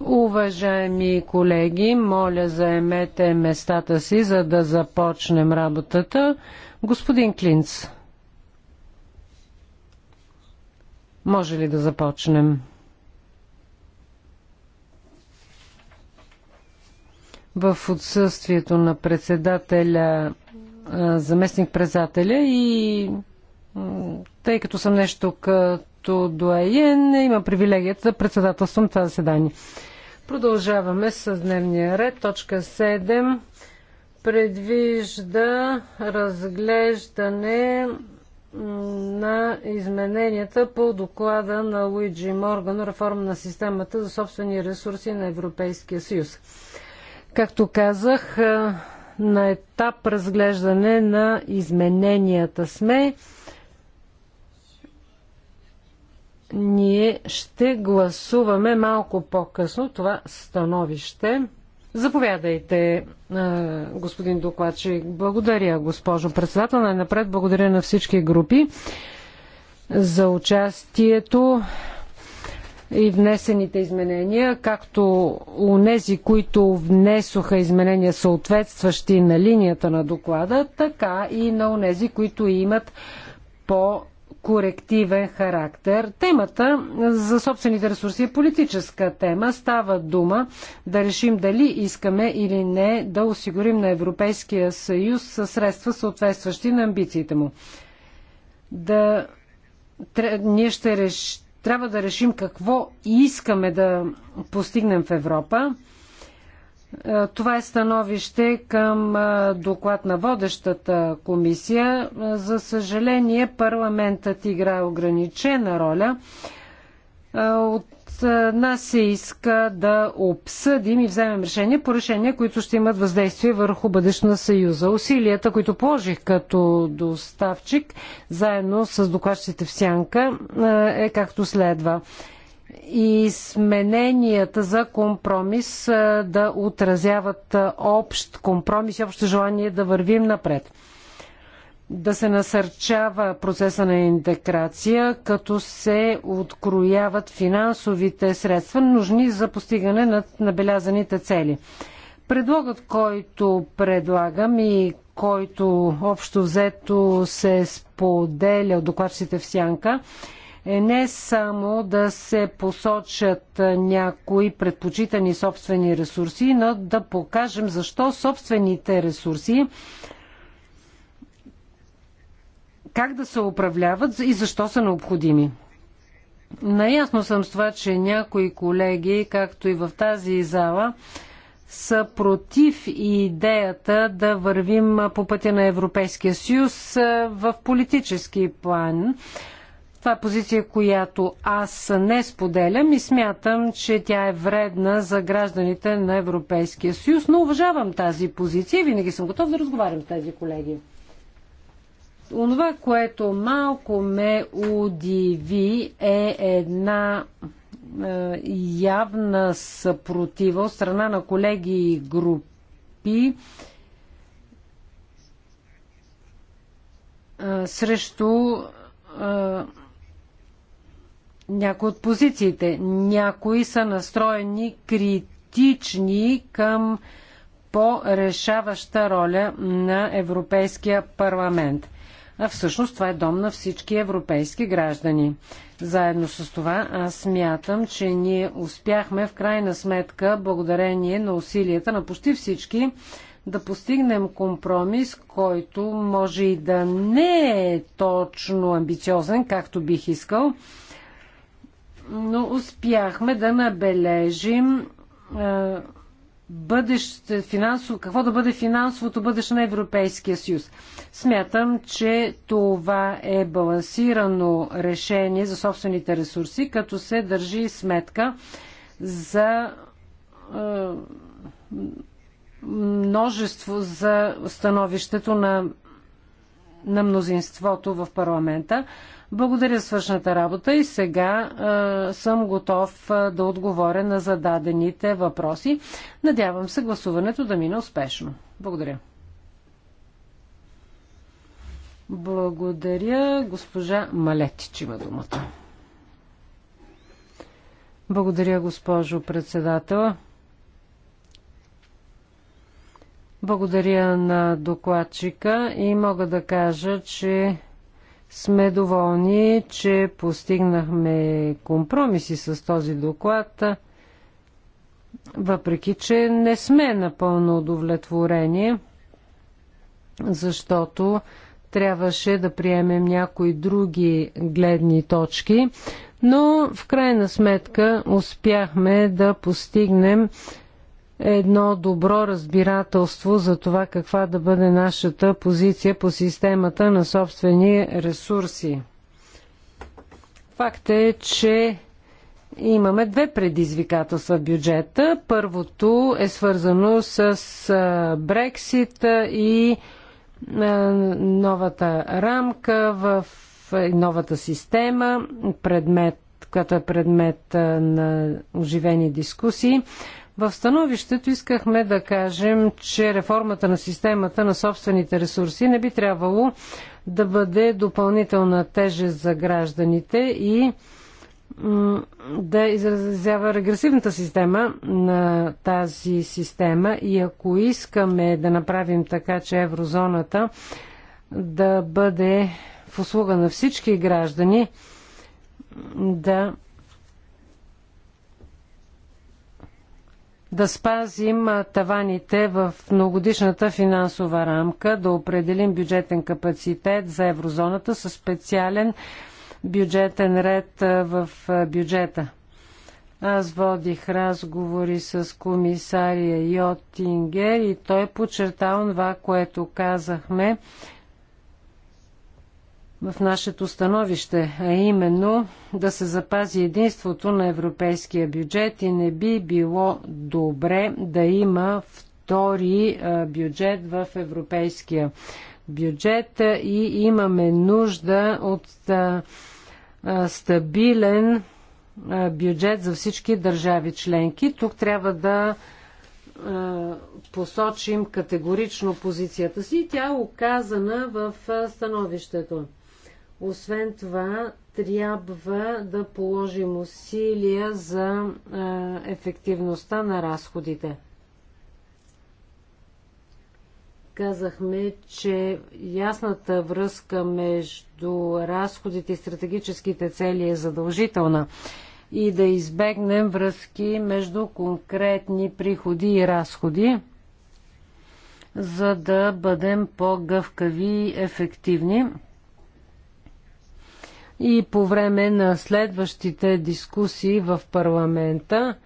Уважаеми колеги, моля заемете местата си, за да започнем работата. Господин Клинц, може ли да започнем? В отсъствието на председателя, заместник председателя и тъй като съм нещо като като доаен има привилегията да председателствам това заседание. Продължаваме с дневния ред. Точка 7 предвижда разглеждане на измененията по доклада на Луиджи Морган реформа на системата за собствени ресурси на Европейския съюз. Както казах, на етап разглеждане на измененията сме. Ние ще гласуваме малко по-късно това становище. Заповядайте, господин докладчик. Благодаря, госпожо председател. Най-напред благодаря на всички групи за участието и внесените изменения, както у нези, които внесоха изменения съответстващи на линията на доклада, така и на унези, които имат по корективен характер. Темата за собствените ресурси е политическа тема. Става дума да решим дали искаме или не да осигурим на Европейския съюз средства, съответстващи на амбициите му. Да, ние ще реш... трябва да решим какво искаме да постигнем в Европа е, това е становище към е, доклад на водещата комисия. Е, за съжаление, парламентът играе ограничена роля. От нас се иска да обсъдим и вземем решение по решения, които ще имат въздействие върху бъдещ на Съюза. Усилията, които положих като доставчик, заедно с докладчите в Сянка, е както следва. И смененията за компромис да отразяват общ компромис и общо желание да вървим напред. Да се насърчава процеса на интеграция, като се открояват финансовите средства, нужни за постигане на набелязаните цели. Предлогът, който предлагам и който общо взето се споделя от докладчите в Сянка, е не само да се посочат някои предпочитани собствени ресурси, но да покажем защо собствените ресурси как да се управляват и защо са необходими. Наясно съм с това, че някои колеги, както и в тази зала, са против идеята да вървим по пътя на Европейския съюз в политически план. Това е позиция, която аз не споделям и смятам, че тя е вредна за гражданите на Европейския съюз, но уважавам тази позиция и винаги съм готов да разговарям с тези колеги. Онова, което малко ме удиви е една е, явна съпротива от страна на колеги и групи е, срещу е, някои от позициите. Някои са настроени критични към по-решаваща роля на Европейския парламент. А всъщност това е дом на всички европейски граждани. Заедно с това аз смятам, че ние успяхме в крайна сметка, благодарение на усилията на почти всички, да постигнем компромис, който може и да не е точно амбициозен, както бих искал, но успяхме да набележим бъдеще, финансово, какво да бъде финансовото бъдеще на Европейския съюз. Смятам, че това е балансирано решение за собствените ресурси, като се държи сметка за множество за становището на, на мнозинството в парламента. Благодаря свършната работа и сега а, съм готов а, да отговоря на зададените въпроси. Надявам се гласуването да мине успешно. Благодаря. Благодаря. Госпожа Малетич има думата. Благодаря, госпожо председател. Благодаря на докладчика и мога да кажа, че сме доволни, че постигнахме компромиси с този доклад, въпреки че не сме напълно удовлетворени, защото трябваше да приемем някои други гледни точки, но в крайна сметка успяхме да постигнем едно добро разбирателство за това каква да бъде нашата позиция по системата на собствени ресурси. Факт е, че имаме две предизвикателства в бюджета. Първото е свързано с Брексит и новата рамка в новата система, предмет, която е предмет на оживени дискусии. В становището искахме да кажем, че реформата на системата на собствените ресурси не би трябвало да бъде допълнителна тежест за гражданите и да изразява регресивната система на тази система и ако искаме да направим така, че еврозоната да бъде в услуга на всички граждани, да да спазим таваните в многодишната финансова рамка, да определим бюджетен капацитет за еврозоната със специален бюджетен ред в бюджета. Аз водих разговори с комисария Йотингер и той подчертава това, което казахме в нашето становище, а именно да се запази единството на европейския бюджет и не би било добре да има втори бюджет в европейския бюджет и имаме нужда от стабилен бюджет за всички държави членки. Тук трябва да посочим категорично позицията си. Тя е оказана в становището. Освен това, трябва да положим усилия за ефективността на разходите. Казахме, че ясната връзка между разходите и стратегическите цели е задължителна и да избегнем връзки между конкретни приходи и разходи, за да бъдем по-гъвкави и ефективни и по време на следващите дискусии в парламента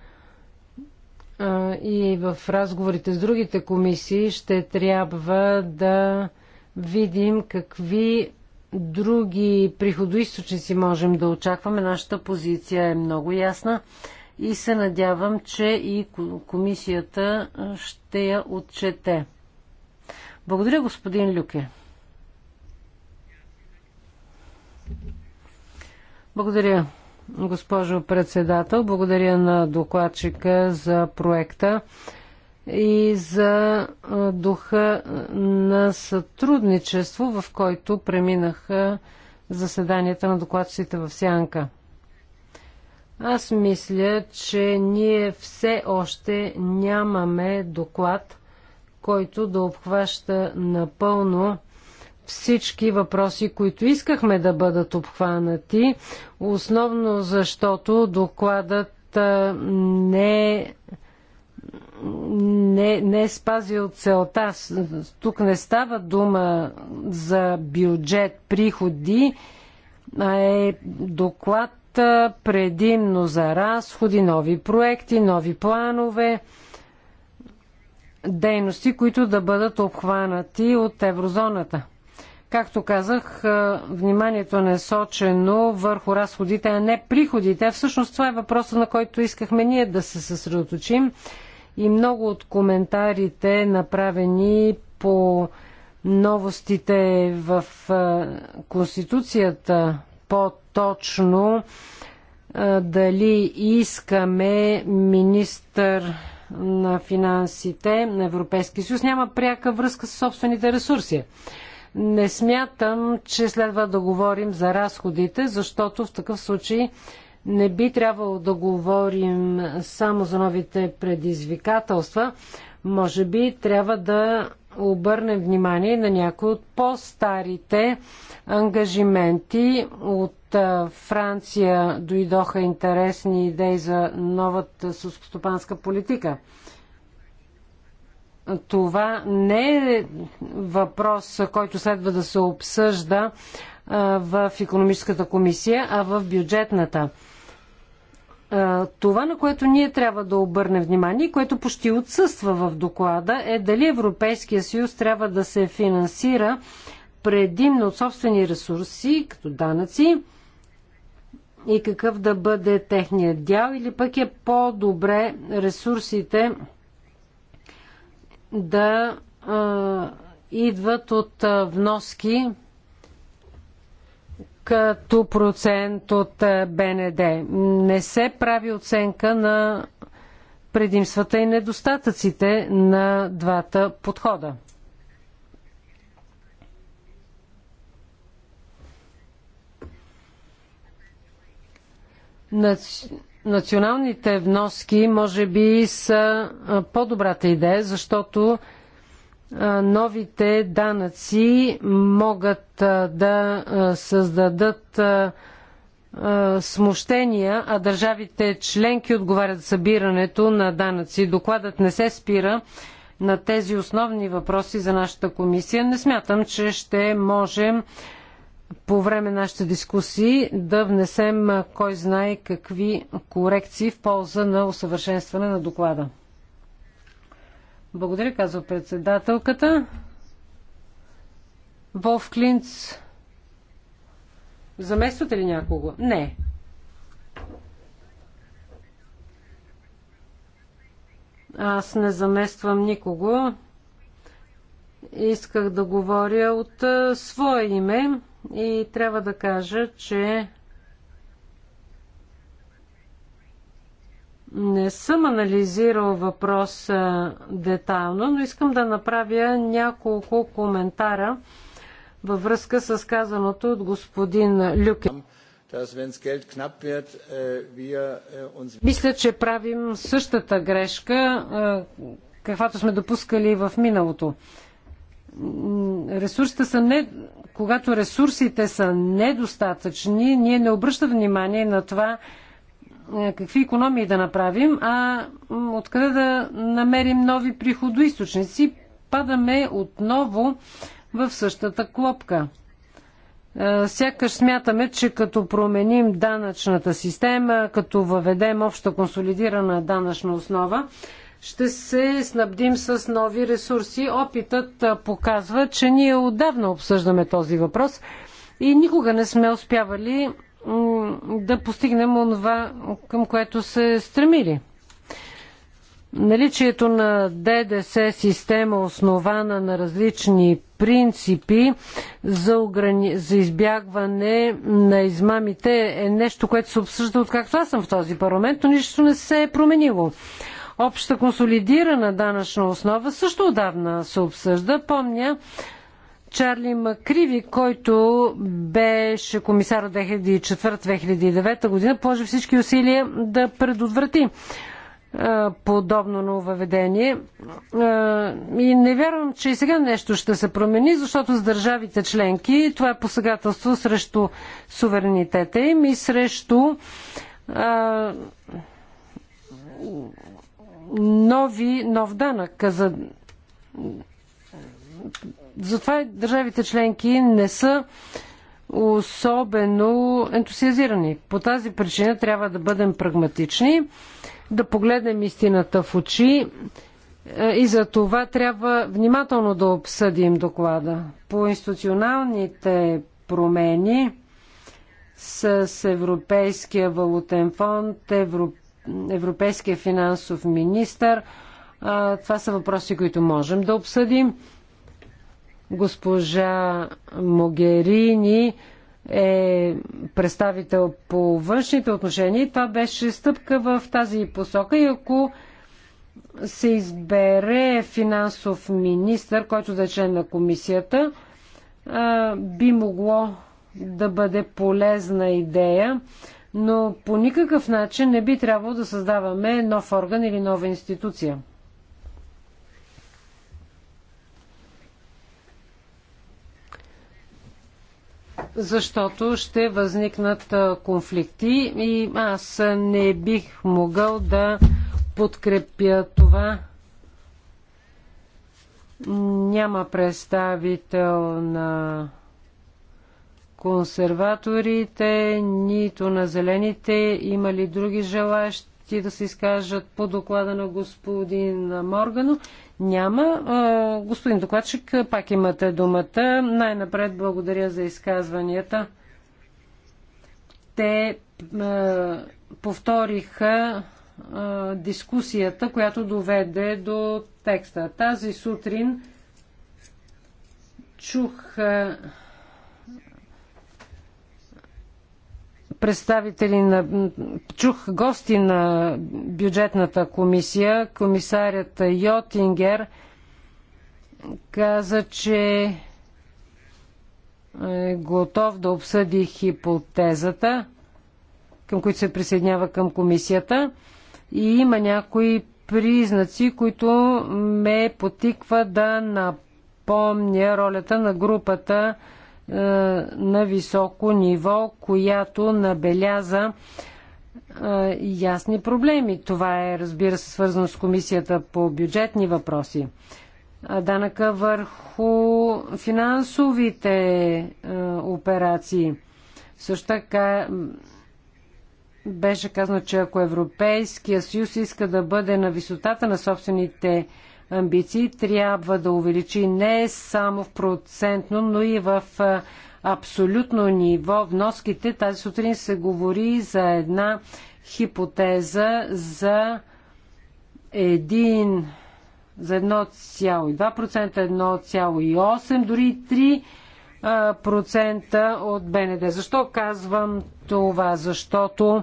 и в разговорите с другите комисии ще трябва да видим какви други приходоисточници можем да очакваме. Нашата позиция е много ясна и се надявам, че и комисията ще я отчете. Благодаря, господин Люке. Благодаря, госпожо председател. Благодаря на докладчика за проекта и за духа на сътрудничество, в който преминаха заседанията на докладчиците в Сянка. Аз мисля, че ние все още нямаме доклад, който да обхваща напълно всички въпроси, които искахме да бъдат обхванати, основно защото докладът не не, не е спазил целта. Тук не става дума за бюджет, приходи, а е доклад предимно за разходи, нови проекти, нови планове, дейности, които да бъдат обхванати от еврозоната. Както казах, е, вниманието не е сочено върху разходите, а не приходите. Всъщност това е въпросът, на който искахме ние да се съсредоточим. И много от коментарите, направени по новостите в е, Конституцията, по-точно е, дали искаме министър на финансите на Европейския съюз, няма пряка връзка с собствените ресурси. Не смятам, че следва да говорим за разходите, защото в такъв случай не би трябвало да говорим само за новите предизвикателства. Може би трябва да обърнем внимание на някои от по-старите ангажименти. От Франция дойдоха интересни идеи за новата сускостопанска политика – това не е въпрос, който следва да се обсъжда в економическата комисия, а в бюджетната. Това, на което ние трябва да обърнем внимание, което почти отсъства в доклада, е дали Европейския съюз трябва да се финансира предимно от собствени ресурси, като данъци, и какъв да бъде техният дял, или пък е по-добре ресурсите да а, идват от а, вноски като процент от а, БНД. Не се прави оценка на предимствата и недостатъците на двата подхода. Наци националните вноски може би са по-добрата идея, защото новите данъци могат да създадат смущения, а държавите членки отговарят за събирането на данъци. Докладът не се спира на тези основни въпроси за нашата комисия. Не смятам, че ще можем по време на нашите дискусии да внесем кой знае какви корекции в полза на усъвършенстване на доклада. Благодаря, казва председателката. Волф Клинц, замествате ли някого? Не. Аз не замествам никого. Исках да говоря от своя име и трябва да кажа, че не съм анализирал въпроса детайлно, но искам да направя няколко коментара във връзка с казаното от господин Люке. Мисля, че правим същата грешка, каквато сме допускали в миналото. Ресурсите са не когато ресурсите са недостатъчни, ние не обръщаме внимание на това е, какви економии да направим, а откъде да намерим нови приходоисточници. Падаме отново в същата клопка. Е, сякаш смятаме, че като променим данъчната система, като въведем обща консолидирана данъчна основа, ще се снабдим с нови ресурси. Опитът показва, че ние отдавна обсъждаме този въпрос и никога не сме успявали да постигнем онова, към което се стремили. Наличието на ДДС система, основана на различни принципи за, ограни... за избягване на измамите, е нещо, което се обсъжда откакто аз съм в този парламент, но нищо не се е променило. Обща консолидирана данъчна основа също отдавна се обсъжда. Помня, Чарли Макриви, който беше комисар от 2004-2009 година, положи всички усилия да предотврати подобно на въведение. И не вярвам, че и сега нещо ще се промени, защото с държавите членки това е посегателство срещу суверенитета им и срещу нови, нов данък. За... Затова държавите членки не са особено ентусиазирани. По тази причина трябва да бъдем прагматични, да погледнем истината в очи е, и за това трябва внимателно да обсъдим доклада. По институционалните промени с Европейския валутен фонд, Европейския европейския финансов министр. Това са въпроси, които можем да обсъдим. Госпожа Могерини е представител по външните отношения. Това беше стъпка в тази посока и ако се избере финансов министр, който да е член на комисията, би могло да бъде полезна идея но по никакъв начин не би трябвало да създаваме нов орган или нова институция. защото ще възникнат конфликти и аз не бих могъл да подкрепя това. Няма представител на консерваторите, нито на зелените. Има ли други желаящи да се изкажат по доклада на господин Моргано? Няма. Господин докладчик, пак имате думата. Най-напред благодаря за изказванията. Те повториха дискусията, която доведе до текста. Тази сутрин чух представители на... Чух гости на бюджетната комисия. Комисарят Йотингер каза, че е готов да обсъди хипотезата, към които се присъединява към комисията. И има някои признаци, които ме потиква да напомня ролята на групата е, на високо ниво, която набеляза е, ясни проблеми. Това е, разбира се, свързано с комисията по бюджетни въпроси. Данъка върху финансовите е, операции. Също така беше казано, че ако Европейския съюз иска да бъде на висотата на собствените амбиции, трябва да увеличи не само в процентно, но и в абсолютно ниво вноските. Тази сутрин се говори за една хипотеза за един за 1,2%, 1,8%, дори 3% от БНД. Защо казвам това? Защото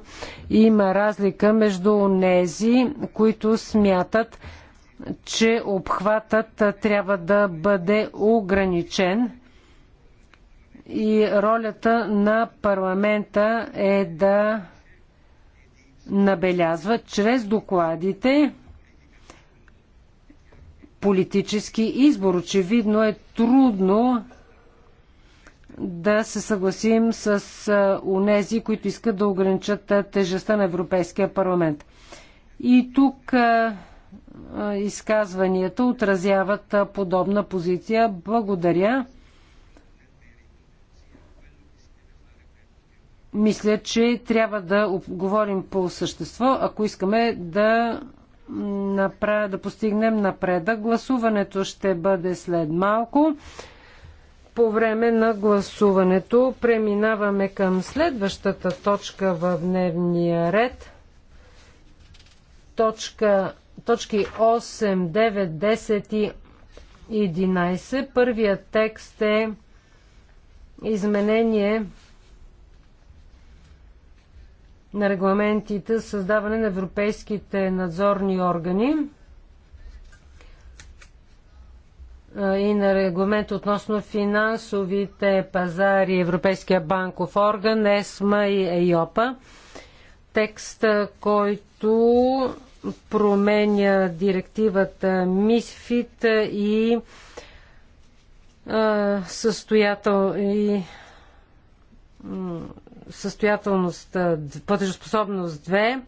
има разлика между нези, които смятат, че обхватът трябва да бъде ограничен и ролята на парламента е да набелязва чрез докладите политически избор. Очевидно е трудно да се съгласим с унези, които искат да ограничат тежестта на Европейския парламент. И тук изказванията отразяват подобна позиция. Благодаря. Мисля, че трябва да говорим по същество, ако искаме да, направ... да постигнем напредък. Гласуването ще бъде след малко. По време на гласуването преминаваме към следващата точка в дневния ред. Точка точки 8, 9, 10 и 11. Първият текст е изменение на регламентите създаване на европейските надзорни органи и на регламент относно финансовите пазари Европейския банков орган, ЕСМА и ЕЙОПА. Текст, който променя директивата МИСФИТ и състоятел и състоятелност, платежоспособност 2,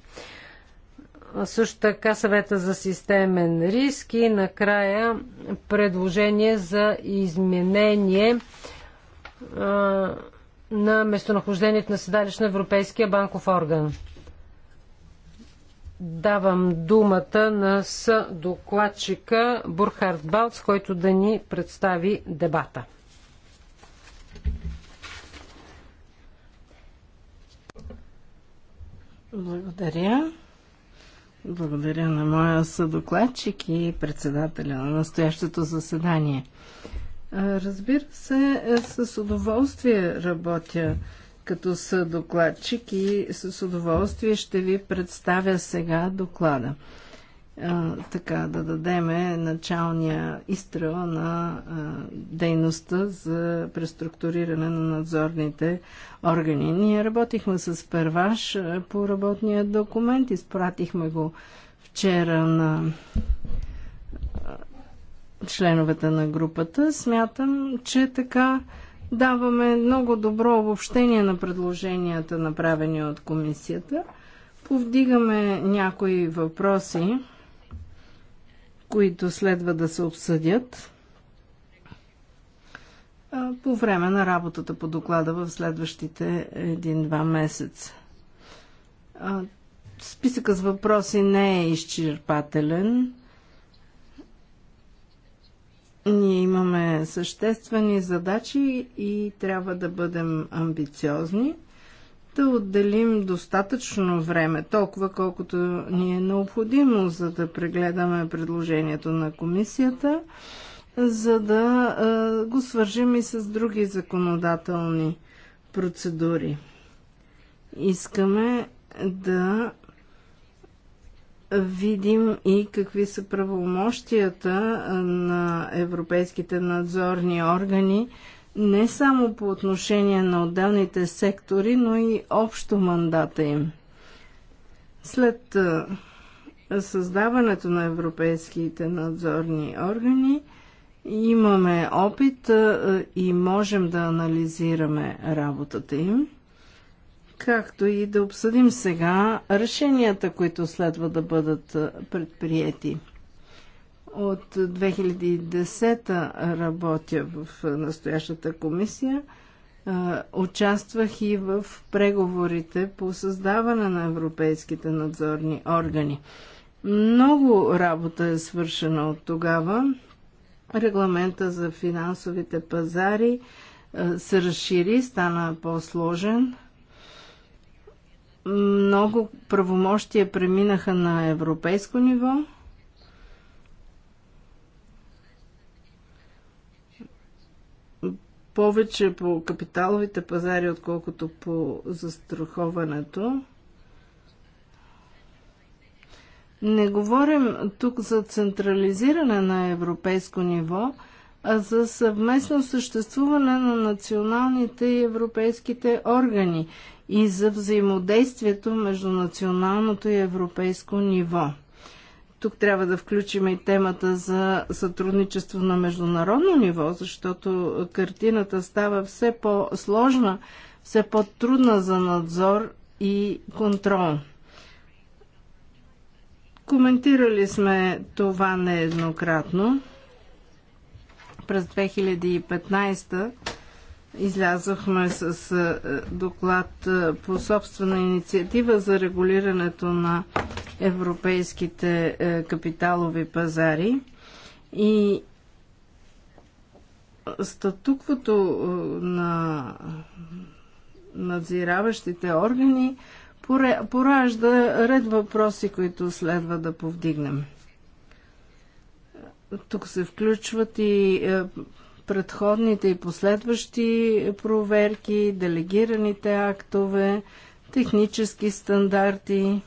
също така съвета за системен риск и накрая предложение за изменение а, на местонахождението на седалищ на Европейския банков орган. Давам думата на съдокладчика Бурхард Балц, който да ни представи дебата. Благодаря. Благодаря на моя съдокладчик и председателя на настоящото заседание. Разбира се, с удоволствие работя като съдокладчик и с удоволствие ще ви представя сега доклада. А, така да дадеме началния изстрел на а, дейността за преструктуриране на надзорните органи. Ние работихме с Перваш по работния документ, изпратихме го вчера на членовете на групата. Смятам, че така даваме много добро обобщение на предложенията, направени от комисията. Повдигаме някои въпроси, които следва да се обсъдят по време на работата по доклада в следващите един-два месеца. Списъка с въпроси не е изчерпателен. Ние имаме съществени задачи и трябва да бъдем амбициозни, да отделим достатъчно време, толкова колкото ни е необходимо, за да прегледаме предложението на комисията, за да а, го свържим и с други законодателни процедури. Искаме да видим и какви са правомощията на европейските надзорни органи, не само по отношение на отделните сектори, но и общо мандата им. След създаването на европейските надзорни органи имаме опит и можем да анализираме работата им както и да обсъдим сега решенията, които следва да бъдат предприяти. От 2010 работя в настоящата комисия. Участвах и в преговорите по създаване на европейските надзорни органи. Много работа е свършена от тогава. Регламента за финансовите пазари се разшири, стана по-сложен много правомощия преминаха на европейско ниво. Повече по капиталовите пазари, отколкото по застраховането. Не говорим тук за централизиране на европейско ниво, а за съвместно съществуване на националните и европейските органи и за взаимодействието между националното и европейско ниво. Тук трябва да включим и темата за сътрудничество на международно ниво, защото картината става все по-сложна, все по-трудна за надзор и контрол. Коментирали сме това нееднократно. През 2015 Излязохме с е, е, доклад е, по собствена инициатива за регулирането на европейските капиталови пазари и статуквото на надзираващите органи поражда ред въпроси, които следва да повдигнем. Тук се включват и предходните и последващи проверки, делегираните актове, технически стандарти,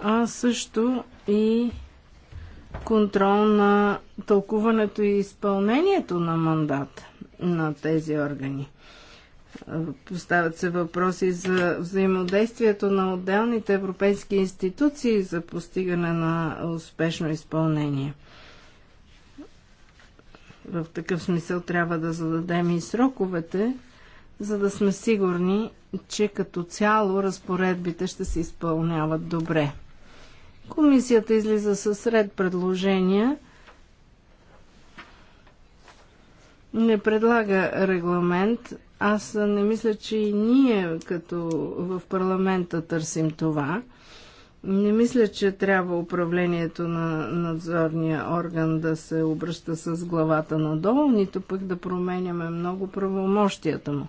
а също и контрол на тълкуването и изпълнението на мандат на тези органи. Поставят се въпроси за взаимодействието на отделните европейски институции за постигане на успешно изпълнение – в такъв смисъл трябва да зададем и сроковете, за да сме сигурни, че като цяло разпоредбите ще се изпълняват добре. Комисията излиза със сред предложения. Не предлага регламент. Аз не мисля, че и ние като в парламента търсим това. Не мисля, че трябва управлението на надзорния орган да се обръща с главата надолу, нито пък да променяме много правомощията му.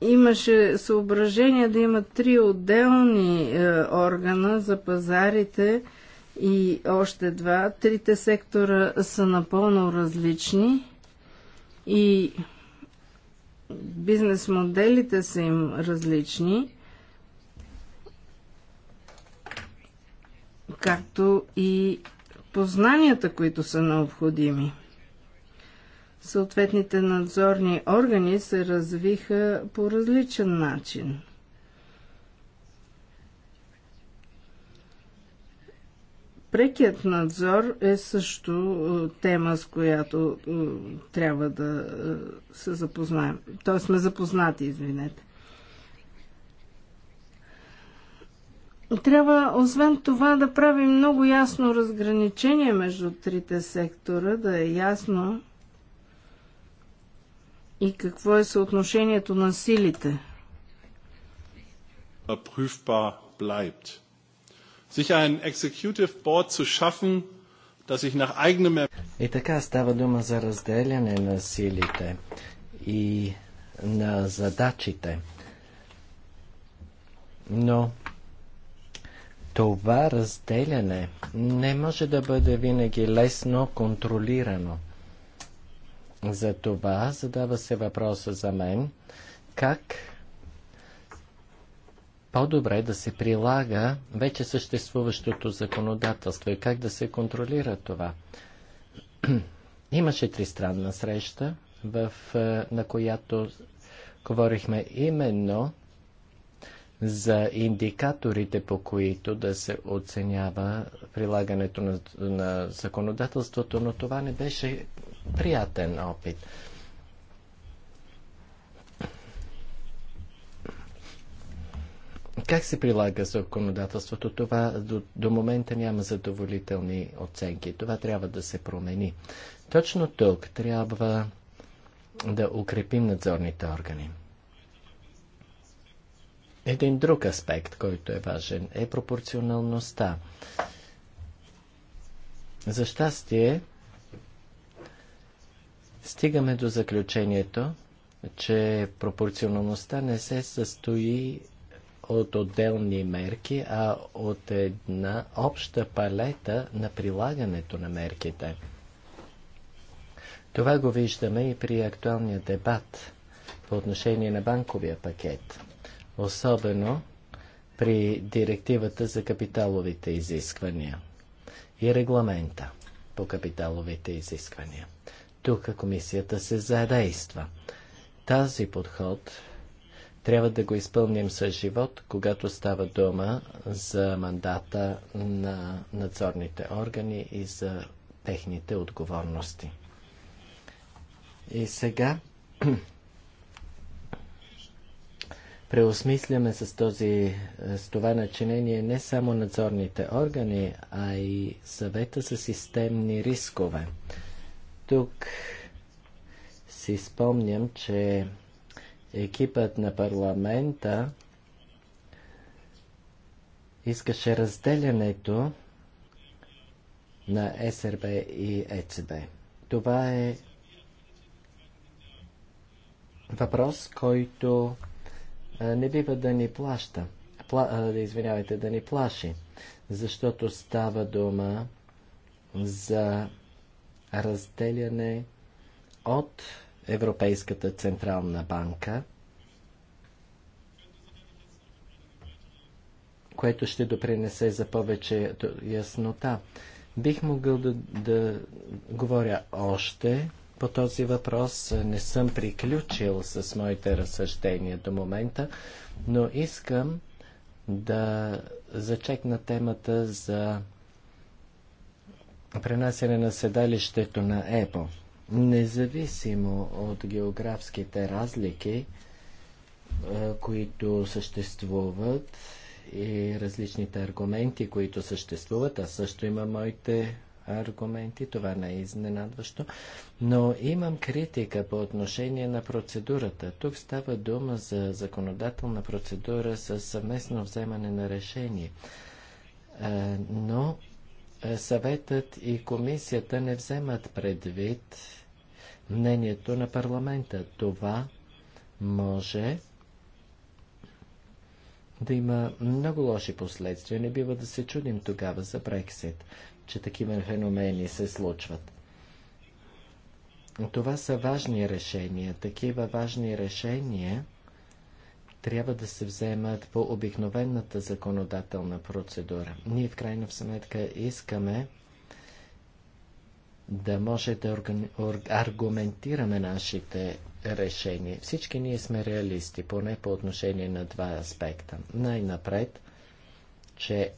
Имаше съображение да има три отделни е, органа за пазарите и още два. Трите сектора са напълно различни и бизнес моделите са им различни както и познанията, които са необходими. Съответните надзорни органи се развиха по различен начин. Прекият надзор е също е, тема, с която е, трябва да е, се запознаем. Тоест сме запознати, извинете. Трябва, освен това, да правим много ясно разграничение между трите сектора, да е ясно и какво е съотношението на силите. Prüfbar bleibt. Sich ein Executive Board zu schaffen, nach eigenem И така става дума за разделяне на силите и на задачите. Но това разделяне не може да бъде винаги лесно контролирано. За това задава се въпроса за мен как по-добре да се прилага вече съществуващото законодателство и как да се контролира това. Имаше тристранна среща, в, е, на която говорихме именно за индикаторите, по които да се оценява прилагането на, на законодателството, но това не беше приятен опит. Как се прилага законодателството? Това до, до момента няма задоволителни оценки. Това трябва да се промени. Точно тук трябва да укрепим надзорните органи. Един друг аспект, който е важен, е пропорционалността. За щастие, стигаме до заключението, че пропорционалността не се състои от отделни мерки, а от една обща палета на прилагането на мерките. Това го виждаме и при актуалния дебат по отношение на банковия пакет особено при директивата за капиталовите изисквания и регламента по капиталовите изисквания. Тук комисията се задейства. Тази подход трябва да го изпълним с живот, когато става дума за мандата на надзорните органи и за техните отговорности. И сега преосмисляме с, този, е, с това начинение не само надзорните органи, а и съвета за системни рискове. Тук си спомням, че екипът на парламента искаше разделянето на СРБ и ЕЦБ. Това е въпрос, който не бива да ни плаща, пла, извинявайте, да ни плаши, защото става дума за разделяне от Европейската Централна банка, което ще допринесе за повече яснота. Бих могъл да, да говоря още, по този въпрос. Е, не съм приключил с моите разсъждения до момента, но искам да зачекна темата за пренасене на седалището на ЕПО. Независимо от географските разлики, е, които съществуват и различните аргументи, които съществуват, а също има моите аргументи, това не е изненадващо, но имам критика по отношение на процедурата. Тук става дума за законодателна процедура с съвместно вземане на решение. Е, но е, съветът и комисията не вземат предвид мнението на парламента. Това може да има много лоши последствия. Не бива да се чудим тогава за Брексит че такива феномени се случват. Това са важни решения. Такива важни решения трябва да се вземат по обикновената законодателна процедура. Ние в крайна сметка искаме да може да аргументираме нашите решения. Всички ние сме реалисти, поне по отношение на два аспекта. Най-напред, че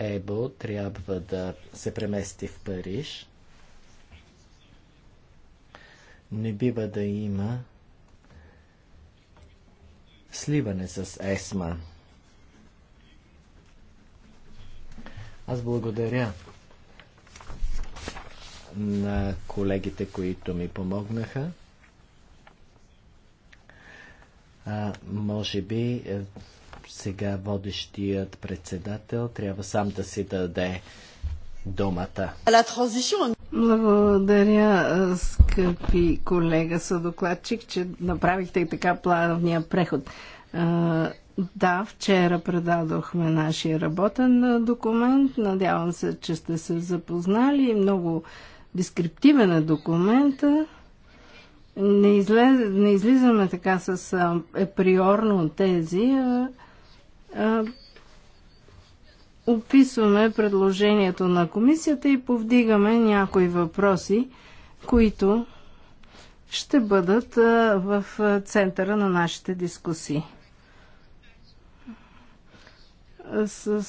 Ебо трябва да се премести в Париж. Не бива да има сливане с ЕСМА. Аз благодаря на колегите, които ми помогнаха. А, може би е, сега водещият председател трябва сам да си даде думата. Благодаря, скъпи колега съдокладчик, че направихте и така плавния преход. Да, вчера предадохме нашия работен документ. Надявам се, че сте се запознали. Много дескриптивен е документа. Не, излез, не излизаме така с априорно е тези, а описваме предложението на комисията и повдигаме някои въпроси, които ще бъдат в центъра на нашите дискусии. С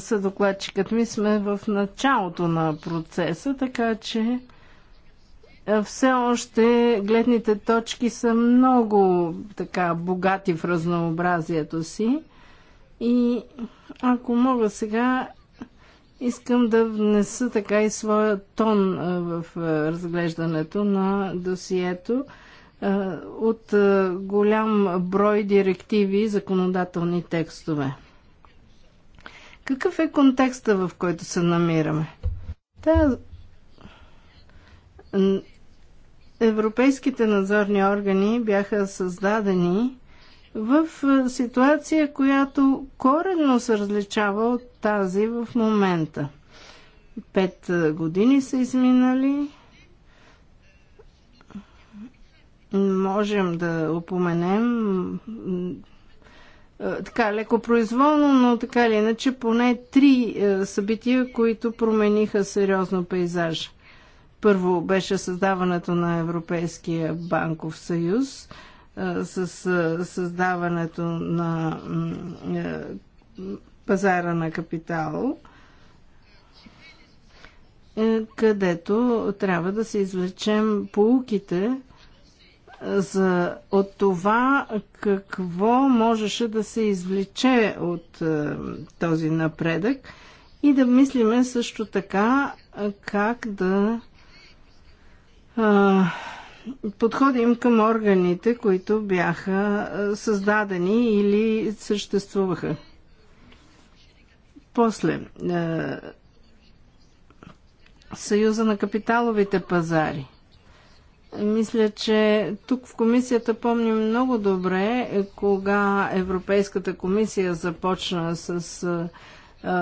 съдокладчикът ми сме в началото на процеса, така че все още гледните точки са много така богати в разнообразието си. И ако мога сега, искам да внеса така и своя тон в разглеждането на досието от голям брой директиви и законодателни текстове. Какъв е контекста, в който се намираме? Та... Европейските надзорни органи бяха създадени в ситуация, която коренно се различава от тази в момента. Пет години са изминали. Можем да опоменем така леко произволно, но така или иначе поне три събития, които промениха сериозно пейзажа. Първо беше създаването на Европейския банков съюз – с създаването на пазара на капитал, е, където трябва да се извлечем полуките за, от това какво можеше да се извлече от този напредък и да мислиме също така как да подходим към органите, които бяха създадени или съществуваха. После, Съюза на капиталовите пазари. Мисля, че тук в комисията помним много добре, кога Европейската комисия започна с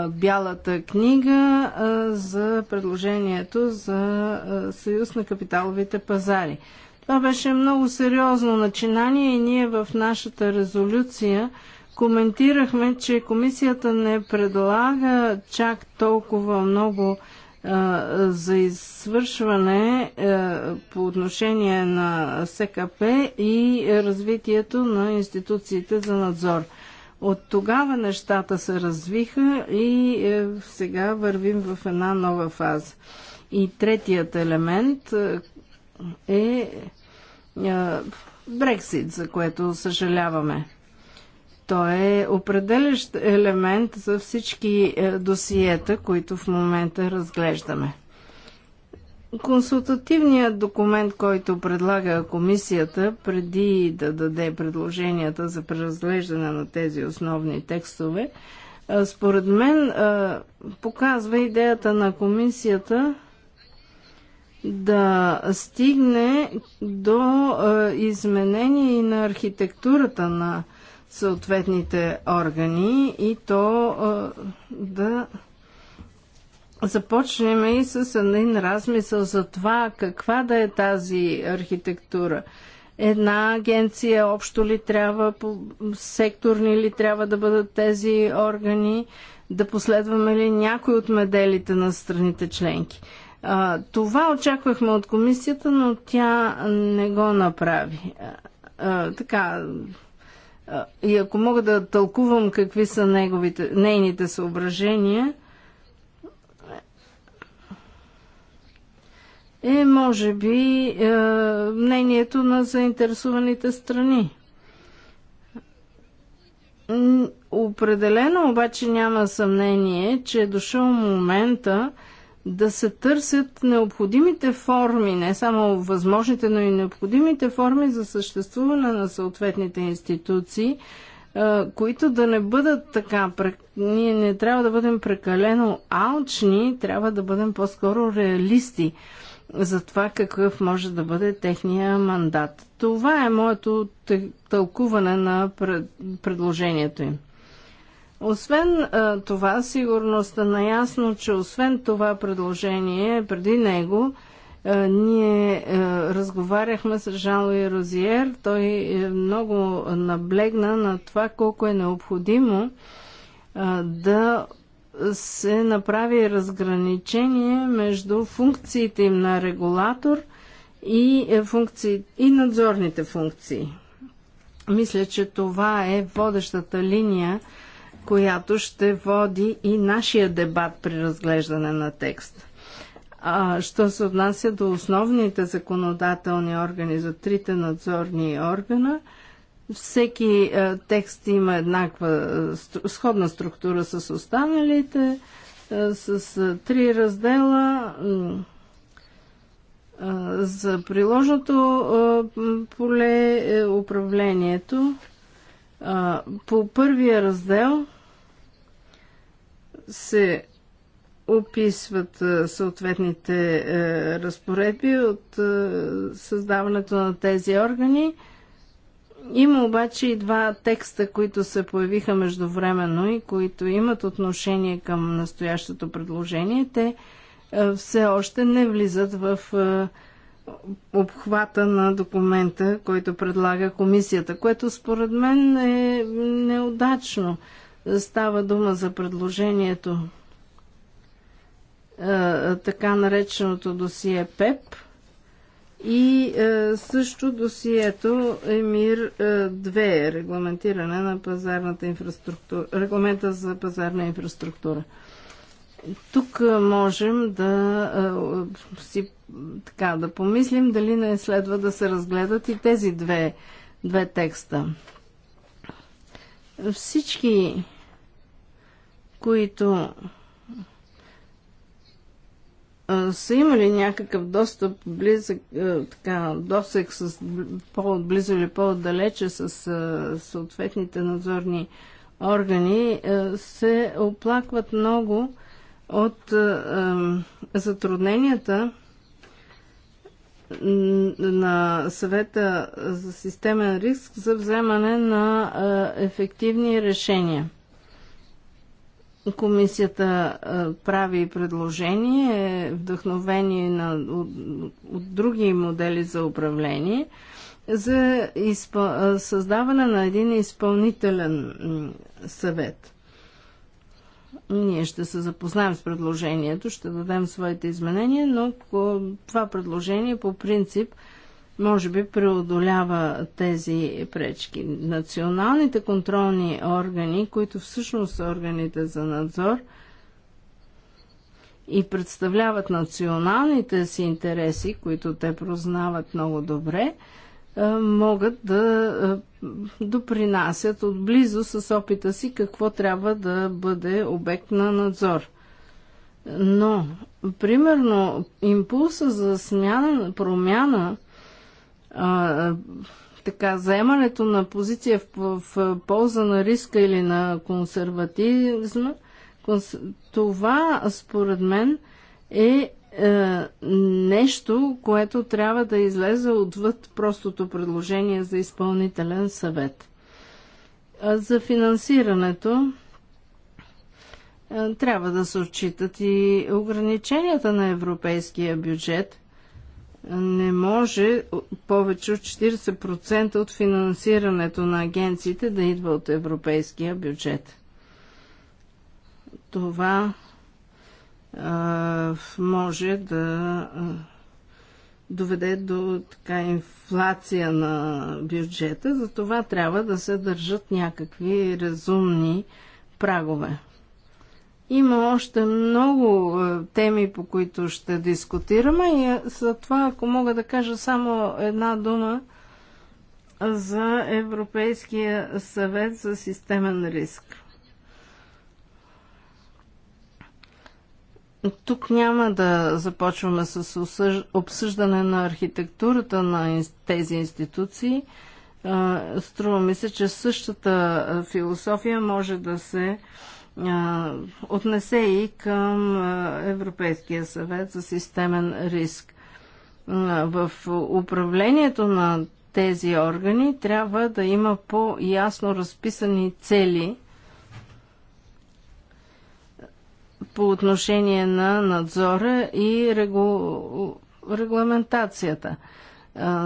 Бялата книга за предложението за Съюз на капиталовите пазари. Това беше много сериозно начинание и ние в нашата резолюция коментирахме, че комисията не предлага чак толкова много за извършване по отношение на СКП и развитието на институциите за надзор. От тогава нещата се развиха и е, сега вървим в една нова фаза. И третият елемент е, е, е Брексит, за което съжаляваме. Той е определящ елемент за всички досиета, които в момента разглеждаме. Консултативният документ, който предлага комисията преди да даде предложенията за преразглеждане на тези основни текстове, според мен показва идеята на комисията да стигне до изменение на архитектурата на съответните органи и то да започнем и с един размисъл за това каква да е тази архитектура. Една агенция, общо ли трябва, секторни ли трябва да бъдат тези органи, да последваме ли някой от меделите на страните членки. това очаквахме от комисията, но тя не го направи. така, и ако мога да тълкувам какви са неговите, нейните съображения, е, може би, е, мнението на заинтересуваните страни. Определено обаче няма съмнение, че е дошъл момента да се търсят необходимите форми, не само възможните, но и необходимите форми за съществуване на съответните институции, е, които да не бъдат така. Ние не трябва да бъдем прекалено алчни, трябва да бъдем по-скоро реалисти за това какъв може да бъде техния мандат. Това е моето тълкуване на предложението им. Освен а, това, сигурно сте наясно, че освен това предложение, преди него, а, ние а, разговаряхме с Жан Луи Розиер. Той е, много наблегна на това колко е необходимо а, да се направи разграничение между функциите им на регулатор и, е, функции, и надзорните функции. Мисля, че това е водещата линия, която ще води и нашия дебат при разглеждане на текст. А, що се отнася до основните законодателни органи за трите надзорни органа, всеки е, текст има еднаква е, сходна структура с останалите, е, с три раздела за приложното поле е управлението. По първия раздел се описват съответните разпоредби от създаването на тези органи. Има обаче и два текста, които се появиха междувременно и които имат отношение към настоящото предложение. Те е, все още не влизат в е, обхвата на документа, който предлага комисията, което според мен е неудачно. Става дума за предложението е, така нареченото досие ПЕП – и е, също досието ЕМИР 2, е, е регламентиране на пазарната инфраструктура, регламента за пазарна инфраструктура. Тук е, можем да е, си така да помислим дали не следва да се разгледат и тези две, две текста. Всички, които са имали някакъв достъп близък, така, досек с по-близо или по-далече с съответните надзорни органи, се оплакват много от затрудненията на съвета за системен риск за вземане на ефективни решения – Комисията прави предложение, вдъхновение на, от, от други модели за управление, за изпъ... създаване на един изпълнителен съвет. Ние ще се запознаем с предложението, ще дадем своите изменения, но това предложение по принцип – може би преодолява тези пречки. Националните контролни органи, които всъщност са органите за надзор и представляват националните си интереси, които те прознават много добре, е, могат да е, допринасят отблизо с опита си какво трябва да бъде обект на надзор. Но, примерно, импулса за смяна, промяна а, така, заемането на позиция в, в полза на риска или на консерватизма, конс... това според мен е, е нещо, което трябва да излезе отвъд простото предложение за изпълнителен съвет. За финансирането е, трябва да се отчитат и ограниченията на европейския бюджет – не може повече от 40% от финансирането на агенциите да идва от европейския бюджет. Това а, може да а, доведе до така инфлация на бюджета, затова трябва да се държат някакви разумни прагове. Има още много е, теми, по които ще дискутираме и е, за това, ако мога да кажа само една дума за Европейския съвет за системен риск. Тук няма да започваме с обсъждане на архитектурата на тези институции. Е, струва ми се, че същата философия може да се отнесе и към Европейския съвет за системен риск. В управлението на тези органи трябва да има по-ясно разписани цели по отношение на надзора и регу... регламентацията,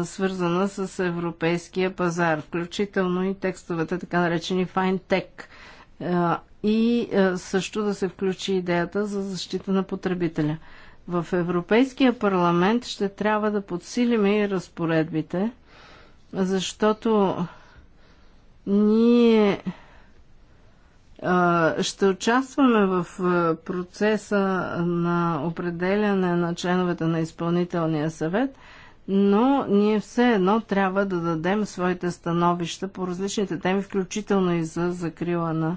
свързана с европейския пазар, включително и текстовете, така наречени FineTech и е, също да се включи идеята за защита на потребителя. В Европейския парламент ще трябва да подсилим и разпоредбите, защото ние е, ще участваме в е, процеса на определяне на членовете на изпълнителния съвет, но ние все едно трябва да дадем своите становища по различните теми, включително и за закрила на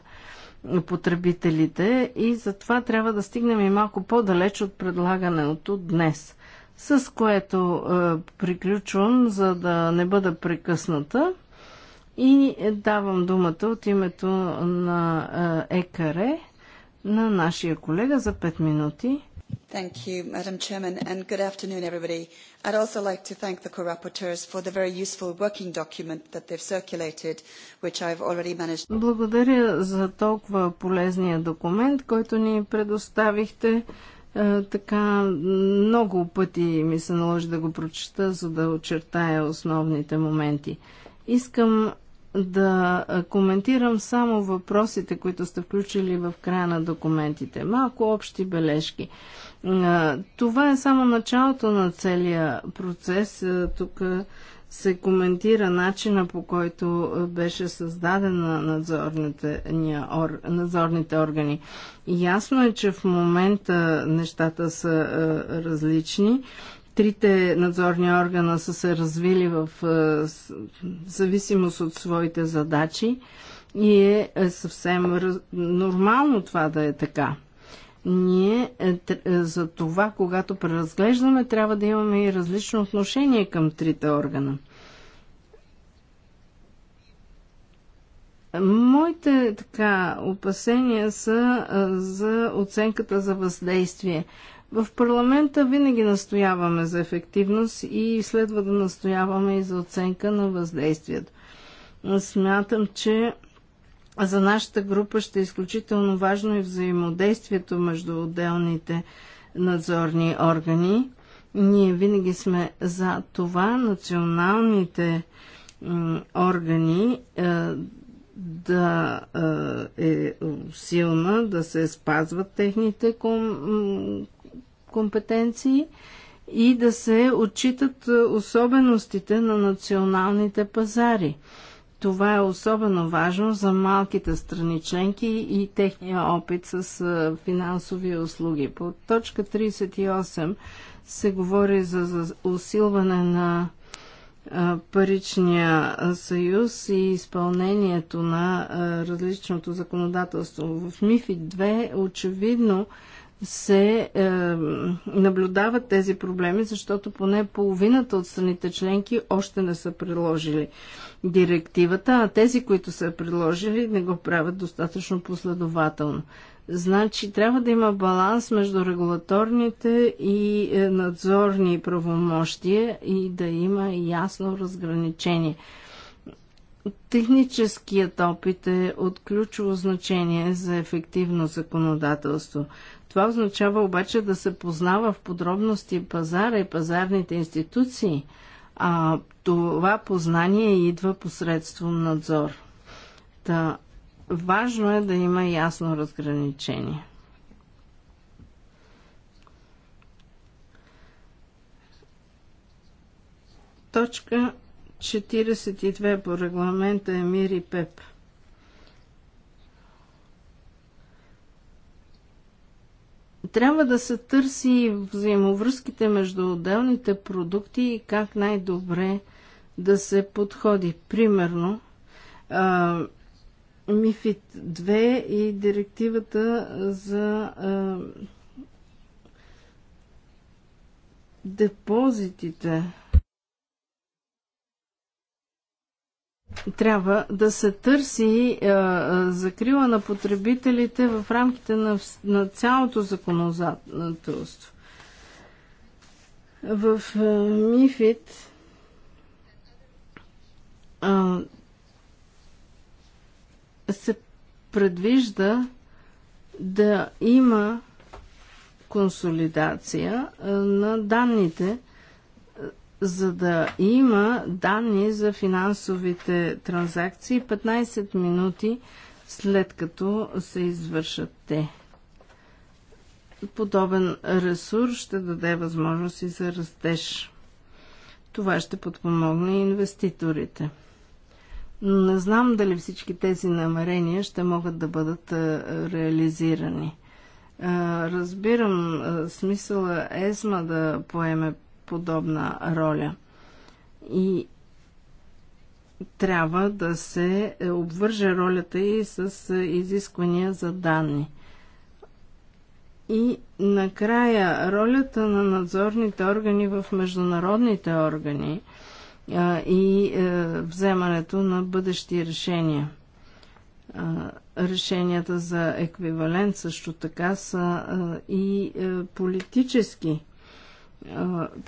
потребителите и затова трябва да стигнем и малко по-далеч от предлагането днес. С което е, приключвам, за да не бъда прекъсната и давам думата от името на е, ЕКАРЕ на нашия колега за 5 минути. Thank you, Madam Chairman, and good afternoon, everybody. I'd also like to thank the co-rapporteurs for the very useful working document that they've circulated, which I've already managed. Благодаря за толкова полезния документ, който ни предоставихте. Така много пъти ми се наложи да го прочета, за да очертая основните моменти. Искам да коментирам само въпросите, които сте включили в края на документите. Малко общи бележки. Това е само началото на целия процес. Тук се коментира начина по който беше създадена надзорните, надзорните органи. Ясно е, че в момента нещата са различни Трите надзорни органа са се развили в е, зависимост от своите задачи и е, е съвсем нормално това да е така. Ние е, за това, когато преразглеждаме, трябва да имаме и различно отношение към трите органа. Моите така опасения са за оценката за въздействие. В парламента винаги настояваме за ефективност и следва да настояваме и за оценка на въздействието. Смятам, че за нашата група ще е изключително важно и взаимодействието между отделните надзорни органи. Ние винаги сме за това националните органи е, да е, е силна, да се спазват техните компетенции и да се отчитат е, особеностите на националните пазари. Това е особено важно за малките страни членки и техния опит с е, финансови услуги. По точка 38 се говори за усилване на е, паричния съюз и изпълнението на различното законодателство. В МИФИ 2 очевидно се е, наблюдават тези проблеми, защото поне половината от страните членки още не са приложили директивата, а тези, които са приложили, не го правят достатъчно последователно. Значи трябва да има баланс между регулаторните и е, надзорни правомощия и да има ясно разграничение. Техническият опит е от ключово значение за ефективно законодателство. Това означава обаче да се познава в подробности пазара и пазарните институции, а това познание идва посредством надзор. Та, важно е да има ясно разграничение. Точка 42 по регламента е мир и ПЕП – Трябва да се търси взаимовръзките между отделните продукти и как най-добре да се подходи. Примерно, а, 2 и директивата за а, депозитите. Трябва да се търси а, е, е, закрила на потребителите в рамките на, на цялото законодателство. В а, е, МИФИД а, се предвижда да има консолидация на данните за да има данни за финансовите транзакции 15 минути след като се извършат те. Подобен ресурс ще даде възможности за растеж. Това ще подпомогне инвеститорите. Но не знам дали всички тези намерения ще могат да бъдат реализирани. Разбирам смисъла ЕСМА да поеме подобна роля. И трябва да се обвърже ролята и с изисквания за данни. И накрая ролята на надзорните органи в международните органи и е, вземането на бъдещи решения. решенията за еквивалент също така са и е, политически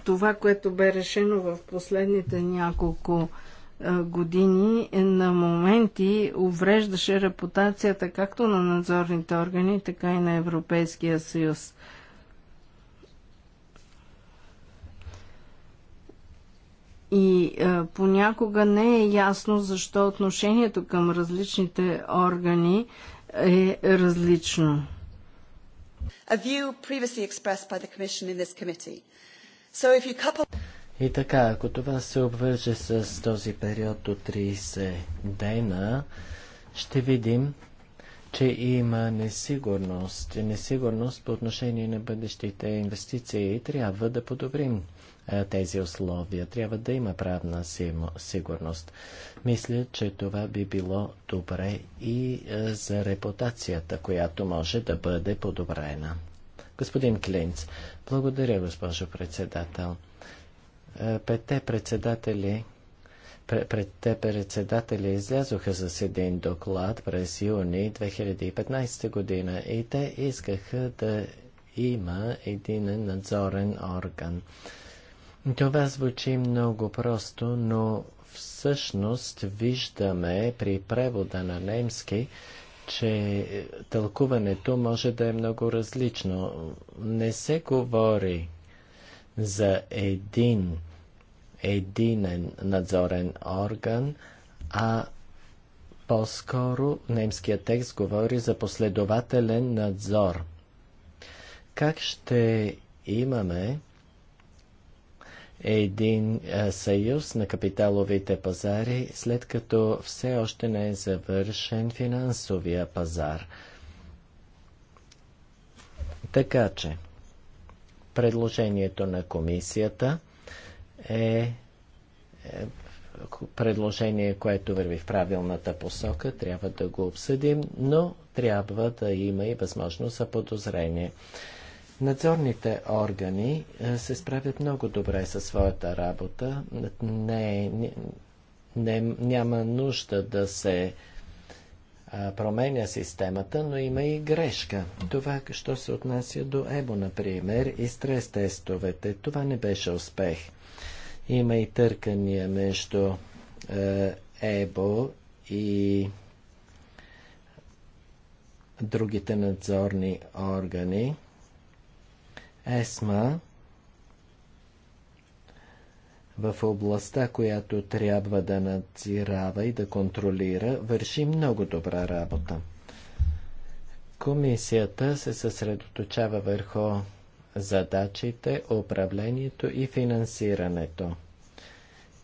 това, което бе решено в последните няколко години, е на моменти увреждаше репутацията както на надзорните органи, така и на Европейския съюз. И е, понякога не е ясно защо отношението към различните органи е различно a view previously expressed by the Commission in this committee. So if you couple... И така, ако това се обвърже с този период от 30 дена, ще видим, че има несигурност. Несигурност по отношение на бъдещите инвестиции и трябва да подобрим е, тези условия. Трябва да има правна сигурност. Мисля, че това би било добре и е, за репутацията, която може да бъде подобрена. Господин Клинц, благодаря, госпожо председател. Е, петте председатели пред те председатели излязоха с един доклад през юни 2015 година и те искаха да има един надзорен орган. Това звучи много просто, но всъщност виждаме при превода на немски, че тълкуването може да е много различно. Не се говори за един единен надзорен орган, а по-скоро немският текст говори за последователен надзор. Как ще имаме един съюз на капиталовите пазари, след като все още не е завършен финансовия пазар. Така че, предложението на комисията е, е предложение, което върви в правилната посока, трябва да го обсъдим, но трябва да има и възможност за подозрение. Надзорните органи е, се справят много добре със своята работа. Не, не, не, няма нужда да се променя системата, но има и грешка. Това, що се отнася до ЕБО, например, и стрес-тестовете, това не беше успех. Има и търкания между е, ЕБО и другите надзорни органи. ЕСМА в областта, която трябва да надзирава и да контролира, върши много добра работа. Комисията се съсредоточава върху задачите, управлението и финансирането.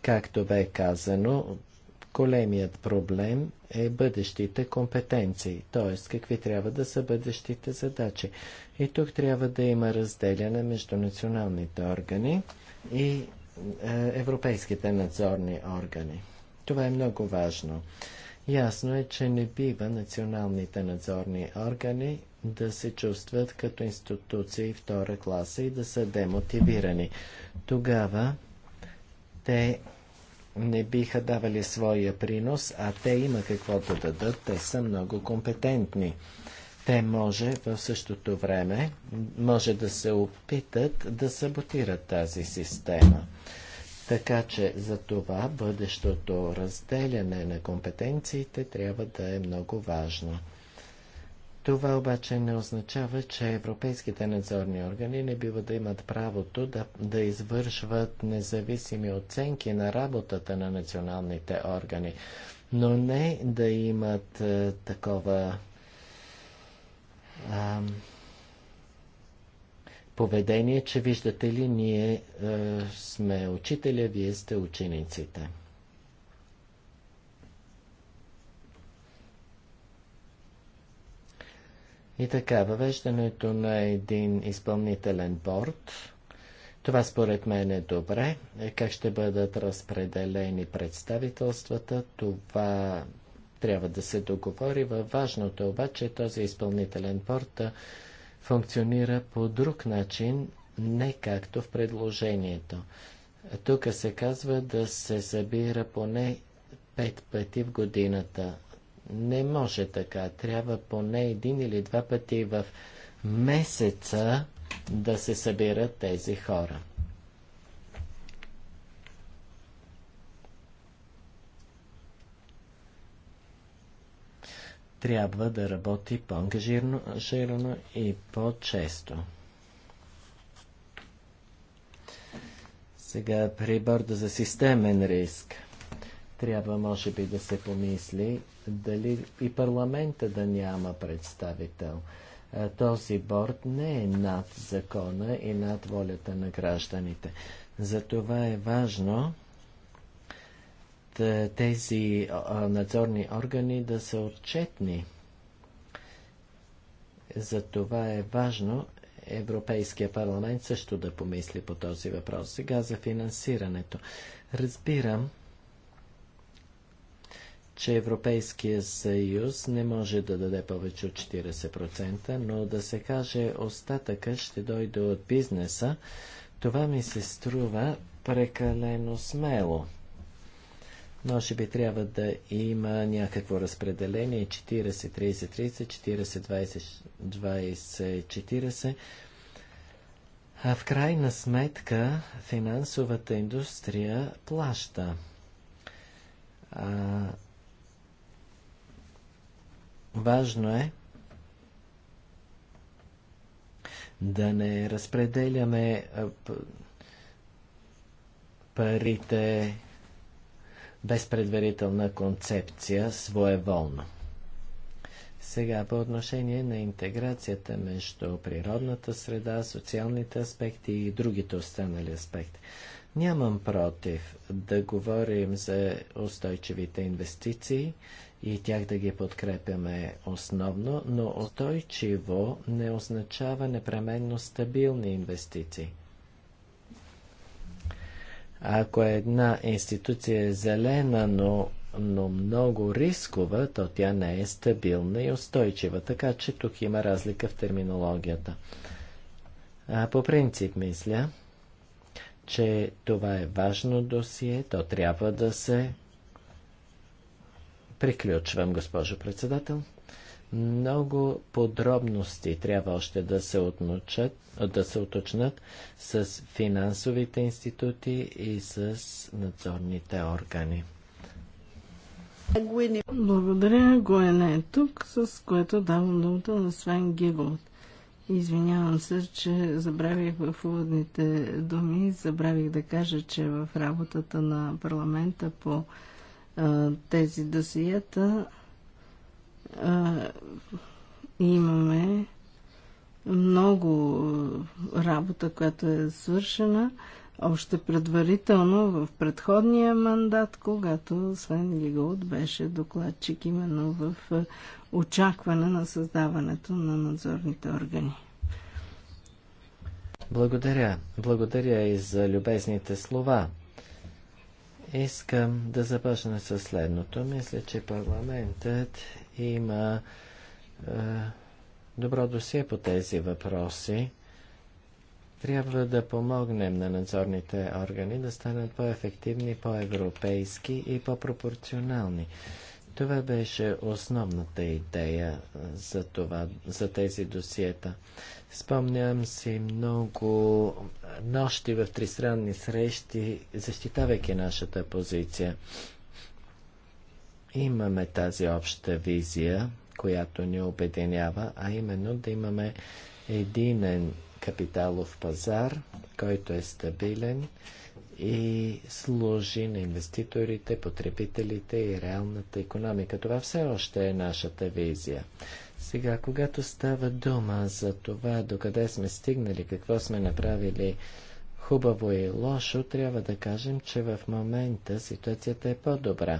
Както бе казано, големият проблем е бъдещите компетенции, т.е. какви трябва да са бъдещите задачи. И тук трябва да има разделяне между националните органи и е, европейските надзорни органи. Това е много важно. Ясно е, че не бива националните надзорни органи да се чувстват като институции втора класа и да са демотивирани. Тогава те не биха давали своя принос, а те има какво да дадат, те са много компетентни. Те може в същото време, може да се опитат да саботират тази система. Така че за това бъдещото разделяне на компетенциите трябва да е много важно. Това обаче не означава, че европейските надзорни органи не бива да имат правото да, да извършват независими оценки на работата на националните органи, но не да имат е, такова е, поведение, че виждате ли, ние е, сме учителя, вие сте учениците. И така, въвеждането на един изпълнителен борт, това според мен е добре. Е, как ще бъдат разпределени представителствата, това трябва да се договори. важното е обаче този изпълнителен борт да функционира по друг начин, не както в предложението. Тук се казва да се събира поне пет пъти в годината не може така. Трябва поне един или два пъти в месеца да се събират тези хора. Трябва да работи по-ангажирано и по-често. Сега при борда за системен риск трябва може би да се помисли дали и парламента да няма представител. Този борт не е над закона и над волята на гражданите. Затова е важно тези надзорни органи да са отчетни. Затова е важно Европейския парламент също да помисли по този въпрос. Сега за финансирането. Разбирам, че Европейския съюз не може да даде повече от 40%, но да се каже остатъка ще дойде от бизнеса, това ми се струва прекалено смело. Може би трябва да има някакво разпределение 40-30-30-40-20-20-40. А в крайна сметка финансовата индустрия плаща. А, Важно е да не разпределяме парите без предварителна концепция своеволно. Сега по отношение на интеграцията между природната среда, социалните аспекти и другите останали аспекти. Нямам против да говорим за устойчивите инвестиции и тях да ги подкрепяме основно, но устойчиво не означава непременно стабилни инвестиции. Ако една институция е зелена, но, но много рискова, то тя не е стабилна и устойчива, така че тук има разлика в терминологията. А, по принцип мисля, че това е важно досие, то трябва да се Приключвам, госпожо председател. Много подробности трябва още да се, отнучат, да се уточнат с финансовите институти и с надзорните органи. Благодаря, Гоене е тук, с което давам думата на Свен Гиголт. Извинявам се, че забравих в уводните думи, забравих да кажа, че в работата на парламента по тези досиета имаме много работа, която е свършена още предварително в предходния мандат, когато Свен Лигаут беше докладчик именно в очакване на създаването на надзорните органи. Благодаря. Благодаря и за любезните слова. Искам да започна с следното. Мисля, че парламентът има е, добро досие по тези въпроси. Трябва да помогнем на надзорните органи да станат по-ефективни, по-европейски и по-пропорционални. Това беше основната идея за, това, за тези досиета. Спомням си много нощи в тристранни срещи, защитавайки нашата позиция. Имаме тази обща визия, която ни обединява, а именно да имаме единен капиталов пазар, който е стабилен и служи на инвеститорите, потребителите и реалната економика. Това все още е нашата визия. Сега, когато става дума за това, докъде сме стигнали, какво сме направили хубаво и лошо, трябва да кажем, че в момента ситуацията е по-добра.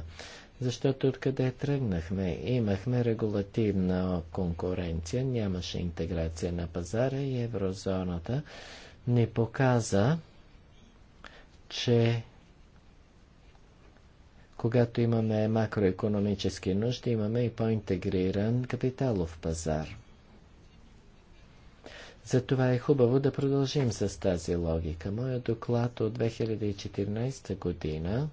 Защото откъде тръгнахме? Имахме регулативна конкуренция, нямаше интеграция на пазара и еврозоната ни показа, че когато имаме макроекономически нужди, имаме и по-интегриран капиталов пазар. Затова е хубаво да продължим с тази логика. Моя доклад от 2014 година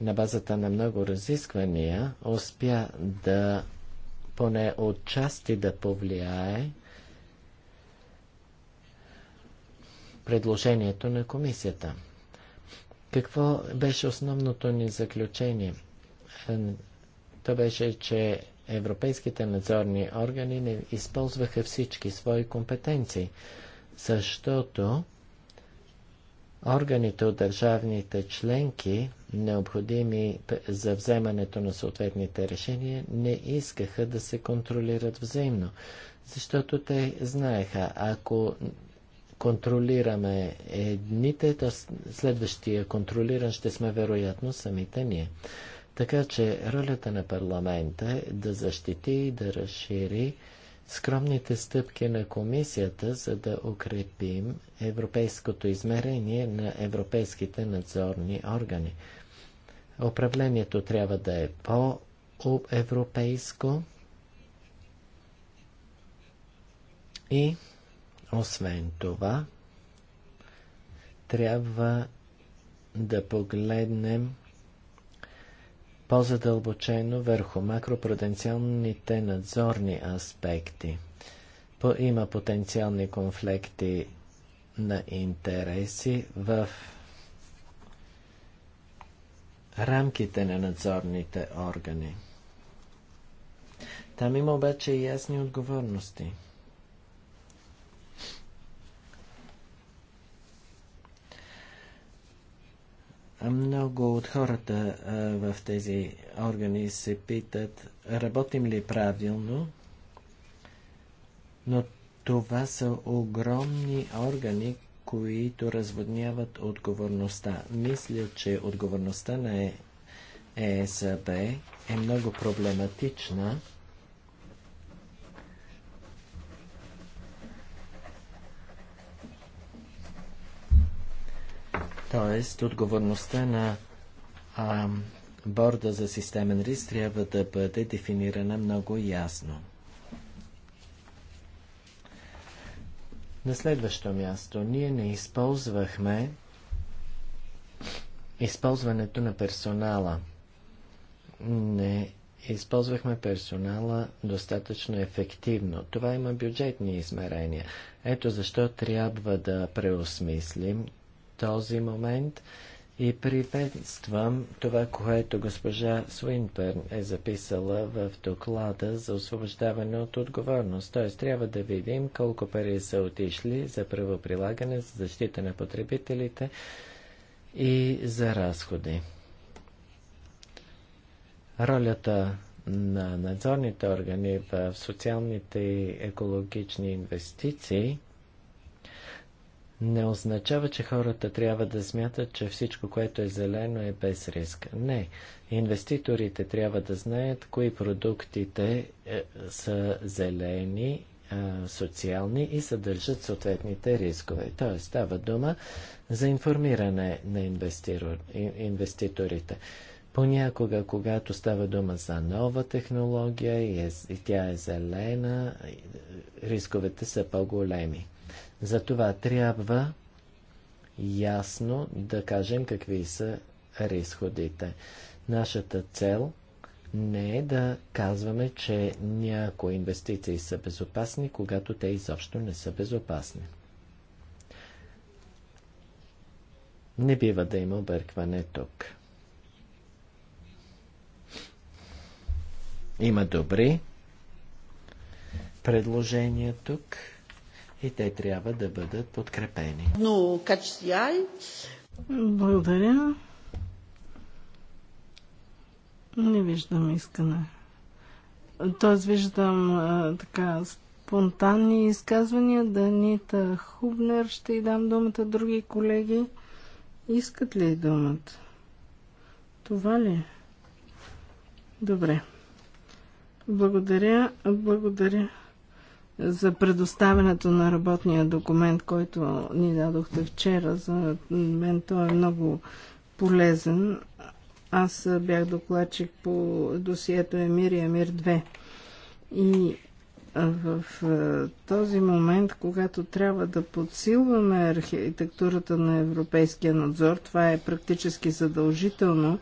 на базата на много разисквания успя да поне отчасти да повлияе предложението на комисията. Какво беше основното ни заключение? Е, то беше, че европейските надзорни органи не използваха всички свои компетенции, защото органите от държавните членки, необходими за вземането на съответните решения, не искаха да се контролират взаимно, защото те знаеха, ако контролираме едните, то следващия контролиран ще сме вероятно самите ние. Така че ролята на парламента е да защити и да разшири скромните стъпки на комисията, за да укрепим европейското измерение на европейските надзорни органи. Управлението трябва да е по-европейско и освен това, трябва да погледнем по-задълбочено върху макропруденциалните надзорни аспекти. По, има потенциални конфликти на интереси в рамките на надзорните органи. Там има обаче и ясни отговорности – Много от хората а, в тези органи се питат, работим ли правилно, но това са огромни органи, които разводняват отговорността. Мисля, че отговорността на е- ЕСБ е много проблематична Тоест, отговорността на а, борда за системен риск трябва да бъде дефинирана много ясно. На следващо място, ние не използвахме използването на персонала. Не използвахме персонала достатъчно ефективно. Това има бюджетни измерения. Ето защо трябва да преосмислим този момент и приветствам това, което госпожа Свинпърн е записала в доклада за освобождаване от отговорност. Т.е. трябва да видим колко пари са отишли за правоприлагане, за защита на потребителите и за разходи. Ролята на надзорните органи в социалните и екологични инвестиции – не означава, че хората трябва да смятат, че всичко, което е зелено, е без риск. Не. Инвеститорите трябва да знаят кои продуктите е, са зелени, е, социални и съдържат съответните рискове. Тоест, става дума за информиране на инвеститорите. Понякога, когато става дума за нова технология и, е, и тя е зелена, е, рисковете са по-големи. Затова трябва ясно да кажем какви са разходите. Нашата цел не е да казваме, че някои инвестиции са безопасни, когато те изобщо не са безопасни. Не бива да има объркване тук. Има добри предложения тук и те трябва да бъдат подкрепени. Но, качай. Благодаря. Не виждам искане. Тоест виждам а, така спонтанни изказвания. Данита Хубнер ще й дам думата. Други колеги искат ли думата? Това ли? Добре. Благодаря, благодаря за предоставянето на работния документ, който ни дадохте вчера. За мен той е много полезен. Аз бях докладчик по досието Емир и Емир 2. И в този момент, когато трябва да подсилваме архитектурата на европейския надзор, това е практически задължително,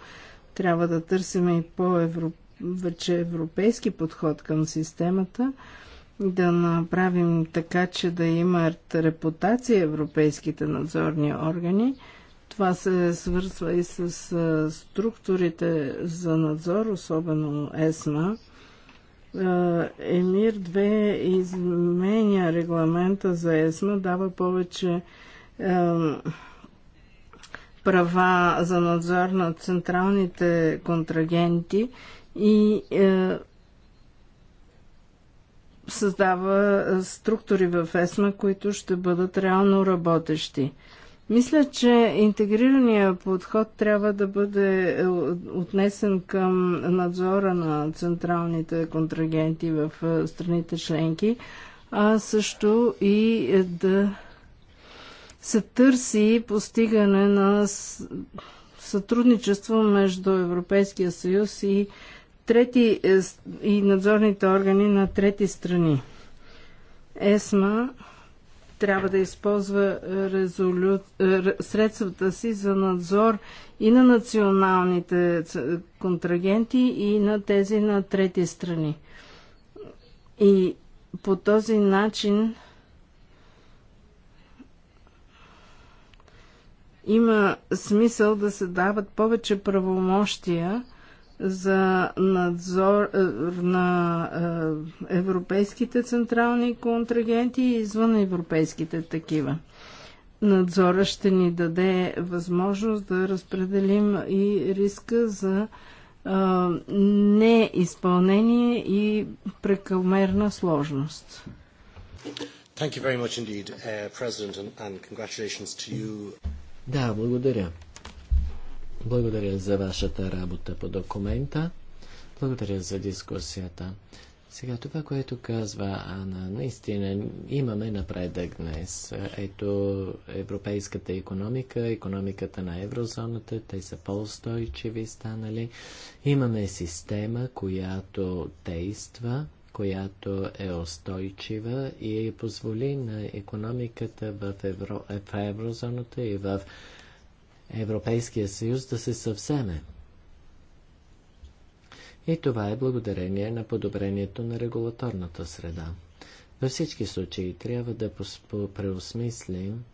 трябва да търсим и по-вече -евро... европейски подход към системата да направим така, че да имат репутация европейските надзорни органи. Това се свързва и с структурите за надзор, особено ЕСМА. Емир 2 изменя регламента за ЕСМА, дава повече права за надзор на централните контрагенти и е, създава структури в ЕСМА, които ще бъдат реално работещи. Мисля, че интегрирания подход трябва да бъде е, отнесен към надзора на централните контрагенти в страните членки, а също и е, да се търси постигане на сътрудничество между Европейския съюз и трети е, и надзорните органи на трети страни. ЕСМА трябва да използва е, резолю... Е, средствата си за надзор и на националните контрагенти и на тези на трети страни. И по този начин има смисъл да се дават повече правомощия за надзор е, на е, европейските централни контрагенти и извън европейските такива. Надзора ще ни даде възможност да разпределим и риска за е, неизпълнение и прекомерна сложност. Thank you very much indeed, uh, President, and, and congratulations to you. Да, благодаря. Благодаря за вашата работа по документа. Благодаря за дискусията. Сега това, което казва Ана, наистина имаме напредък днес. Ето европейската економика, економиката на еврозоната, те са по-устойчиви станали. Имаме система, която действа, която е устойчива и позволи на економиката в, евро, в еврозоната и в Европейския съюз да се съвземе. И това е благодарение на подобрението на регулаторната среда. Във всички случаи трябва да преосмислим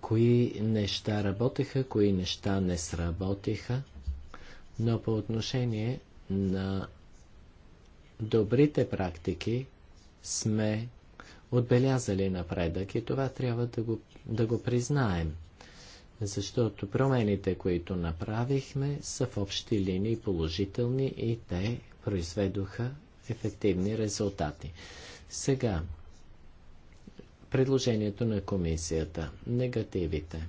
кои неща работеха, кои неща не сработиха, но по отношение на добрите практики сме отбелязали напредък и това трябва да го, да го признаем, защото промените, които направихме, са в общи линии положителни и те произведоха ефективни резултати. Сега, предложението на комисията, негативите.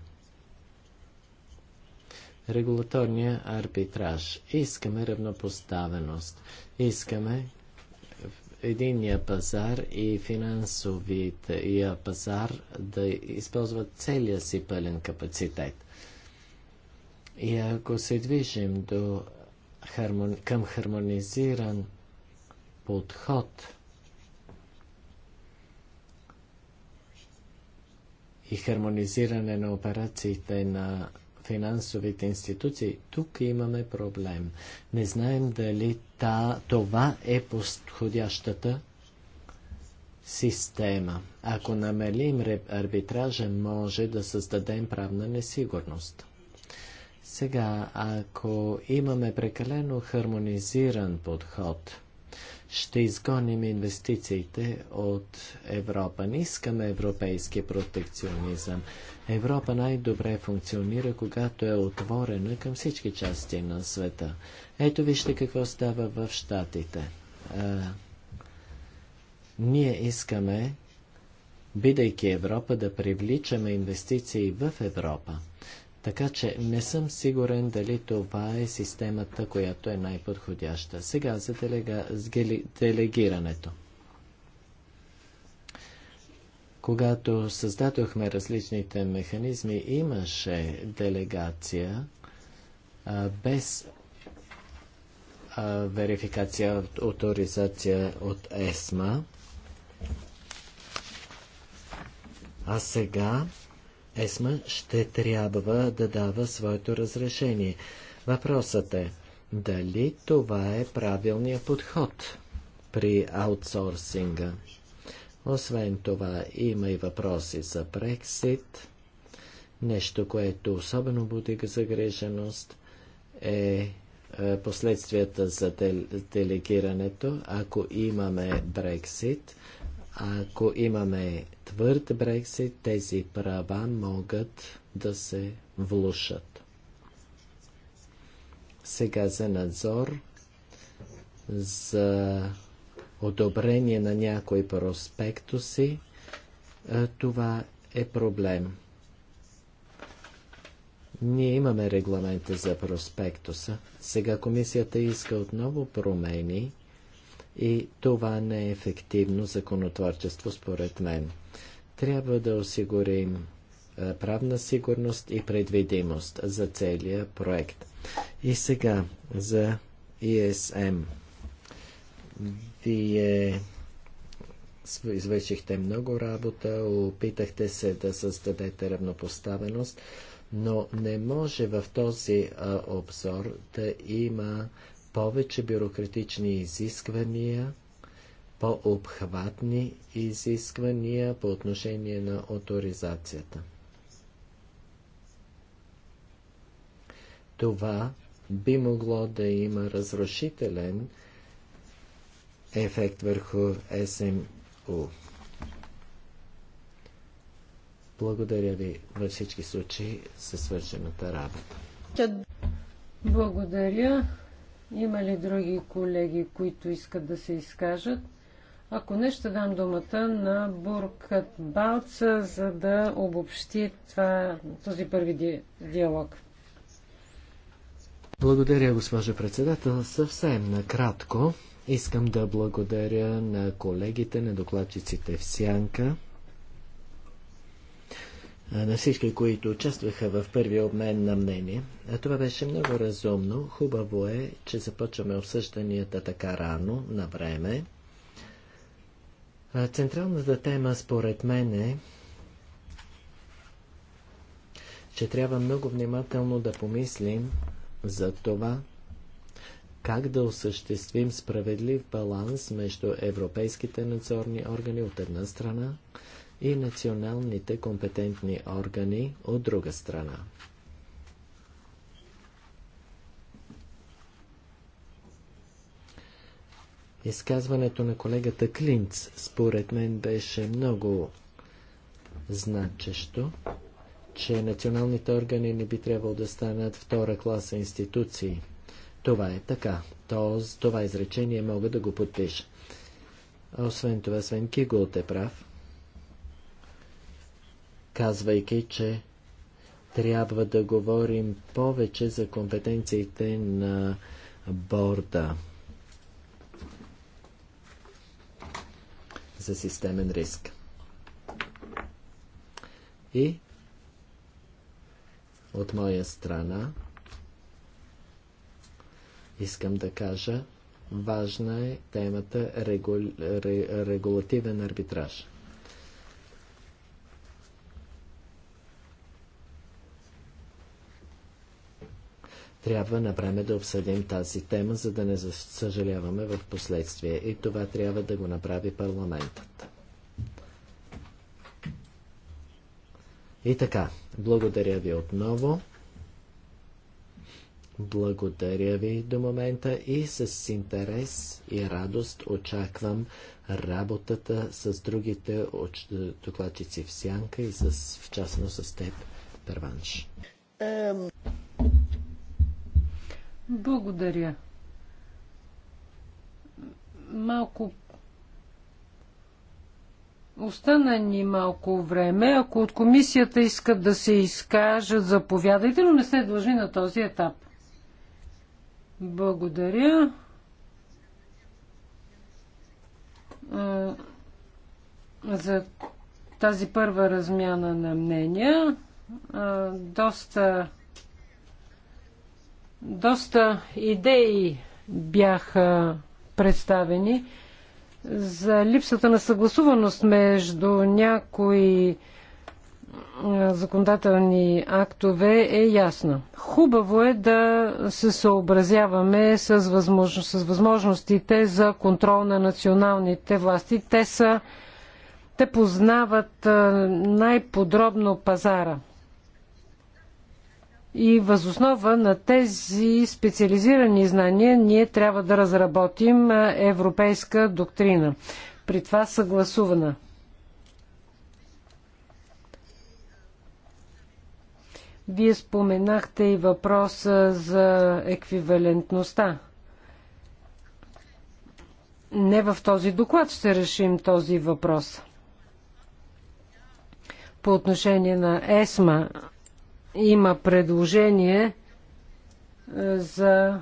Регулаторния арбитраж. Искаме равнопоставеност. Искаме единния пазар и финансовия пазар да използват целия си пълен капацитет. И ако се движим до, хармони... към хармонизиран подход и хармонизиране на операциите на финансовите институции. Тук имаме проблем. Не знаем дали та, това е подходящата система. Ако намалим арбитража, може да създадем правна несигурност. Сега, ако имаме прекалено хармонизиран подход – ще изгоним инвестициите от Европа. Не искаме европейски протекционизъм. Европа най-добре функционира, когато е отворена към всички части на света. Ето вижте какво става в Штатите. А, ние искаме, бидейки Европа, да привличаме инвестиции в Европа. Така че не съм сигурен дали това е системата, която е най-подходяща. Сега за делега... делегирането. Когато създадохме различните механизми, имаше делегация а, без а, верификация, авторизация от ЕСМА. А сега ЕСМА ще трябва да дава своето разрешение. Въпросът е, дали това е правилният подход при аутсорсинга? Освен това, има и въпроси за Брексит. Нещо, което особено буди загреженост е, е последствията за делегирането. Ако имаме Брексит, ако имаме твърд Брексит, тези права могат да се влушат. Сега за надзор, за одобрение на някои проспектуси, това е проблем. Ние имаме регламента за проспектуса. Сега комисията иска отново промени и това не е ефективно законотворчество според мен. Трябва да осигурим правна сигурност и предвидимост за целия проект. И сега за ESM. Вие извършихте много работа, опитахте се да създадете равнопоставеност, но не може в този а, обзор да има повече бюрократични изисквания, по-обхватни изисквания по отношение на авторизацията. Това би могло да има разрушителен ефект върху СМУ. Благодаря ви във всички случаи за свършената работа. Благодаря. Има ли други колеги, които искат да се изкажат? Ако не, ще дам думата на Буркът Балца, за да обобщи това, този първи ди, диалог. Благодаря, госпожо председател. Съвсем накратко искам да благодаря на колегите, на докладчиците в Сянка на всички, които участваха в първия обмен на мнение. А това беше много разумно. Хубаво е, че започваме обсъжданията така рано, на време. Централната тема, според мен, е, че трябва много внимателно да помислим за това, как да осъществим справедлив баланс между европейските надзорни органи от една страна и националните компетентни органи от друга страна. Изказването на колегата Клинц според мен беше много значещо, че националните органи не би трябвало да станат втора класа институции. Това е така. То, това изречение мога да го подпиша. Освен това, Свен Кигулт е прав казвайки, че трябва да говорим повече за компетенциите на борда за системен риск. И от моя страна искам да кажа, важна е темата регу... регулативен арбитраж. трябва на време да обсъдим тази тема, за да не съжаляваме в последствие. И това трябва да го направи парламентът. И така, благодаря ви отново. Благодаря ви до момента и с интерес и радост очаквам работата с другите докладчици в Сянка и с, в частност с теб, Перванш. Благодаря. Малко Остана ни малко време. Ако от комисията искат да се изкажат, заповядайте, но не се дължи на този етап. Благодаря. За тази първа размяна на мнения. Доста доста идеи бяха представени за липсата на съгласуваност между някои законодателни актове е ясна. Хубаво е да се съобразяваме с, възможност, с възможностите за контрол на националните власти. Те са те познават най-подробно пазара. И възоснова на тези специализирани знания ние трябва да разработим европейска доктрина. При това съгласувана. Вие споменахте и въпроса за еквивалентността. Не в този доклад ще решим този въпрос. По отношение на ЕСМА, има предложение е, за е,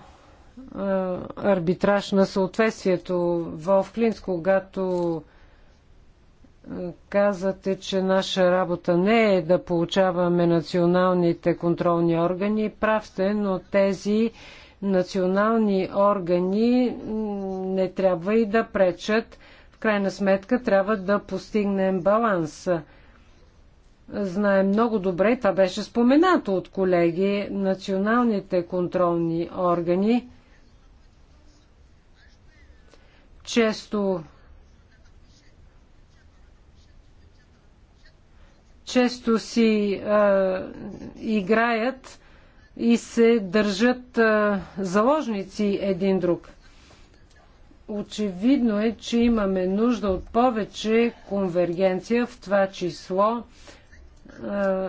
арбитраж на съответствието. В Клинс, когато е, казате, че наша работа не е да получаваме националните контролни органи, прав сте, но тези национални органи не трябва и да пречат. В крайна сметка трябва да постигнем баланса знае много добре, това беше споменато от колеги, националните контролни органи често често си а, играят и се държат а, заложници един друг. Очевидно е, че имаме нужда от повече конвергенция, в това число е,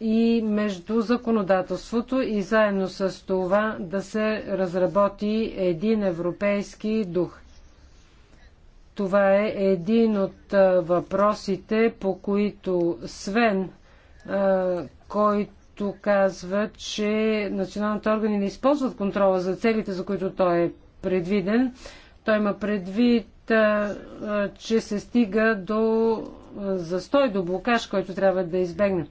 и между законодателството и заедно с това да се разработи един европейски дух. Това е един от е, въпросите, по които Свен, е, който казва, че националните органи не използват контрола за целите, за които той е предвиден. Той има предвид че се стига до застой, до блокаж, който трябва да избегне.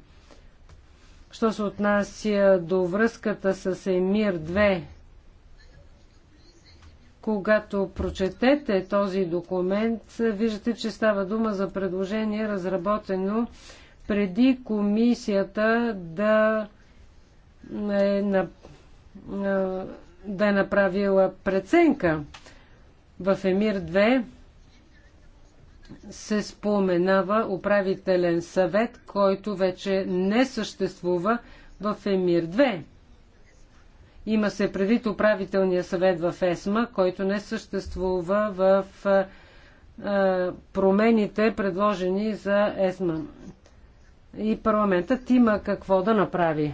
Що се отнася до връзката с Емир 2, когато прочетете този документ, виждате, че става дума за предложение, разработено преди комисията да е, да е направила преценка в Емир 2 се споменава управителен съвет, който вече не съществува в Емир 2. Има се предвид управителния съвет в ЕСМА, който не съществува в промените, предложени за ЕСМА. И парламентът има какво да направи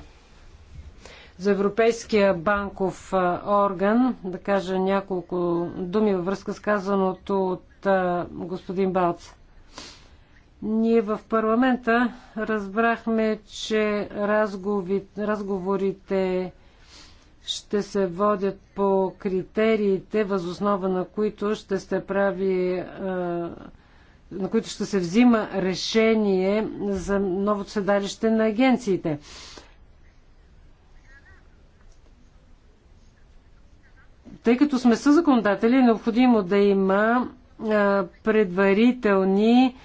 за Европейския банков орган, да кажа няколко думи във връзка с казаното от господин Балц. Ние в парламента разбрахме, че разговорите ще се водят по критериите, възоснова на които ще се прави на които ще се взима решение за новото седалище на агенциите. Тъй като сме съзаконодатели, е необходимо да има предварителни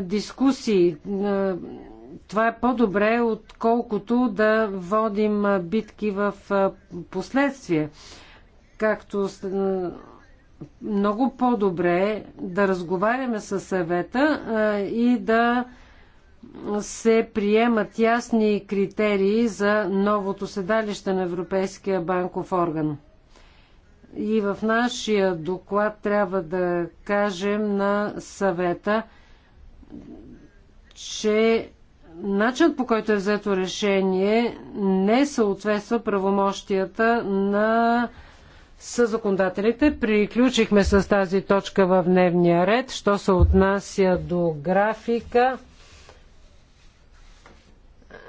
дискусии. Това е по-добре, отколкото да водим битки в последствие. Както много по-добре да разговаряме с съвета и да се приемат ясни критерии за новото седалище на Европейския банков орган. И в нашия доклад трябва да кажем на съвета, че начинът по който е взето решение не съответства правомощията на съзаконодателите. Приключихме с тази точка в дневния ред. Що се отнася до графика,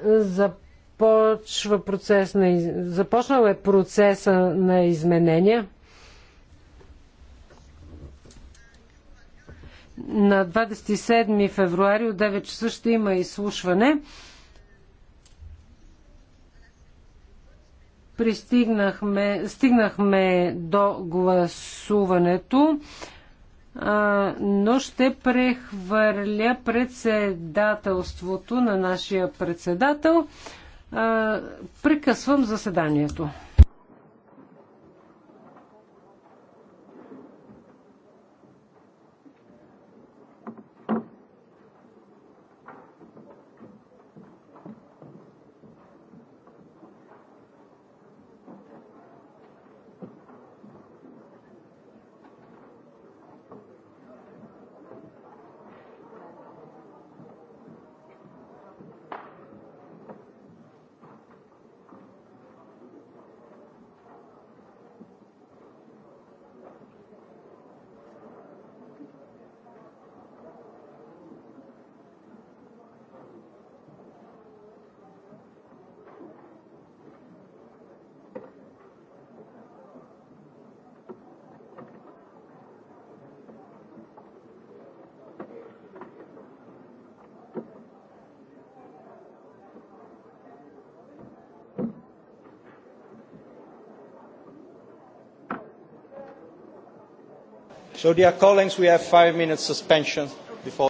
започва процес на, започнал е процеса на изменения. на 27 февруари от 9 часа ще има изслушване. Пристигнахме, стигнахме до гласуването, а, но ще прехвърля председателството на нашия председател. А, прекъсвам заседанието. So, dear colleagues, we have five minutes suspension before...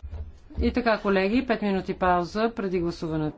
И така, колеги, 5 минути пауза преди гласуването.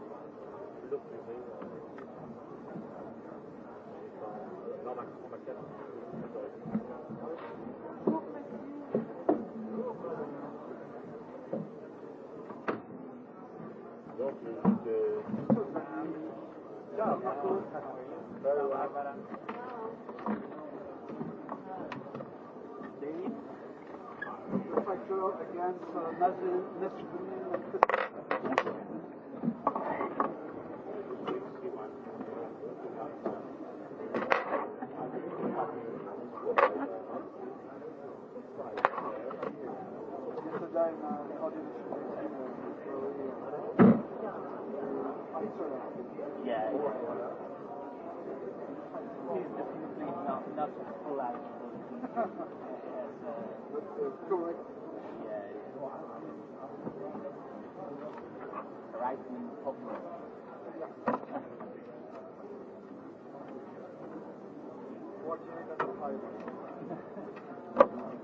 against uh, Muslim, Muslim, Muslim. Yeah. Correct. Yeah, yeah. Right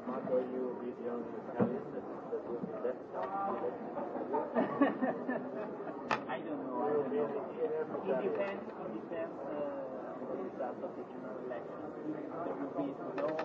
Marco, you will be the only elections. There will be no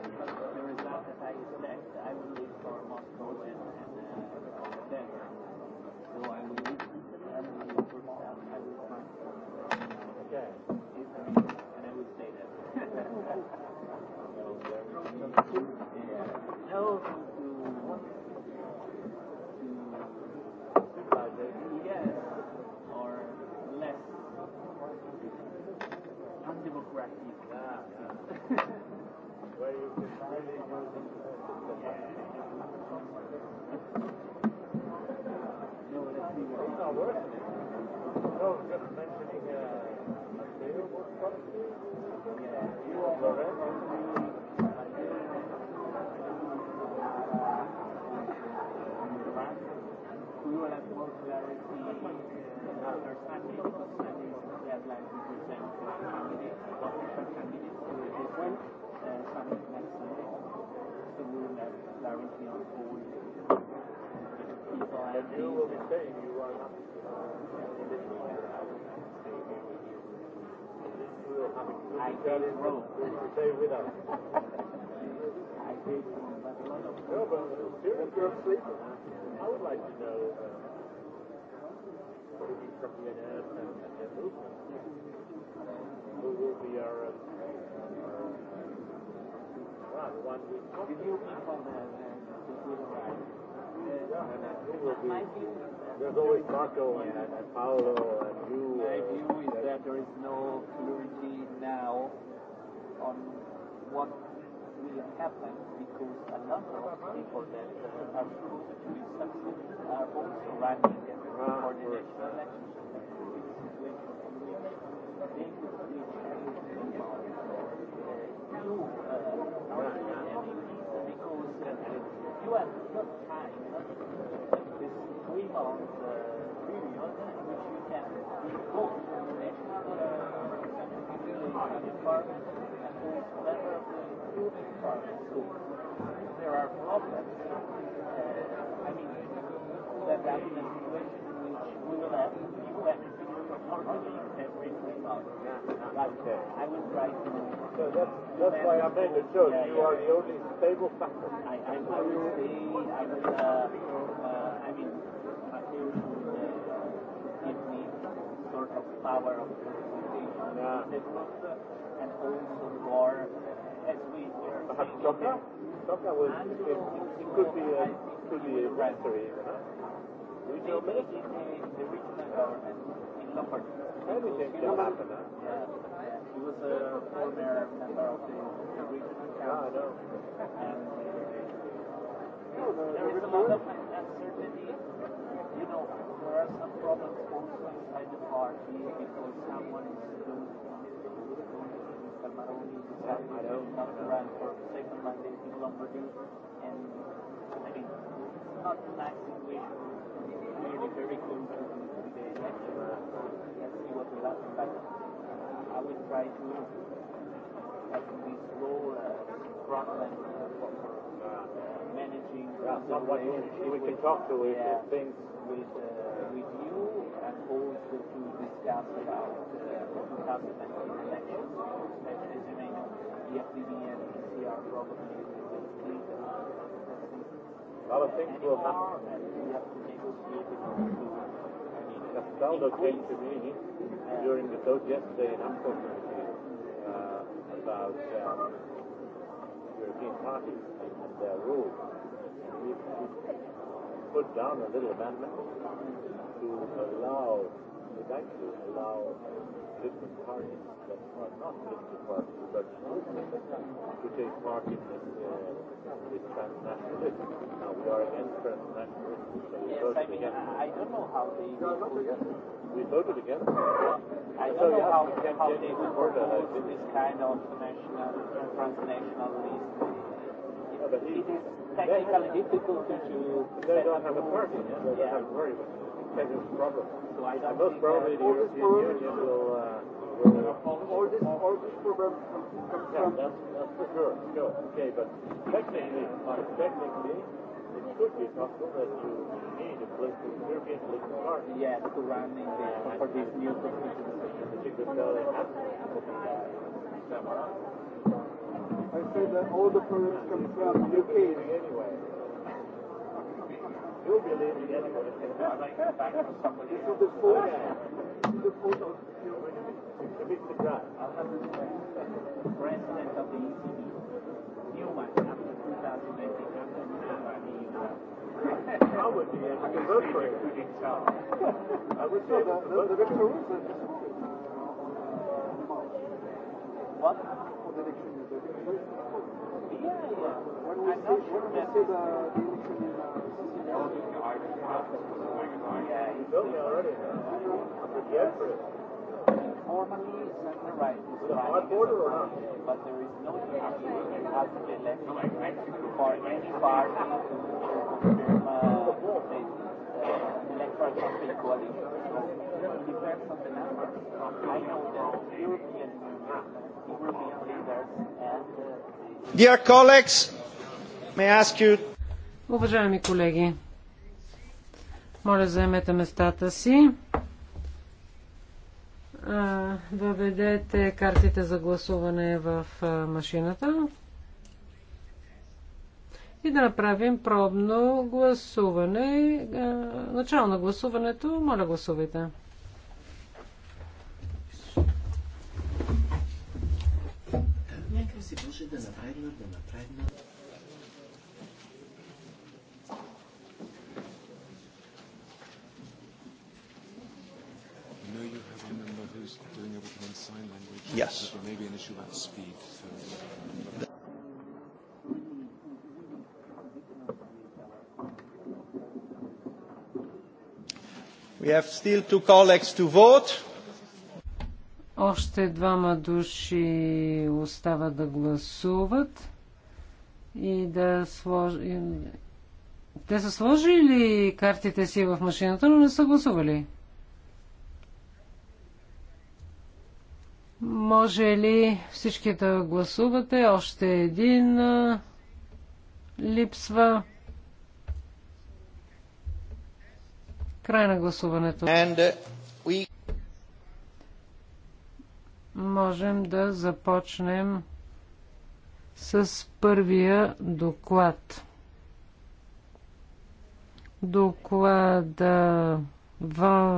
I got it wrong. Stay with us. I think. No, but serious, you're I would like to know what it is from Vietnam and the movement. Who will be our, uh our one, one we talk to? Did you come from the, the, the, the, the, the, There's always Marco and, and Paolo and you. My view is that there is no clarity now on what will happen because a number of people that uh, are proved to be successful are also running for the next election. because uh, you have not time. There are problems. Uh, I mean, that that is a which we will have you have to figure out every three months. Okay. I will try to. that's that's why I made the joke. Yeah, you yeah. are the only stable factor. I I will see. I will. Uh, of power of representation yeah. systems and also war as we are Perhaps Docker? was, it, it could be a, could be a even, huh? Regional ministry? The regional government in Lombardy. can happen, huh? Yeah. He was a former member of the, the regional council. Yeah, I know. And there is a lot of uncertainty. You know, there are some problems outside the park because someone is doing Maroni, Maroni, for second Monday, people on produce, and I mean, it's not a nice situation, really very close to the lecturer, so let's see what will happen, but I will try to have this role uh, frontline uh, for, for managing. Yeah, someone we, we can talk to if yeah, things. With, uh, with you and also to discuss about uh, the 2019 elections. And as you mean the FDB and PCR probably will split a lot things will happen. we have to negotiate in order to. Castaldo came to me during the talk yesterday in Amsterdam uh, about um, European parties and their rules. We put down a little amendment to allow, would like to allow different parties that are not political parties but to take part in this, uh, this transnationalism. Now we are against transnationalism, yes, voted I mean, against. I don't know how they. No, not against. We voted against. I don't so, know yeah, how, can, how they support this kind of national, transnational list. It, it is technically difficult to. They don't have a party. Yeah. They don't have a party that problem. So I Most probably the European Union will. Uh, all this, all this problem comes yeah, That's, that's for sure. No, okay, but technically, technically, it could be possible that you need a political, European political party. Yeah, surrounding the, yeah, for these new constitutions. But you could tell it has I said that all the problems come from UK. Anyway. You'll be late to get anyone if back from somebody else. The photo, the photo of the film when you meet the grant. I'll have this president of the ECB, Newman, after 2020, after I would be, able to vote for him. I would say that the Victor Ruth What? For the election, the Victor Yeah, yeah. When we see the election in Yeah, built me already. But there is no for any party to uh, So it depends on the numbers. European European leaders and. Uh, Dear colleagues, may I ask you Уважаеми колеги, моля заемете местата си. Въведете картите за гласуване в машината. И да направим пробно гласуване. Начало на гласуването. Моля гласувайте. Нека си може да направим, да направим. doing everything in sign language. Yes. There may be an issue about speed. So. We have still two colleagues to vote. Още двама души остава да гласуват и да сложи. Те са сложили картите си в машината, но не са гласували. Може ли всички да гласувате? Още един липсва. Край на гласуването. Uh, we... Можем да започнем с първия доклад. Доклада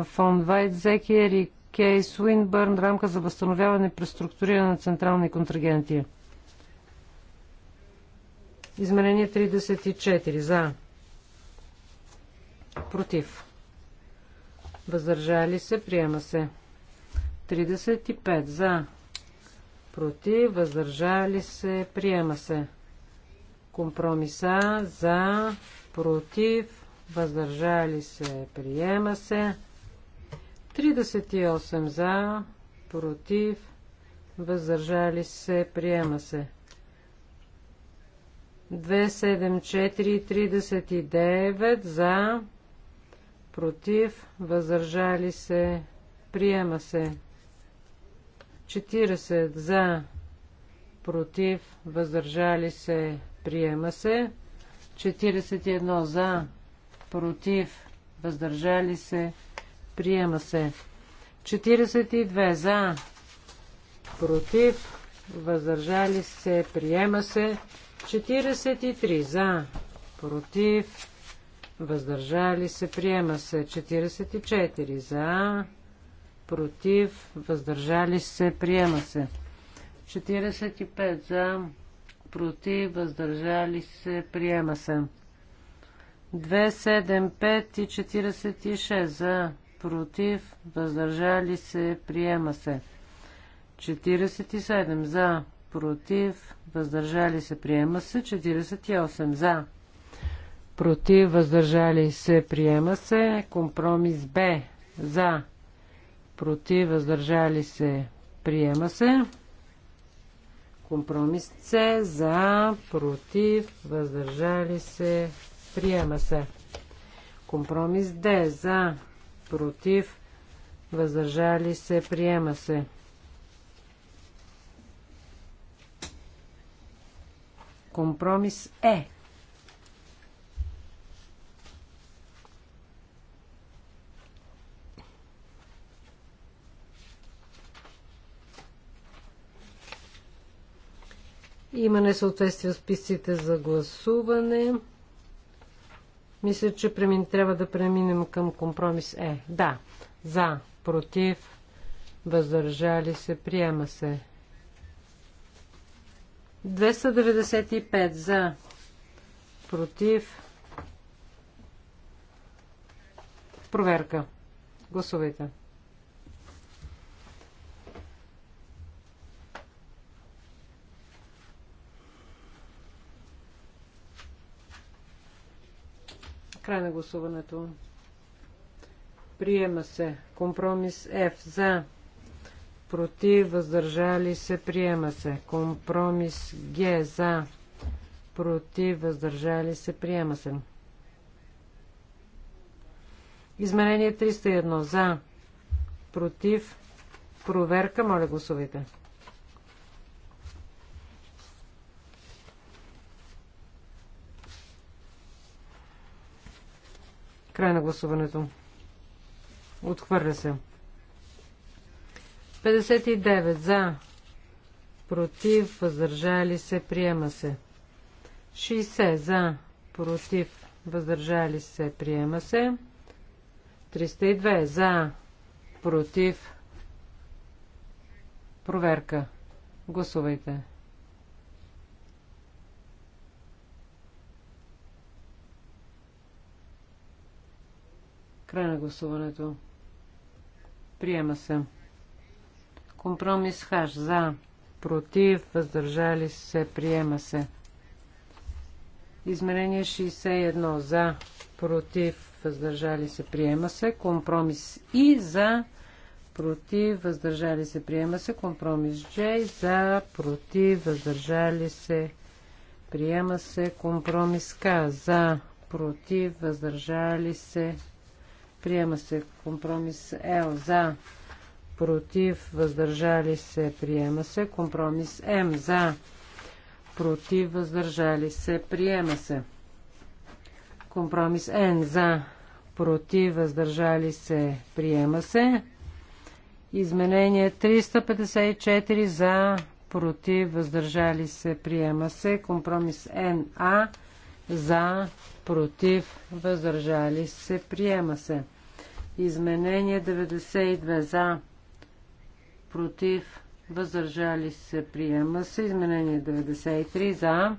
Фон Вайтзекер и Кей Суинбърн рамка за възстановяване и преструктуриране на централни контрагенти. Изменение 34. За. Против. Въздържали се. Приема се. 35. За. Против. Въздържали се. Приема се. Компромиса. За. Против. Въздържали се. Приема се. 38 за, против, въздържали се, приема се. 274-39 за, против, въздържали се, приема се. 40 за, против, въздържали се, приема се. 41 за, против, въздържали се, приема се. Приема се. 42 за. Против. Въздържали се. Приема се. 43 за. Против. Въздържали се. Приема се. 44 за. Против. Въздържали се. Приема се. 45 за. Против. Въздържали се. Приема се. 275 и 46 за против, въздържали се, приема се. 47 за, против, въздържали се, приема се. 48 за, против, въздържали се, приема се. Компромис Б за, против, въздържали се, приема се. Компромис С за, против, въздържали се, приема се. Компромис Д за, против, въздържали се, приема се. Компромис е. Има несъответствие в списците за гласуване. Мисля, че премин, трябва да преминем към компромис Е. Да. За. Против. Въздържали се. Приема се. 295 за. Против. Проверка. Гласувайте. Край на гласуването. Приема се. Компромис F за. Против, въздържали се, приема се. Компромис Г за. Против, въздържали се, приема се. Изменение 301 за. Против. Проверка. Моля гласувайте. Край на гласуването. Отхвърля се. 59 за. Против. Въздържали се. Приема се. 60 за. Против. Въздържали се. Приема се. 302 за. Против. Проверка. Гласувайте. Край на гласуването. Приема се. Компромис хаш за. Против. Въздържали се. Приема се. Измерение 61 за. Против. Въздържали се. Приема се. Компромис и за. Против. Въздържали се. Приема се. Компромис J за. Против. Въздържали се. Приема се. Компромис К за. Против. Въздържали се. Приема се компромис Л за. Против. Въздържали се. Приема се. Компромис М за. Против. Въздържали се. Приема се. Компромис Н за. Против. Въздържали се. Приема се. Изменение 354 за. Против. Въздържали се. Приема се. Компромис НА за. Против. Въздържали се. Приема се. Изменение 92 за, против, въздържали се, приема се. Изменение 93 за,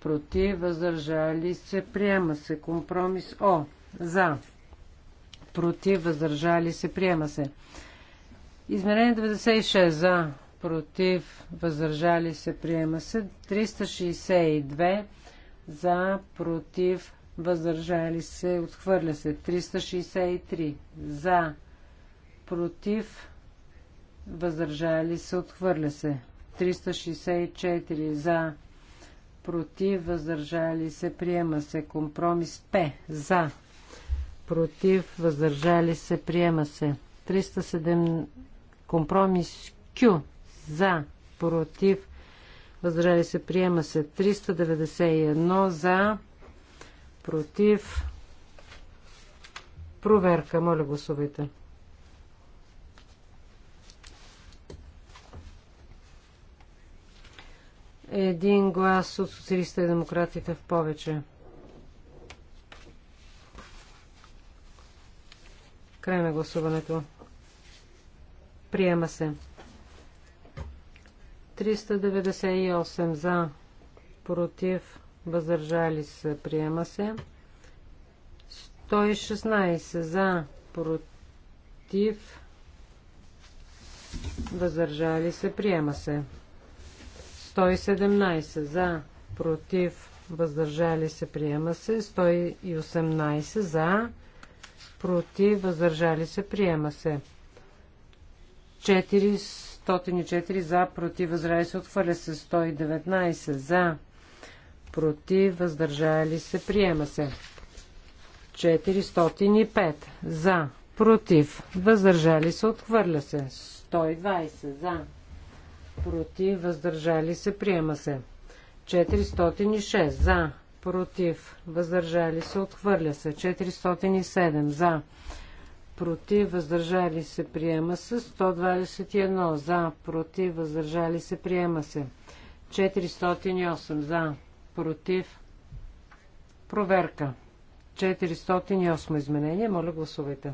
против, въздържали се, приема се. Компромис О за, против, въздържали се, приема се. Изменение 96 за, против, въздържали се, приема се. 362 за, против, въздържали се, отхвърля се 363 за, против, въздържали се, отхвърля се 364 за, против, въздържали се, приема се компромис П за, против, въздържали се, приема се 307 компромис Q за, против, въздържали се, приема се 391 за, против. Проверка, моля гласувайте. Един глас от социалиста и демократите в повече. Край на гласуването. Приема се. 398 за, против въздържали се, приема се. 116 за, против, въздържали се, приема се. 117 за, против, въздържали се, приема се. 118 за, против, въздържали се, приема се. 404 за, против, въздържали се, отхвърля се. 119 за, против, въздържали се, приема се. 405 за, против, въздържали се, отхвърля се. 120 за, против, въздържали се, приема се. 406 за, против, въздържали се, отхвърля се. 407 за, против, въздържали се, приема се. 121 за, против, въздържали се, приема се. 408 за, против. Проверка. 408 изменение. Моля, гласувайте.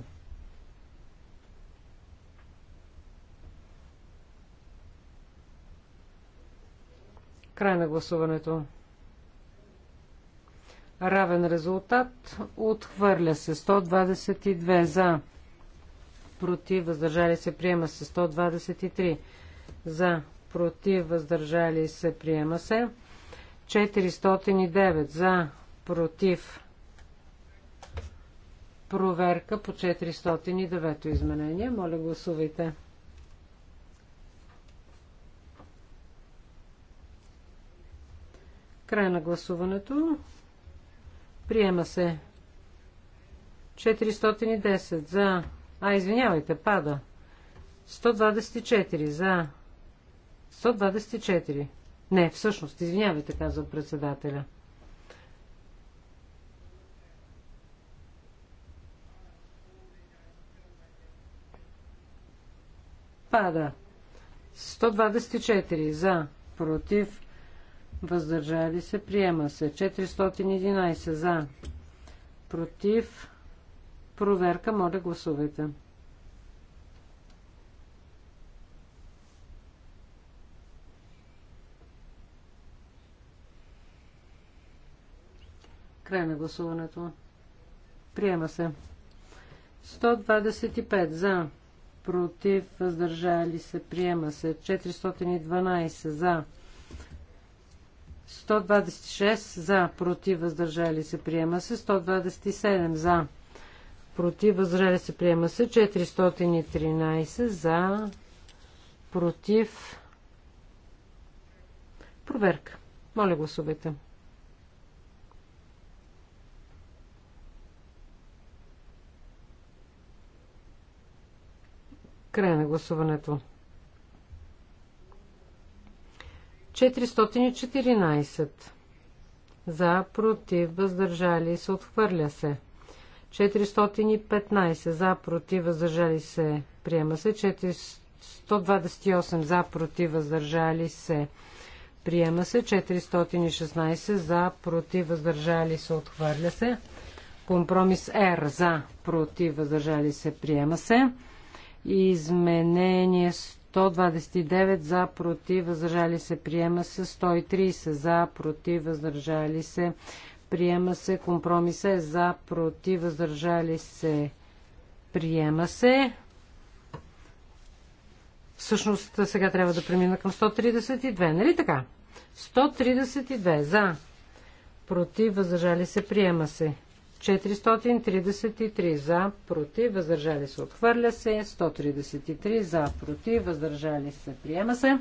Край на гласуването. Равен резултат. Отхвърля се 122 за. Против, въздържали се, приема се 123 за. Против, въздържали се, приема се. 409 за, против. Проверка по 409 изменение. Моля, гласувайте. Край на гласуването. Приема се. 410 за. А, извинявайте, пада. 124 за. 124. Не, всъщност, извинявайте, казва председателя. Пада. 124 за, против, въздържали се, приема се. 411 за, против, проверка, моля гласувайте. Край на гласуването. Приема се. 125 за. Против. Въздържали се. Приема се. 412 за. 126 за. Против. Въздържали се. Приема се. 127 за. Против. Въздържали се. Приема се. 413 за. Против. Проверка. Моля гласувайте. Край на гласуването. 414. За, против, въздържали се, отхвърля се. 415. За, против, въздържали се, приема се. 428. За, против, въздържали се, приема се. 416. За, против, въздържали се, отхвърля се. Компромис Р. За, против, въздържали се, приема се. Изменение 129 за против въздържали се приема се 130 за против въздържали се приема се компромиса е за против въздържали се приема се Всъщност сега трябва да премина към 132, нали така? 132 за против въздържали се приема се 433 за, против, въздържали се, отхвърля се. 133 за, против, въздържали се, приема се.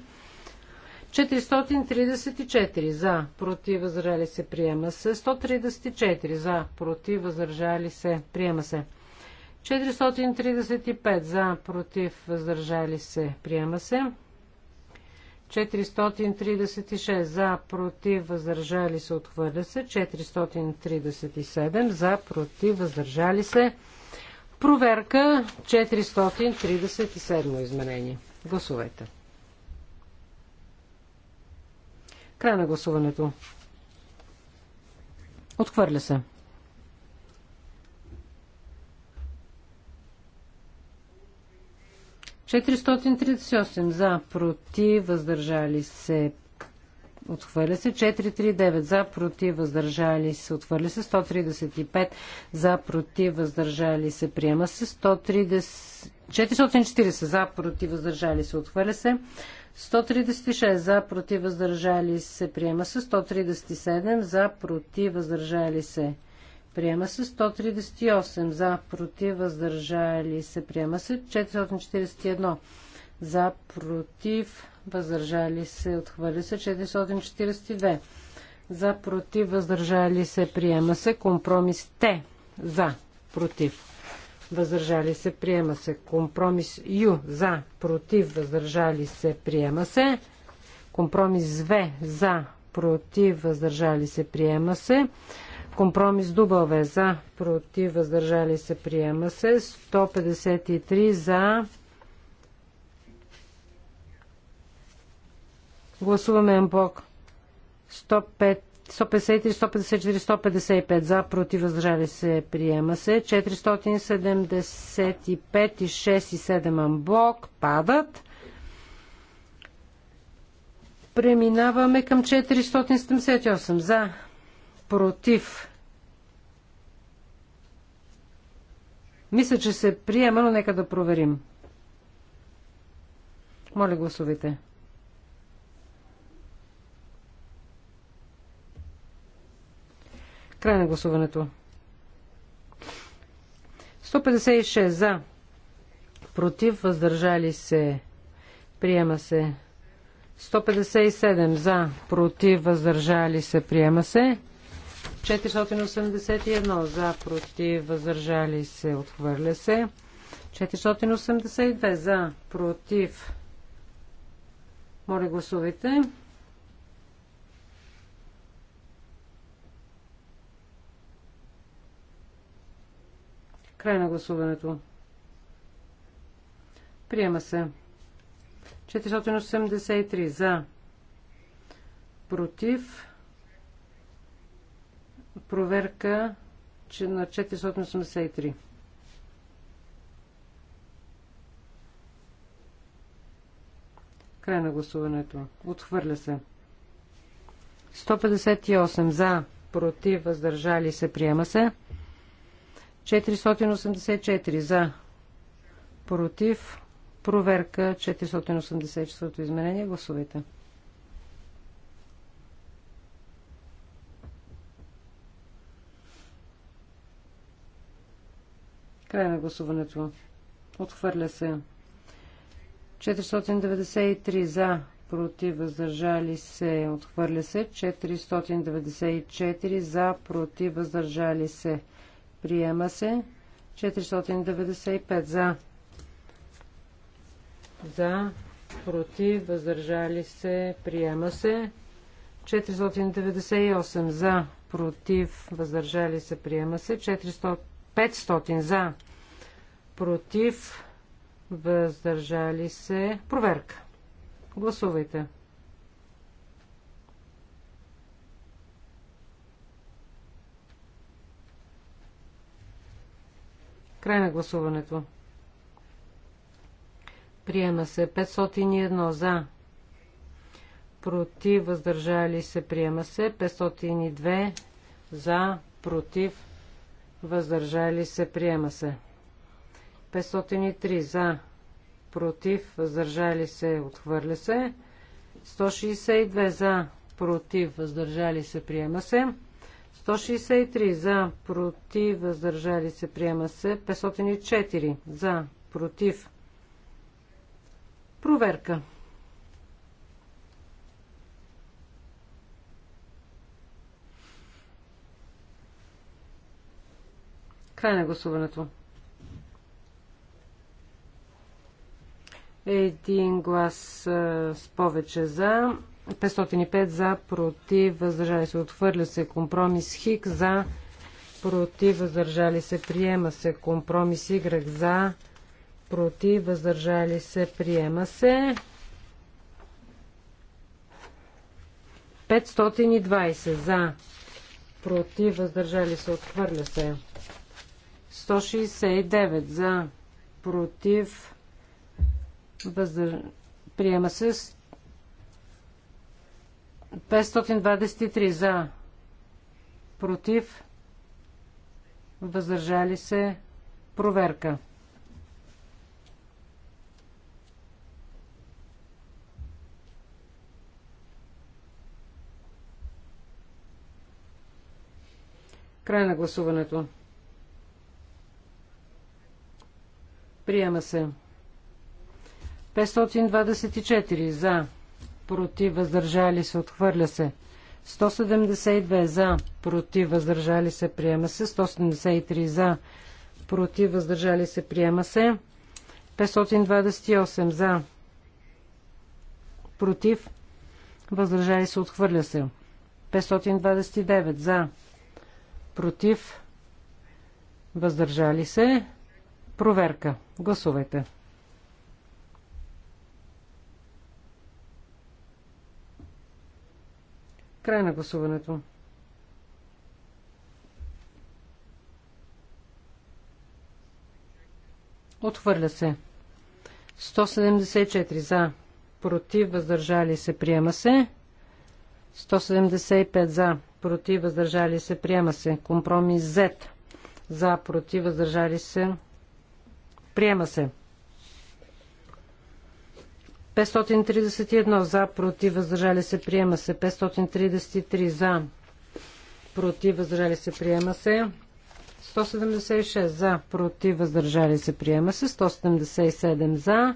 434 за, против, въздържали се, приема се. 134 за, против, въздържали се, приема се. 435 за, против, въздържали се, приема се. 436 за, против, въздържали се, отхвърля се. 437 за, против, въздържали се. Проверка 437 изменение. Гласувайте. Край на гласуването. Отхвърля се. 438 за, против, въздържали се, отхвърля се. 439 за, против, въздържали се, отхвърля се. 135 за, против, въздържали се, приема се. 130... 440 за, против, въздържали се, отхвърля се. 136 за, против, въздържали се, приема се. 137 за, против, въздържали се, се приема се 138 за, против, въздържали се, приема се 441 за, против, въздържали се, отхвърля се 442 за, против, въздържали се, приема се компромис Т за, против, въздържали се, приема се компромис Ю за, против, въздържали се, приема се компромис В за, против, въздържали се, приема се Компромис W за, против, въздържали се, приема се. 153 за. Гласуваме блок. 105 153, 154, 155 за, против, въздържали се, приема се. 475 и 6 и 7 амблок падат. Преминаваме към 478 за, против. Мисля, че се приема, но нека да проверим. Моля, гласувайте. Край на гласуването. 156 за. Против, въздържали се. Приема се. 157 за. Против, въздържали се. Приема се. 481 за, против, въздържали се, отхвърля се. 482 за, против. Моля, гласувайте. Край на гласуването. Приема се. 483 за, против проверка че на 483. Край на гласуването. Отхвърля се. 158 за, против, въздържали се, приема се. 484 за, против, проверка 484 изменение. Гласувайте. Край на гласуването. Отхвърля се. 493 за, против, въздържали се. Отхвърля се. 494 за, против, въздържали се. Приема се. 495 за. За, против, въздържали се. Приема се. 498 за, против, въздържали се. Приема се. 400 500 за, против, въздържали се. Проверка. Гласувайте. Край на гласуването. Приема се 501 за. Против, въздържали се. Приема се 502 за. Против, въздържали се, приема се. 503 за, против, въздържали се, отхвърля се. 162 за, против, въздържали се, приема се. 163 за, против, въздържали се, приема се. 504 за, против. Проверка. Край на гласуването. Един глас с повече за. 505 за, против, въздържали се, отхвърля се компромис ХИК за, против, въздържали се, приема се компромис Y за, против, въздържали се, приема се. 520 за, против, въздържали се, отхвърля се. 169 за, против, въздър... приема се 523 за, против, въздържали се, проверка. Край на гласуването. Приема се. 524 за. Против въздържали се. Отхвърля се. 172 за. Против въздържали се. Приема се. 173 за. Против въздържали се. Приема се. 528 за. Против. Въздържали се. Отхвърля се. 529 за. Против. Въздържали се. Проверка. Гласувайте. Край на гласуването. Отхвърля се. 174 за. Против, въздържали се, приема се. 175 за. Против, въздържали се, приема се. Компромис Z. За, против, въздържали се, Приема се. 531 за, против, въздържали се, приема се. 533 за, против, въздържали се, приема се. 176 за, против, въздържали се, приема се. 177 за,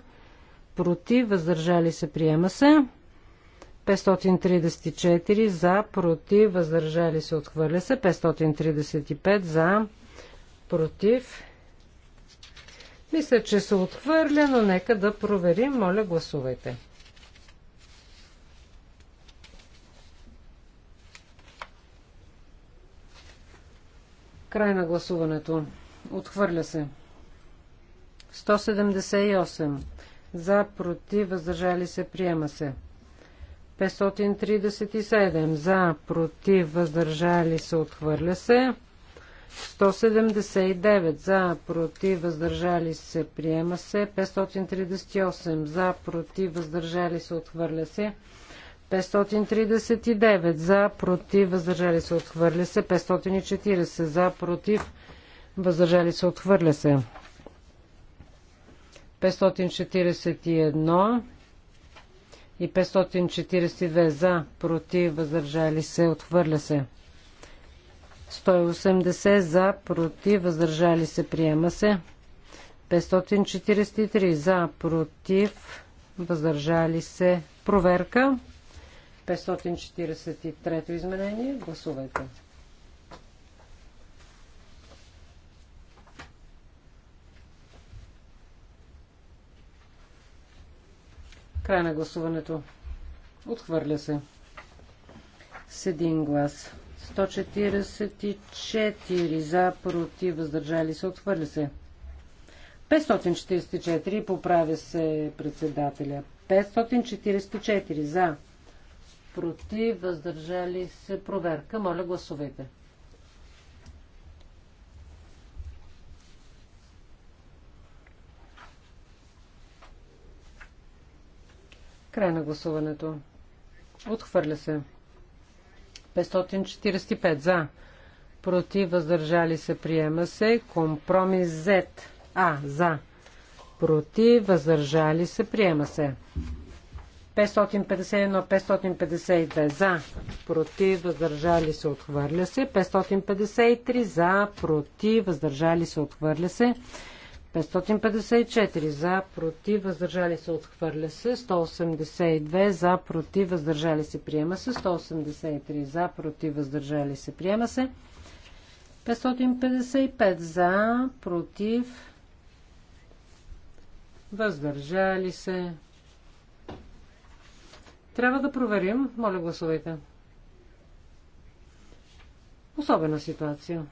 против, въздържали се, приема се. 534 за, против, въздържали се, отхвърля се. 535 за, против, мисля, че се отхвърля, но нека да проверим. Моля, гласувайте. Край на гласуването. Отхвърля се. 178. За, против, въздържали се, приема се. 537. За, против, въздържали се, отхвърля се. 179 за, против, въздържали се, приема се. 538 за, против, въздържали се, отхвърля се. 539 за, против, въздържали се, отхвърля се. 540 за, против, въздържали се, отхвърля се. 541 и 542 за, против, въздържали се, отхвърля се. 180 за, против, въздържали се, приема се. 543 за, против, въздържали се, проверка. 543 изменение, гласувайте. Край на гласуването. Отхвърля се. С един глас. 144 за, против, въздържали се, отхвърля се. 544 поправя се председателя. 544 за, против, въздържали се, проверка. Моля, гласувайте. Край на гласуването. Отхвърля се. 545 за. Против въздържали се приема се. Компромис Z. А. За. Против въздържали се приема се. 551, 552 за, против, въздържали се, отхвърля се. 553 за, против, въздържали се, отхвърля се. 554 за, против, въздържали се, отхвърля се. 182 за, против, въздържали се, приема се. 183 за, против, въздържали се, приема се. 555 за, против, въздържали се. Трябва да проверим. Моля, гласувайте. Особена ситуация.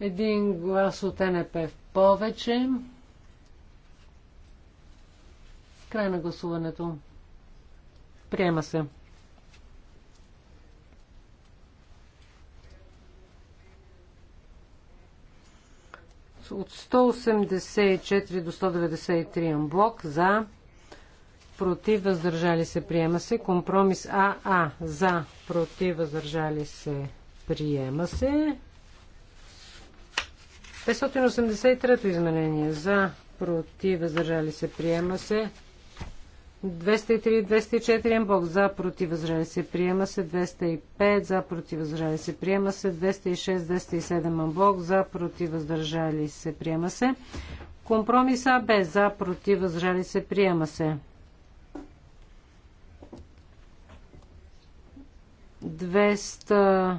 Един глас от НП в повече. Край на гласуването. Приема се. От 184 до 193 блок за против въздържали се приема се. Компромис АА за против въздържали се приема се. 583-то изменение за, против, въздържали се, приема се. 203-204 Бог за, против, въздържали се, приема се. 205 за, против, въздържали се, приема се. 206-207 Бог за, против, въздържали се, приема се. Компромис АБ за, против, въздържали се, приема се. 200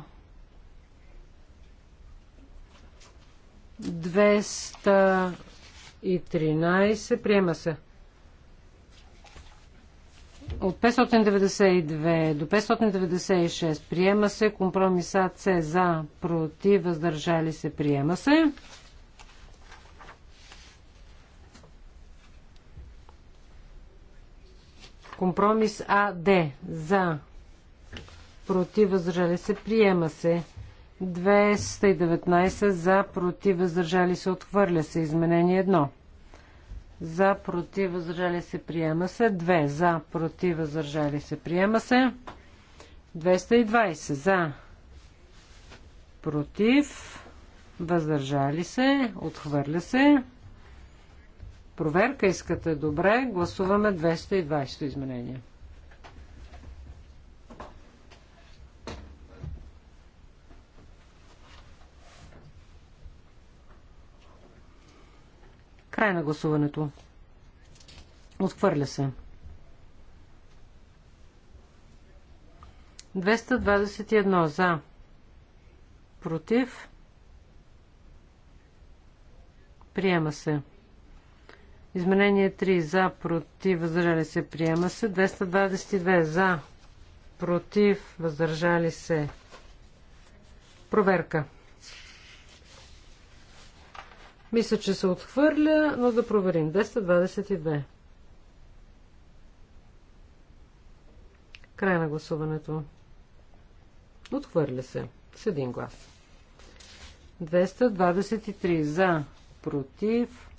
213. Приема се. От 592 до 596 приема се. Компромиса С за, против, въздържали се, приема се. Компромис АД за, против, въздържали се, приема се. 219 за, против, въздържали се, отхвърля се. Изменение 1. За, против, въздържали се, приема се. 2. За, против, въздържали се, приема се. 220 за, против, въздържали се, отхвърля се. Проверка искате добре. Гласуваме 220 изменение. Край на гласуването. Отхвърля се. 221 за. Против. Приема се. Изменение 3 за, против, въздържали се, приема се. 222 за, против, въздържали се. Проверка. Мисля, че се отхвърля, но да проверим. 222. Край на гласуването. Отхвърля се. С един глас. 223 за, против.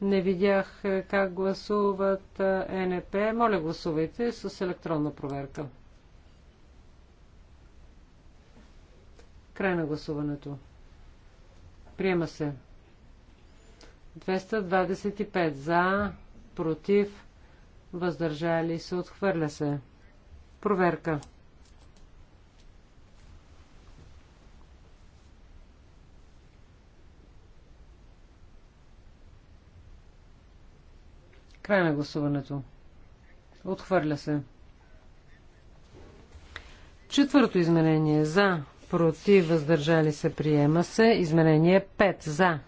Не видях е, как гласуват е, НП. Моля, гласувайте с електронна проверка. Край на гласуването. Приема се. 225 за, против, въздържали се, отхвърля се. Проверка. Край на гласуването. Отхвърля се. Четвърто изменение. За против, въздържали се, приема се. Изменение 5 за,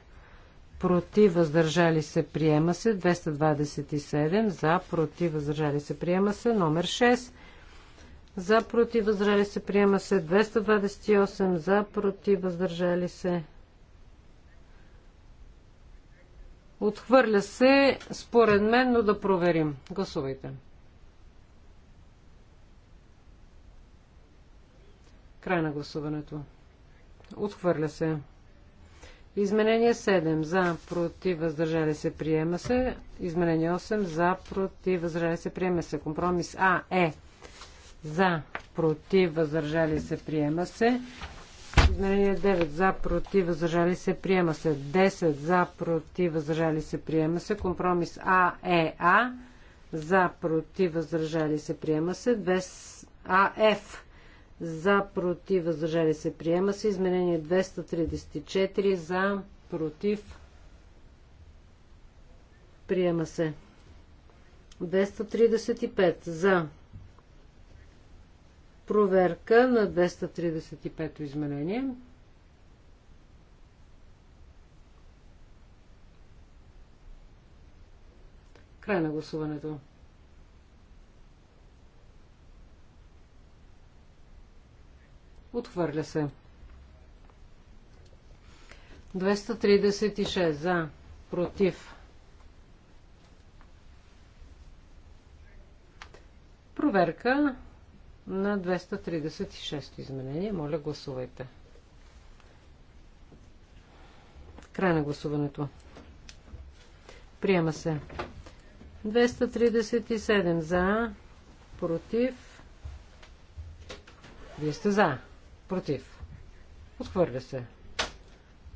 против, въздържали се, приема се. 227 за, против, въздържали се, приема се. Номер 6 за, против, въздържали се, приема се. 228 за, против, въздържали се. Отхвърля се, според мен, но да проверим. Гласувайте. Край на гласуването. Отхвърля се. Изменение 7. За, против, въздържали се, приема се. Изменение 8. За, против, въздържали се, приема се. Компромис А. Е. За, против, въздържали се, приема се. Изменение 9. За, против, въздържали се, приема се. 10. За, против, въздържали се, приема се. Компромис А. Е. А. За, против, въздържали се, приема се. 2. А. Ф за, против, въздържали се, приема се. Изменение 234 за, против, приема се. 235 за проверка на 235-то изменение. Край на гласуването. Отхвърля се. 236 за. Против. Проверка на 236 изменение. Моля, гласувайте. Край на гласуването. Приема се. 237 за, против. Вие сте за. Против. Отхвърля се.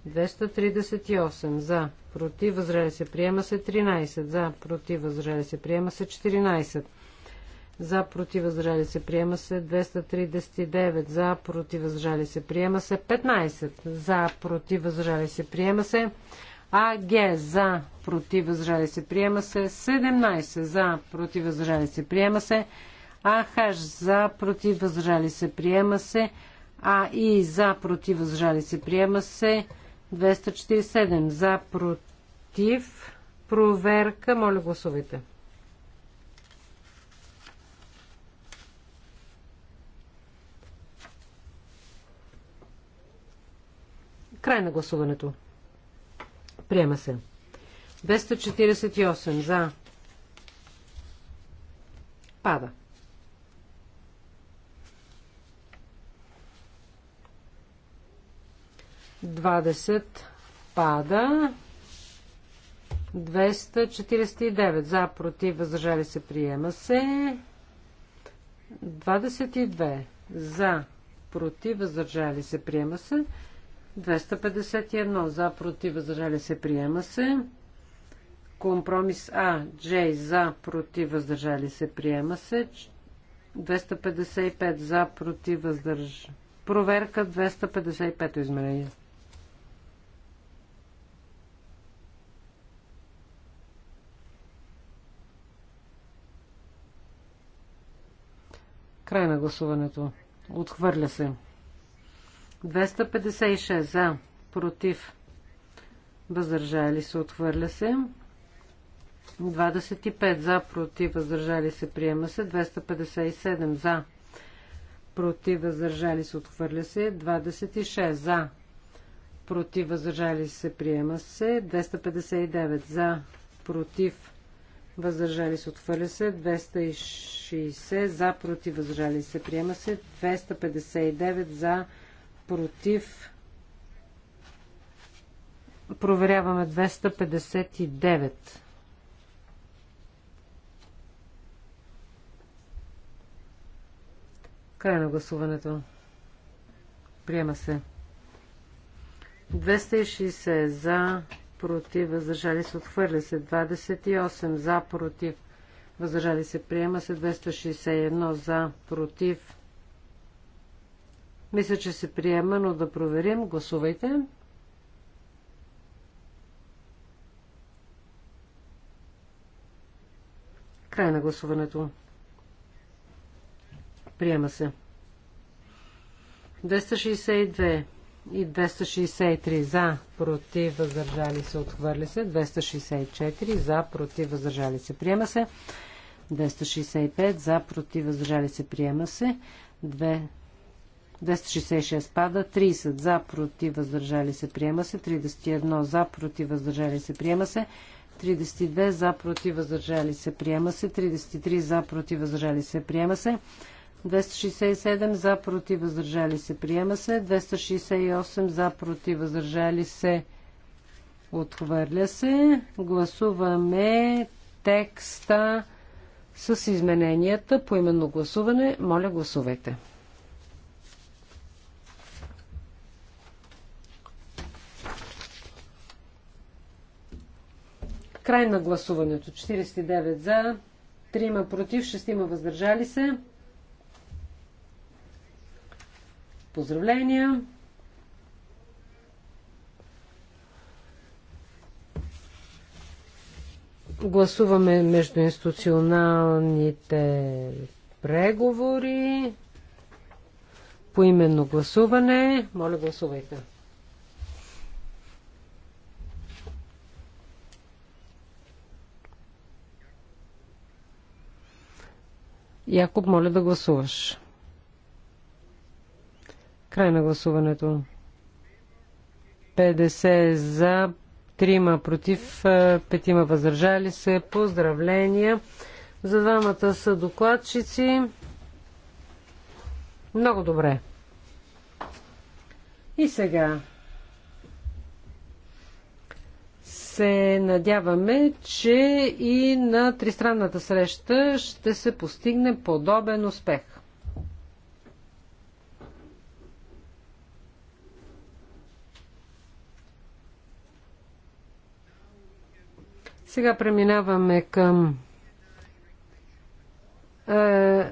238 за. Против. възрели се. Приема се 13 за. Против. възрели се. Приема се 14 за. Против. възрели се. Приема се 239 за. Против. възрели се. Приема се 15 за. Против. възрели се. Приема се. АГ за, против, възрели се, приема се. 17 за, против, възрели се, приема се. АХ за, против, възрели се, приема се. А и за против въздържали се приема се 247. За против проверка. Моля гласувайте. Край на гласуването. Приема се. 248 за. Пада. 20 пада. 249 за, против, въздържали се, приема се. 22 за, против, въздържали се, приема се. 251 за, против, въздържали се, приема се. Компромис А, J за, против, въздържали се, приема се. 255 за, против, въздържали. Проверка 255 измерение. Край на гласуването. Отхвърля се. 256 за. Против. Въздържали се. Отхвърля се. 25 за. Против. Въздържали се. Приема се. 257 за. Против. Въздържали се. Отхвърля се. 26 за. Против. Въздържали се. Приема се. 259 за. Против въздържали се, отвърля се, 260 за, против, въздържали се, приема се, 259 за, против, проверяваме 259. Край на гласуването. Приема се. 260 за, против, въздържали се, отхвърля се. 28 за, против, въздържали се, приема се. 261 за, против. Мисля, че се приема, но да проверим. Гласувайте. Край на гласуването. Приема се. 262 и 263 за, против, въздържали се, отхвърли се. 264 за, против, въздържали се, приема се. 265 за, против, въздържали се, приема се. 266 пада, 30 за, против, въздържали се, приема се. 31 за, против, въздържали се, приема се. 32 за, против, въздържали се, приема се. 33 за, против, въздържали се, приема се. 267 за против въздържали се. Приема се. 268 за против въздържали се. Отхвърля се. Гласуваме текста с измененията по именно гласуване. Моля, гласувайте. Край на гласуването. 49 за, 3 против, 6 въздържали се. Поздравления! Гласуваме между институционалните преговори по именно гласуване. Моля, гласувайте. Якоб, моля да гласуваш. Край на гласуването. 50 за, 3 против, 5 е, въздържали се. Поздравления за двамата са докладчици. Много добре. И сега се надяваме, че и на тристранната среща ще се постигне подобен успех. Сега преминаваме към е,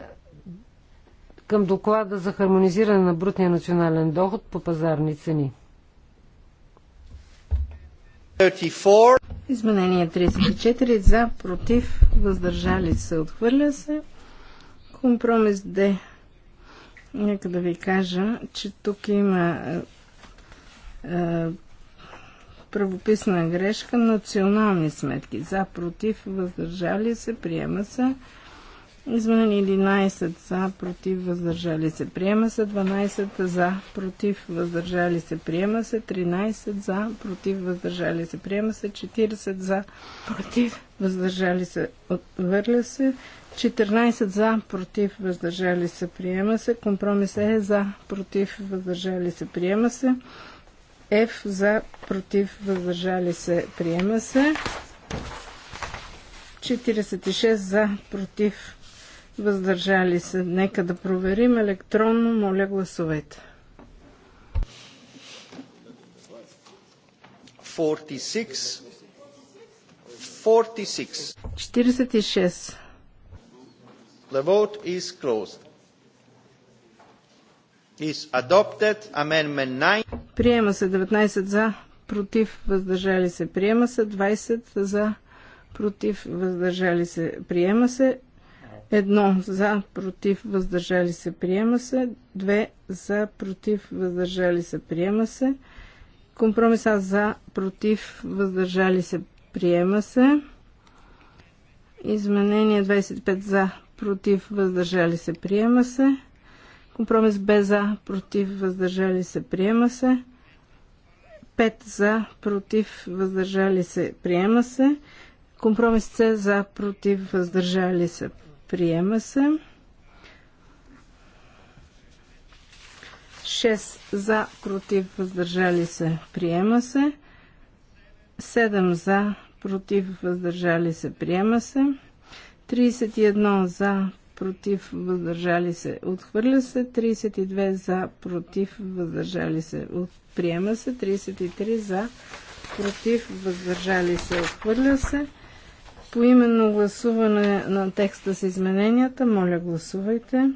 към доклада за хармонизиране на брутния национален доход по пазарни цени. Изменение 34 за, против, въздържали се, отхвърля се. Компромис Д. Нека да ви кажа, че тук има е, е правописна грешка, национални сметки. За, против, въздържали се, приема се. Извън 11 за, против, въздържали се, приема се. 12 за, против, въздържали се, приема се. 13 за, против, въздържали се, приема се. 40 за, против, въздържали се, отвърля се. 14 за, против, въздържали се, приема се. Компромис е за, против, въздържали се, приема се. F за против въздържали се приема се. 46 за против въздържали се. Нека да проверим електронно. Моля гласовете. 46. 46. The vote is closed. Приема се 19 за, против, въздържали се. Приема се 20 за, против, въздържали се. Приема се 1 за, против, въздържали се. Приема се 2 за, против, въздържали се. Приема се. Компромиса за, против, въздържали се. Приема се. Изменение 25 за, против, въздържали се. Приема се. Компромис Б за, против, въздържали се, приема се. 5 за, против, въздържали се, приема се. Компромис С за, против, въздържали се, приема се. 6 за, против, въздържали се, приема се. 7 за, против, въздържали се, приема се. 31 за, против, въздържали се, отхвърля се, 32 за, против, въздържали се, приема се, 33 за, против, въздържали се, отхвърля се. По именно гласуване на текста с измененията, моля гласувайте.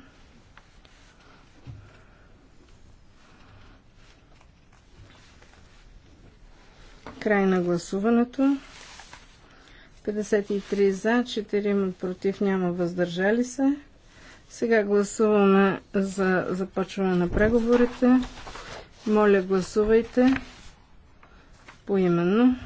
Край на гласуването. 53 за, 4 против, няма въздържали се. Сега гласуваме за започване на преговорите. Моля, гласувайте поименно.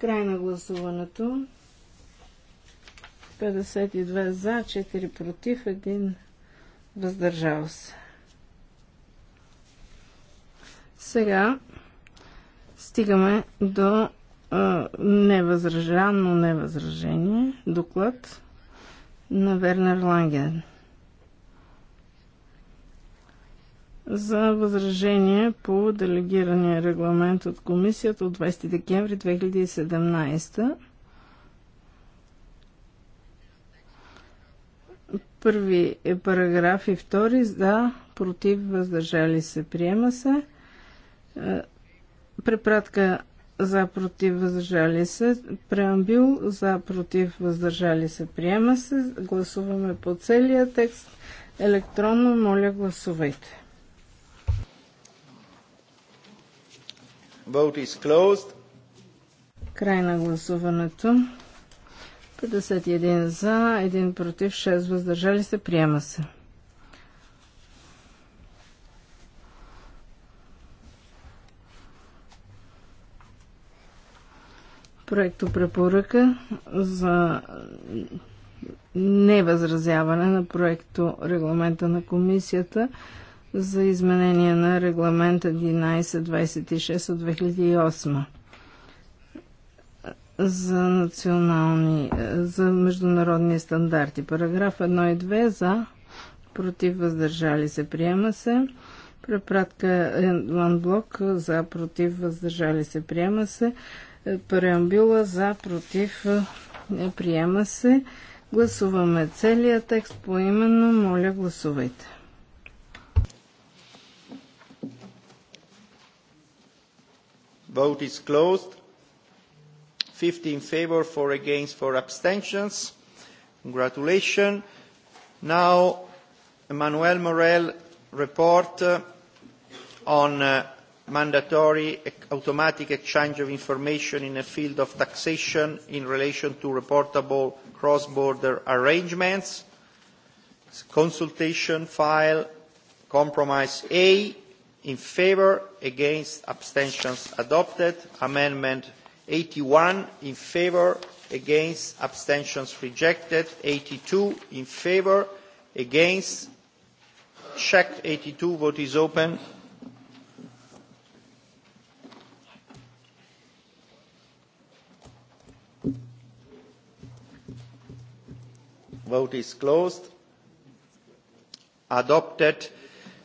Край на гласуването. 52 за, 4 против, 1 въздържал се. Сега стигаме до а, невъзражано невъзражение доклад на Вернер Ланген за възражение по делегирания регламент от комисията от 20 декември 2017 Първи е параграф и втори за, да, против, въздържали се, приема се. Е, препратка за против въздържали се. Преамбил за против въздържали се. Приема се. Гласуваме по целия текст. Електронно моля гласувайте. Vote is closed. Край на гласуването. 51 за, 1 против, 6 въздържали се. Приема се. проекто препоръка за невъзразяване на проекто регламента на комисията за изменение на регламент 1126 от 2008 за национални, за международни стандарти. Параграф 1 и 2 за против въздържали се приема се. Препратка Ланблок за против въздържали се приема се преамбюла за против приема се. Гласуваме целия текст по именно. Моля, гласувайте. Vote is closed. 50 in favor, 4 against, 4 abstentions. Congratulations. Now, Emmanuel Morel report on uh, mandatory automatic exchange of information in the field of taxation in relation to reportable cross-border arrangements, consultation file, compromise A, in favour, against, abstentions adopted, amendment eighty one in favour, against, abstentions rejected, eighty two in favour, against, check eighty two vote is open. Vote is closed. Adopted.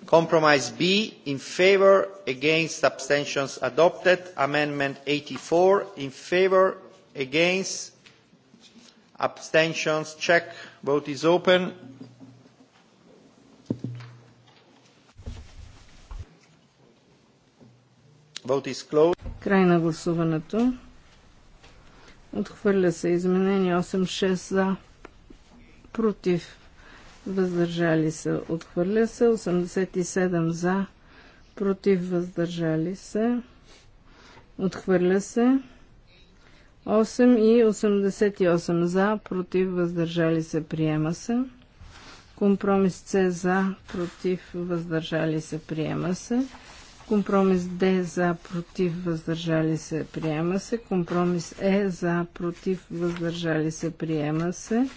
Compromise B in favour, against abstentions adopted. Amendment 84 in favour, against abstentions check. Vote is open. Vote is closed. Край на гласуването. Отхвърля се изменение 8-6 за против, въздържали се, отхвърля се, 87 за, против, въздържали се, отхвърля се, 8 и 88 за, против, въздържали се, приема се. Компромис С за, против, въздържали се, приема се. Компромис Д за, против, въздържали се, приема се. Компромис Е за, против, въздържали се, приема се.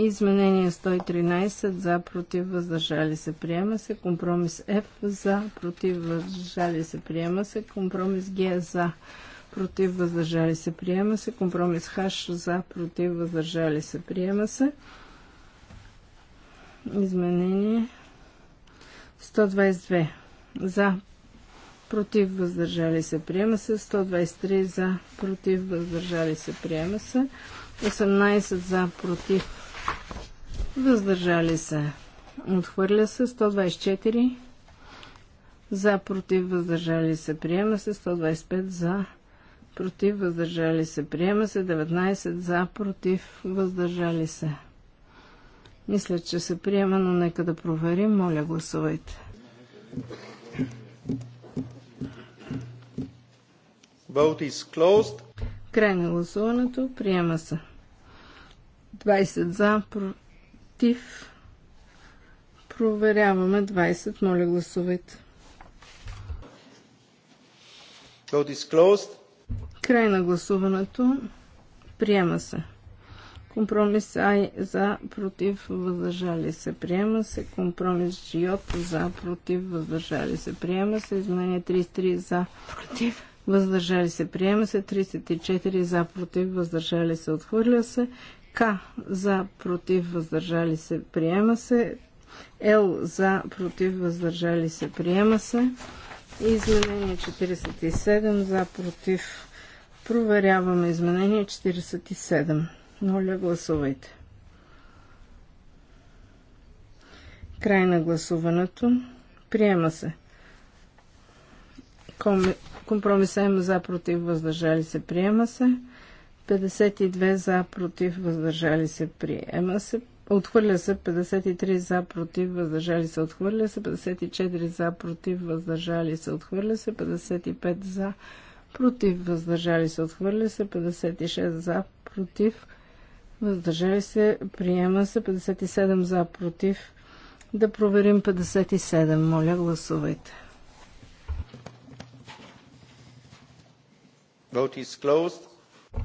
Изменение 113 за против въздържали се приема се. Компромис F за против въздържали се приема се. Компромис G за против въздържали се приема се. Компромис H за против въздържали се приема се. Изменение 122 за против въздържали се приема се. 123 за против въздържали се приема се. 18 за против Въздържали се. Отхвърля се 124. За, против, въздържали се. Приема се 125 за. Против, въздържали се. Приема се 19 за. Против, въздържали се. Мисля, че се приема, но нека да проверим. Моля, гласувайте. Vote is closed. Край на гласуването. Приема се. 20 за, против. Проверяваме 20. Моля, гласувайте. Край на гласуването. Приема се. Компромис Ай за, против, въздържали се, приема се. Компромис Джиот за, против, въздържали се, приема се. Изменение 33 за, против, въздържали се, приема се. 34 за, против, въздържали се, отхвърля се ка за против въздържали се приема се. Л за против въздържали се приема се. Изменение 47 за против. Проверяваме изменение 47. Моля гласувайте. Край на гласуването. Приема се. Компромиса за против въздържали се. Приема се. 52 за, против, въздържали се, приема се. Отхвърля се 53 за, против, въздържали се, отхвърля се 54 за, против, въздържали се, отхвърля се 55 за, против, въздържали се, отхвърля се 56 за, против, въздържали се, приема се 57 за, против. Да проверим 57. Моля, гласувайте. Vote is closed.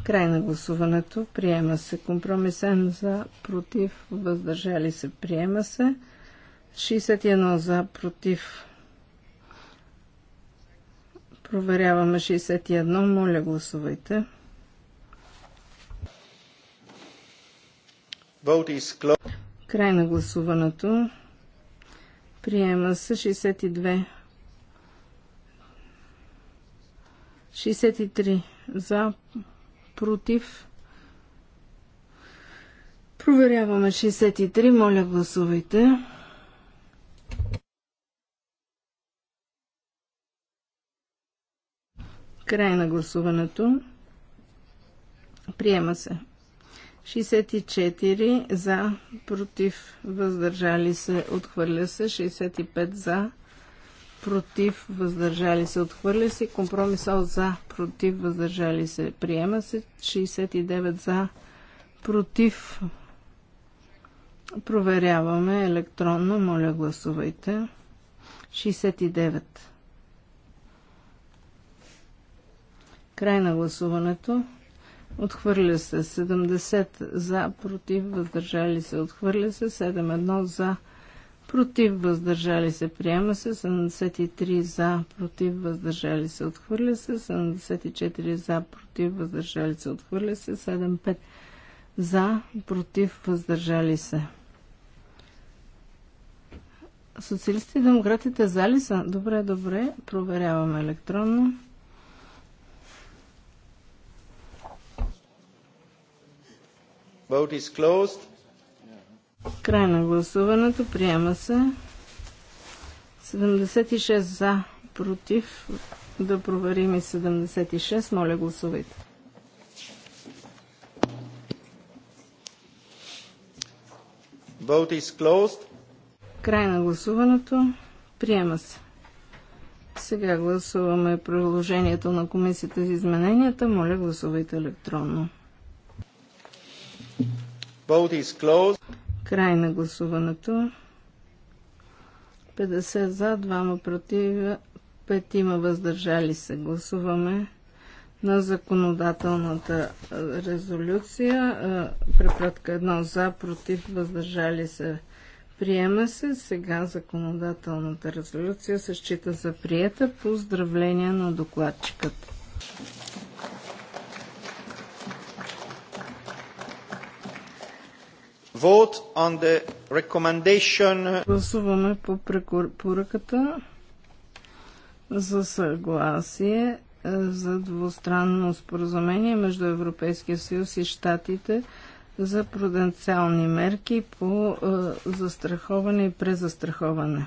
Край на гласуването. Приема се компромисен за против. Въздържали се. Приема се. 61 за против. Проверяваме 61. Моля, гласувайте. Край на гласуването. Приема се 62. 63 за против. Проверяваме 63. Моля, гласувайте. Край на гласуването. Приема се. 64 за, против, въздържали се, отхвърля се. 65 за, против, въздържали се, отхвърля се. Компромис от за, против, въздържали се, приема се. 69 за, против. Проверяваме електронно. Моля, гласувайте. 69. Край на гласуването. Отхвърля се 70 за, против, въздържали се, отхвърля се 7-1 за, против въздържали се приема се, 73 за, против въздържали се отхвърля се, 74 за, против въздържали се отхвърля се, 75 за, против въздържали се. Социалисти и демократите за ли са? Добре, добре, проверяваме електронно. Vote is closed. Край на гласуването. Приема се. 76 за, против. Да проверим и 76. Моля, гласувайте. Vote is closed. Край на гласуването. Приема се. Сега гласуваме предложението на комисията за измененията. Моля, гласувайте електронно. Vote is closed. Край на гласуването. 50 за, 2 против, 5 има въздържали се. Гласуваме на законодателната резолюция. Препратка 1 за, против, въздържали се. Приема се. Сега законодателната резолюция се счита за приета. Поздравления на докладчиката. vote on the recommendation. Гласуваме по препоръката за съгласие е, за двустранно споразумение между Европейския съюз и Штатите за пруденциални мерки по е, застраховане и презастраховане.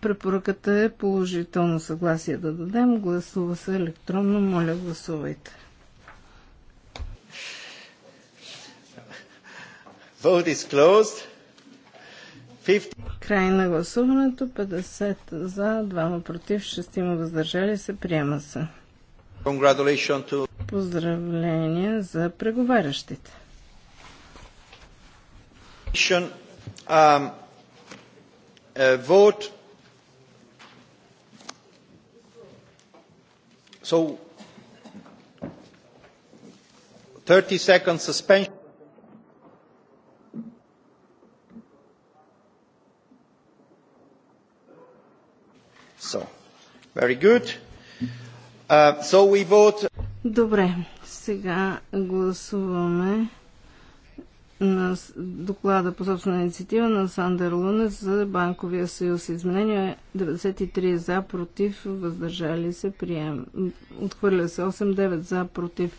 Препоръката е положително съгласие да дадем. Гласува се електронно. Моля, гласувайте. Vote is closed. 50... Край на гласуването. 50 за, 2 против, 6 въздържали се. Приема се. To... Поздравления за преговарящите. Um, uh, vote. So, 30 second suspension. So, very good. Uh, so we vote... Добре, сега гласуваме на доклада по собствена инициатива на Сандър Лунес за Банковия съюз. Изменение 93 за, против, въздържали се, прием. Отхвърля се 8-9 за, против,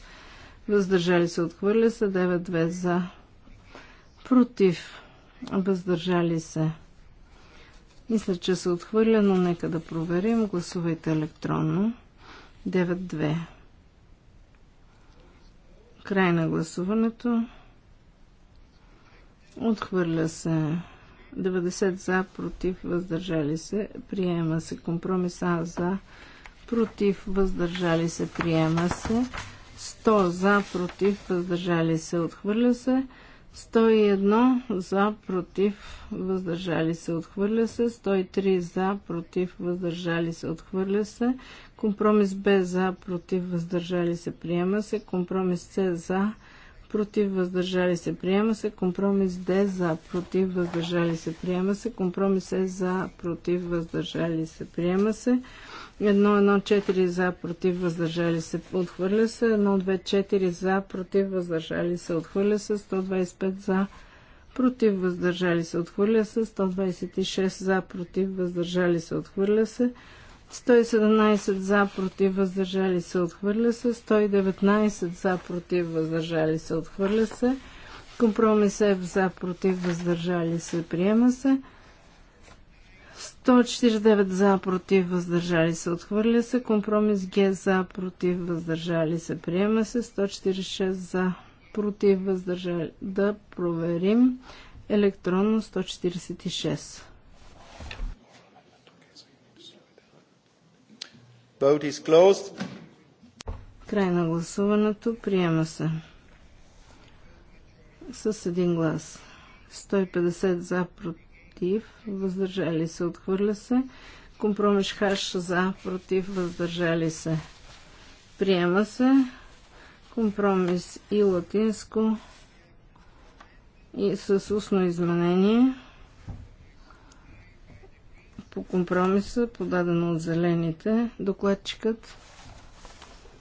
въздържали се, отхвърля се 9-2 за, против, въздържали се. Мисля, че се отхвърля, но нека да проверим. Гласувайте електронно. 9-2. Край на гласуването. Отхвърля се 90 за, против, въздържали се. Приема се компромиса за, против, въздържали се. Приема се. 100 за, против, въздържали се. Отхвърля се. 101 за, против, въздържали се, отхвърля се. 103 за, против, въздържали се, отхвърля се. Компромис Б за, против, въздържали се, приема се. Компромис С за, против, въздържали се, приема се. Компромис Д за, против, въздържали се, приема се. Компромис Е за, против, въздържали се, приема се. 1-1-4 за, против, въздържали се, отхвърля се. 1-2-4 за, против, въздържали се, отхвърля се. 125 за, против, въздържали се, отхвърля се. 126 за, против, въздържали се, отхвърля се. 117 за, против, въздържали се, отхвърля се. 119 за, против, въздържали се, отхвърля се. Компромис F за, против, въздържали се, приема се. 149 за, против, въздържали се, отхвърля се. Компромис Г за, против, въздържали се, приема се. 146 за, против, въздържали. Да проверим. Електронно 146. Vote is closed. Край на гласуването. Приема се. С един глас. 150 за, против против, въздържали се, отхвърля се. Компромис хаш за, против, въздържали се, приема се. Компромис и латинско и с устно изменение по компромиса, подадено от зелените. Докладчикът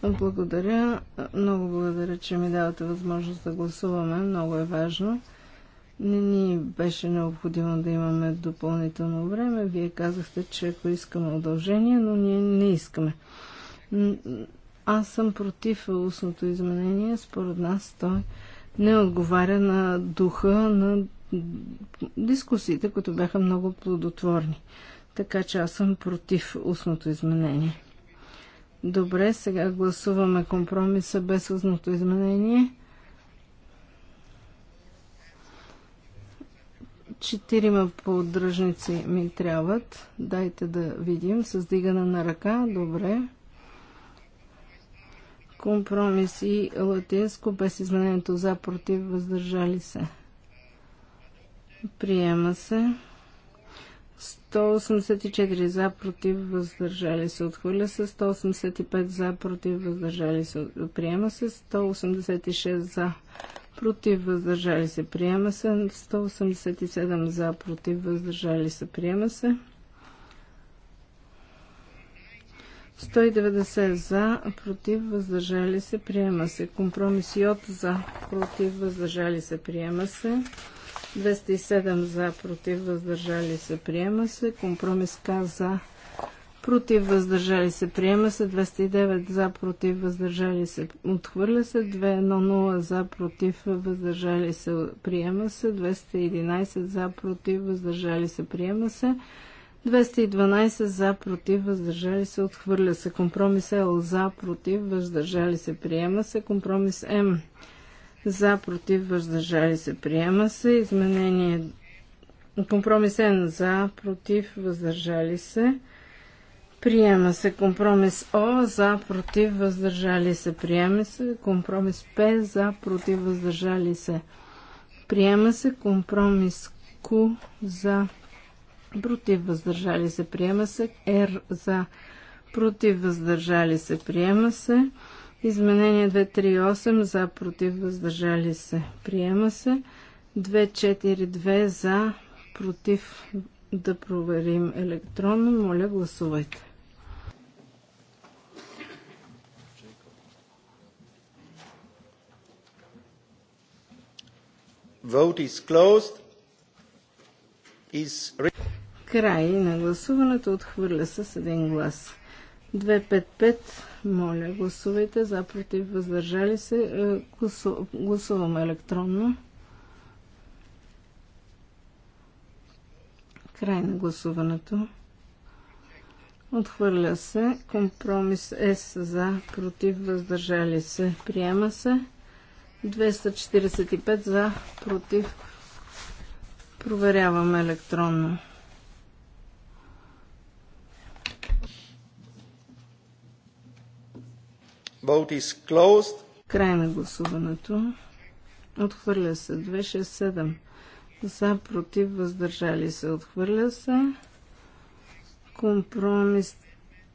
благодаря. Много благодаря, че ми давате възможност да гласуваме. Много е важно. Не ни беше необходимо да имаме допълнително време. Вие казахте, че ако искаме удължение, но ние не искаме. Аз съм против устното изменение. Според нас той не отговаря на духа на дискусиите, които бяха много плодотворни. Така че аз съм против устното изменение. Добре, сега гласуваме компромиса без устното изменение. Четирима поддръжници ми трябват. Дайте да видим. С дигана на ръка. Добре. Компромис и латинско без изменението за против въздържали се. Приема се. 184 за против въздържали се отхвърля се 185 за против въздържали се приема се 186 за против въздържали се, приема се. 187 за, против въздържали се, приема се. 190 за, против въздържали се, приема се. Компромис за, против въздържали се, приема се. 207 за, против въздържали се, приема се. Компромис К за, против въздържали се, приема се 209 за, против въздържали се, отхвърля се 210 за, против въздържали се, приема се 211 за, против въздържали се, приема се 212 за, против въздържали се, отхвърля се компромис Л за, против въздържали се, приема се компромис М за, против въздържали се, приема се изменение компромис N за, против въздържали се, Приема се компромис О за против въздържали се. Приема се компромис П за против въздържали се. Приема се компромис Q за против въздържали се. Приема се Р за против въздържали се. Приема се изменение 238 за против въздържали се. Приема се 242 за против да проверим електронно. Моля, гласувайте. Vote is closed. Is... Край на гласуването отхвърля се с един глас. 255. Моля, гласувайте за против въздържали се. Е, гласу... Гласуваме електронно. Край на гласуването. Отхвърля се. Компромис С за против въздържали се. Приема се. 245 за, против. Проверяваме електронно. Vote is closed. Край на гласуването. Отхвърля се 267. За, против, въздържали се. Отхвърля се. Компромис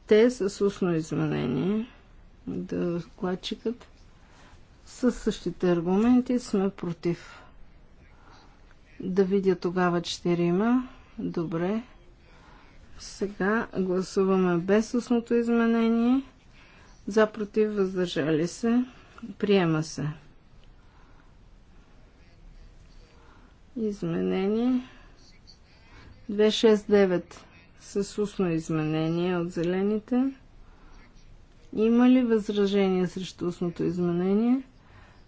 Те с устно изменение. Докладчикът. Да със същите аргументи сме против. Да видя тогава четирима. Добре. Сега гласуваме без устното изменение. За против въздържали се. Приема се. Изменение 269 с устно изменение от зелените. Има ли възражение срещу устното изменение?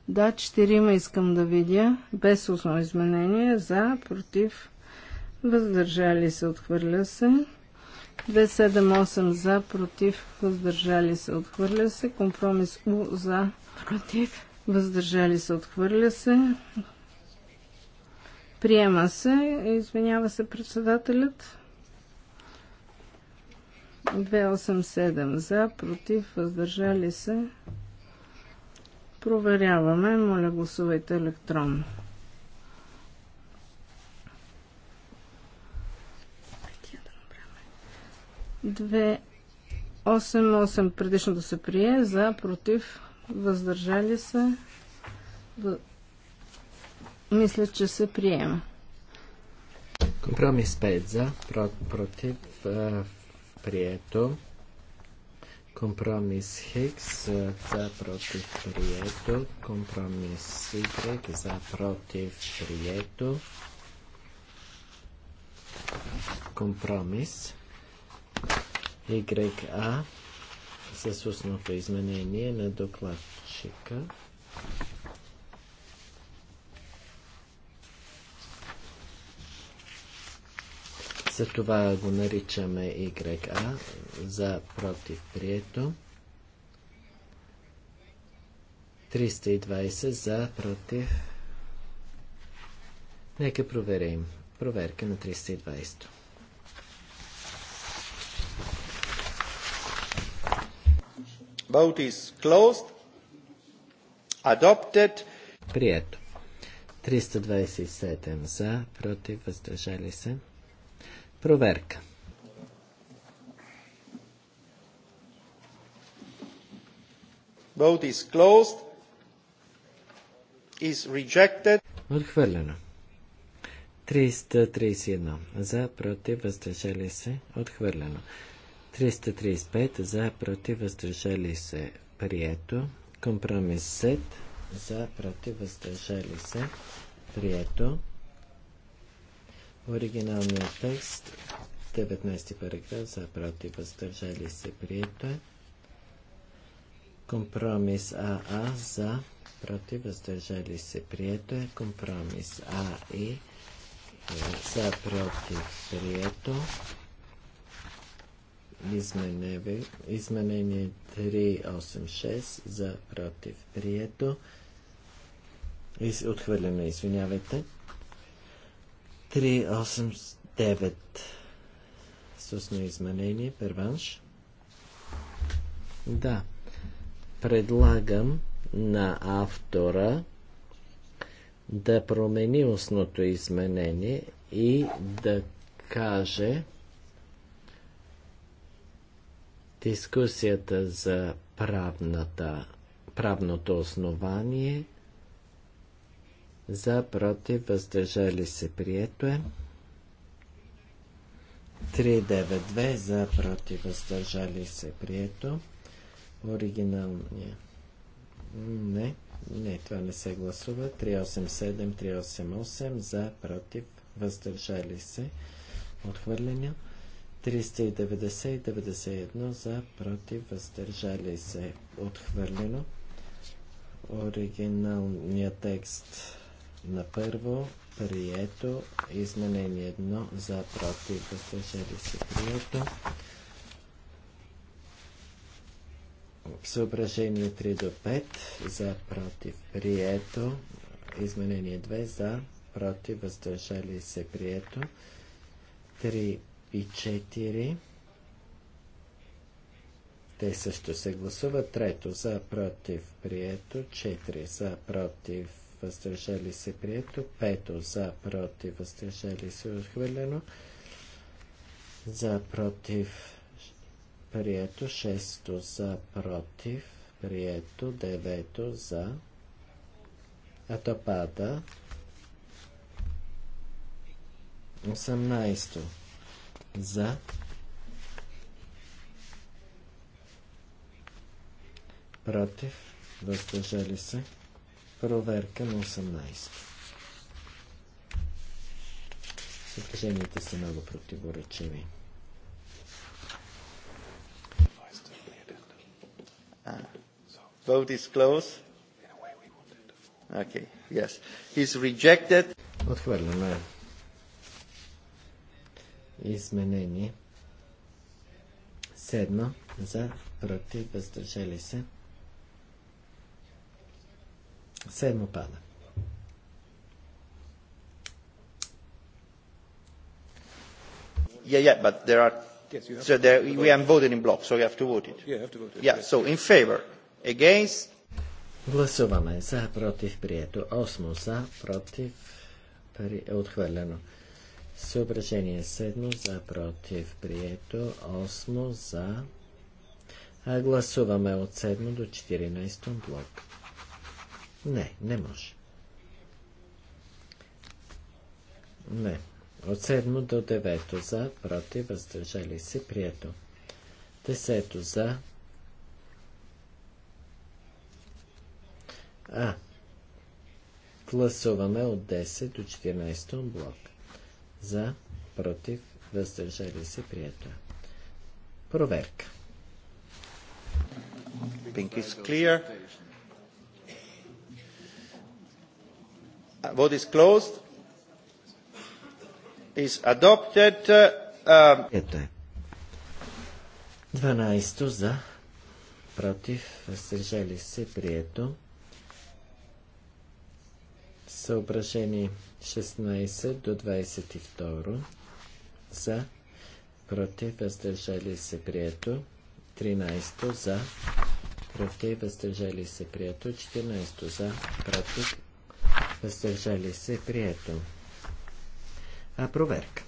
Да, четирима искам да видя. Без основно изменение. За, против, въздържали се, отхвърля се. 278 за, против, въздържали се, отхвърля се. Компромис У за, против, въздържали се, отхвърля се. Приема се, извинява се председателят. 287 за, против, въздържали се, Проверяваме. Моля, гласувайте електронно. Две 8-8 предишното се прие, за, против, въздържали се. В... Мисля, че се приема. Компромис 5 за, против, прието. Компромис Хикс за против прието. Компромис Y за против прието. Компромис YA с устното изменение на докладчика. Затова го наричаме YA за против прието. 320 за против. Нека проверим. Проверка на 320. Vote is closed. Adopted. Прието. 327 за, против, въздържали се. Проверка. Vote is closed. Is rejected. Отхвърлено. 331 за, против, въздържали се, отхвърлено. 335 за, против, въздържали се, прието. Компромис 7 за, против, въздържали се, прието. Оригиналният текст, 19 параграф, за, против, въздържали се, прието е. Компромис АА за, против, въздържали се, прието е. Компромис АИ е, за, против, прието. Изменение, 386 за, против, прието. Из, отхвърлено, извинявайте. 389 с изменение, перванш. Да, предлагам на автора да промени устното изменение и да каже дискусията за правната, правното основание за против въздържали се прието е 392 за против въздържали се прието оригиналния. Не, не, това не се гласува. 387, 388 за, против, въздържали се, отхвърления. 390 91 за, против, въздържали се, отхвърлено. Оригиналният текст на първо, прието, изменение 1 за, против, въздържали се, прието. Съображение 3 до 5 за против прието. Изменение 2 за против въздържали се прието. 3 и 4. Те също се гласуват. Трето за против прието. 4 за против въздържали се прието. Пето за против въздържали се отхвърлено. За против Прието. Шесто за против. Прието. Девето за. А то пада. 18 за против въздържали се проверка на 18 съображенията са много противоречиви Uh, vote is closed. Okay, yes. He's rejected. Отхвърляме Изменени. Седма за против, въздържали се. Седма пада. Yeah, yeah, but there are Yes, you have so there, we haven't voted in block, so you have to vote it. Yeah, you have to vote it. Yeah, so in favor, against. Гласуваме за, против, прието. Осмо за, против, пари, е отхвърлено. Съображение седмо за, против, прието. Осмо за. А гласуваме от 7 до 14 блок. Не, не може. Не, от 7 до 9 за, против, въздържали се, прието. 10 за. А. Гласуваме от 10 до 14 блок. За, против, въздържали се, прието. Проверка. Pink is clear. Vote is closed is adopted. Uh... uh Ето е. 12 за, против, въздържали се, прието. Съображение 16 до 22 за, против, въздържали се, прието. 13 за, против, въздържали се, прието. 14 за, против, въздържали се, прието проверка.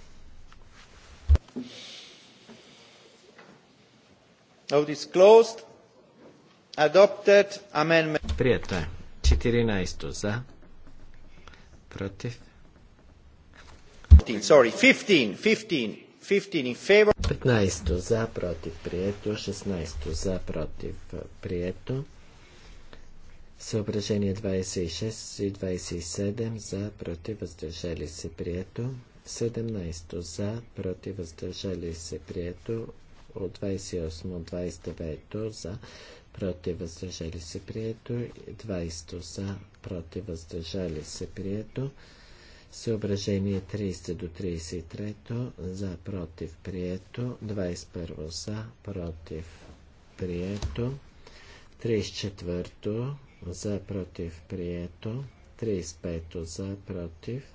Vote Прието е. 14 за. Против. 15 за, против, прието. 16 за, против, прието. Съображение 26 и 27 за, против, въздържали се, прието. 17 за, против, въздържали се, прието. От 28-29 за, против, въздържали се, прието. 20 за, против, въздържали се, прието. Съображение 30 до 33 за, против, прието. 21 за, против, прието. 34 за, против, прието. 35 за, против,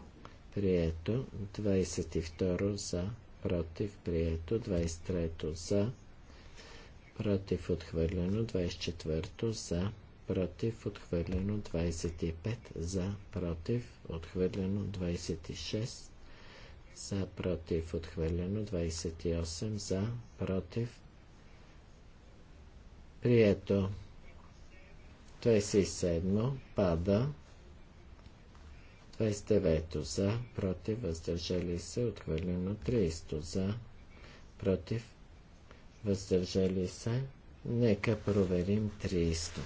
прието, 22 за, против, прието, 23 за, против, отхвърлено, 24 за, против, отхвърлено, 25 за, против, отхвърлено, 26 за, против, отхвърлено, 28 за, против, прието. 27 пада, 29 за, против, въздържали се, отхвърлено 30 за, против, въздържали се. Нека проверим 30.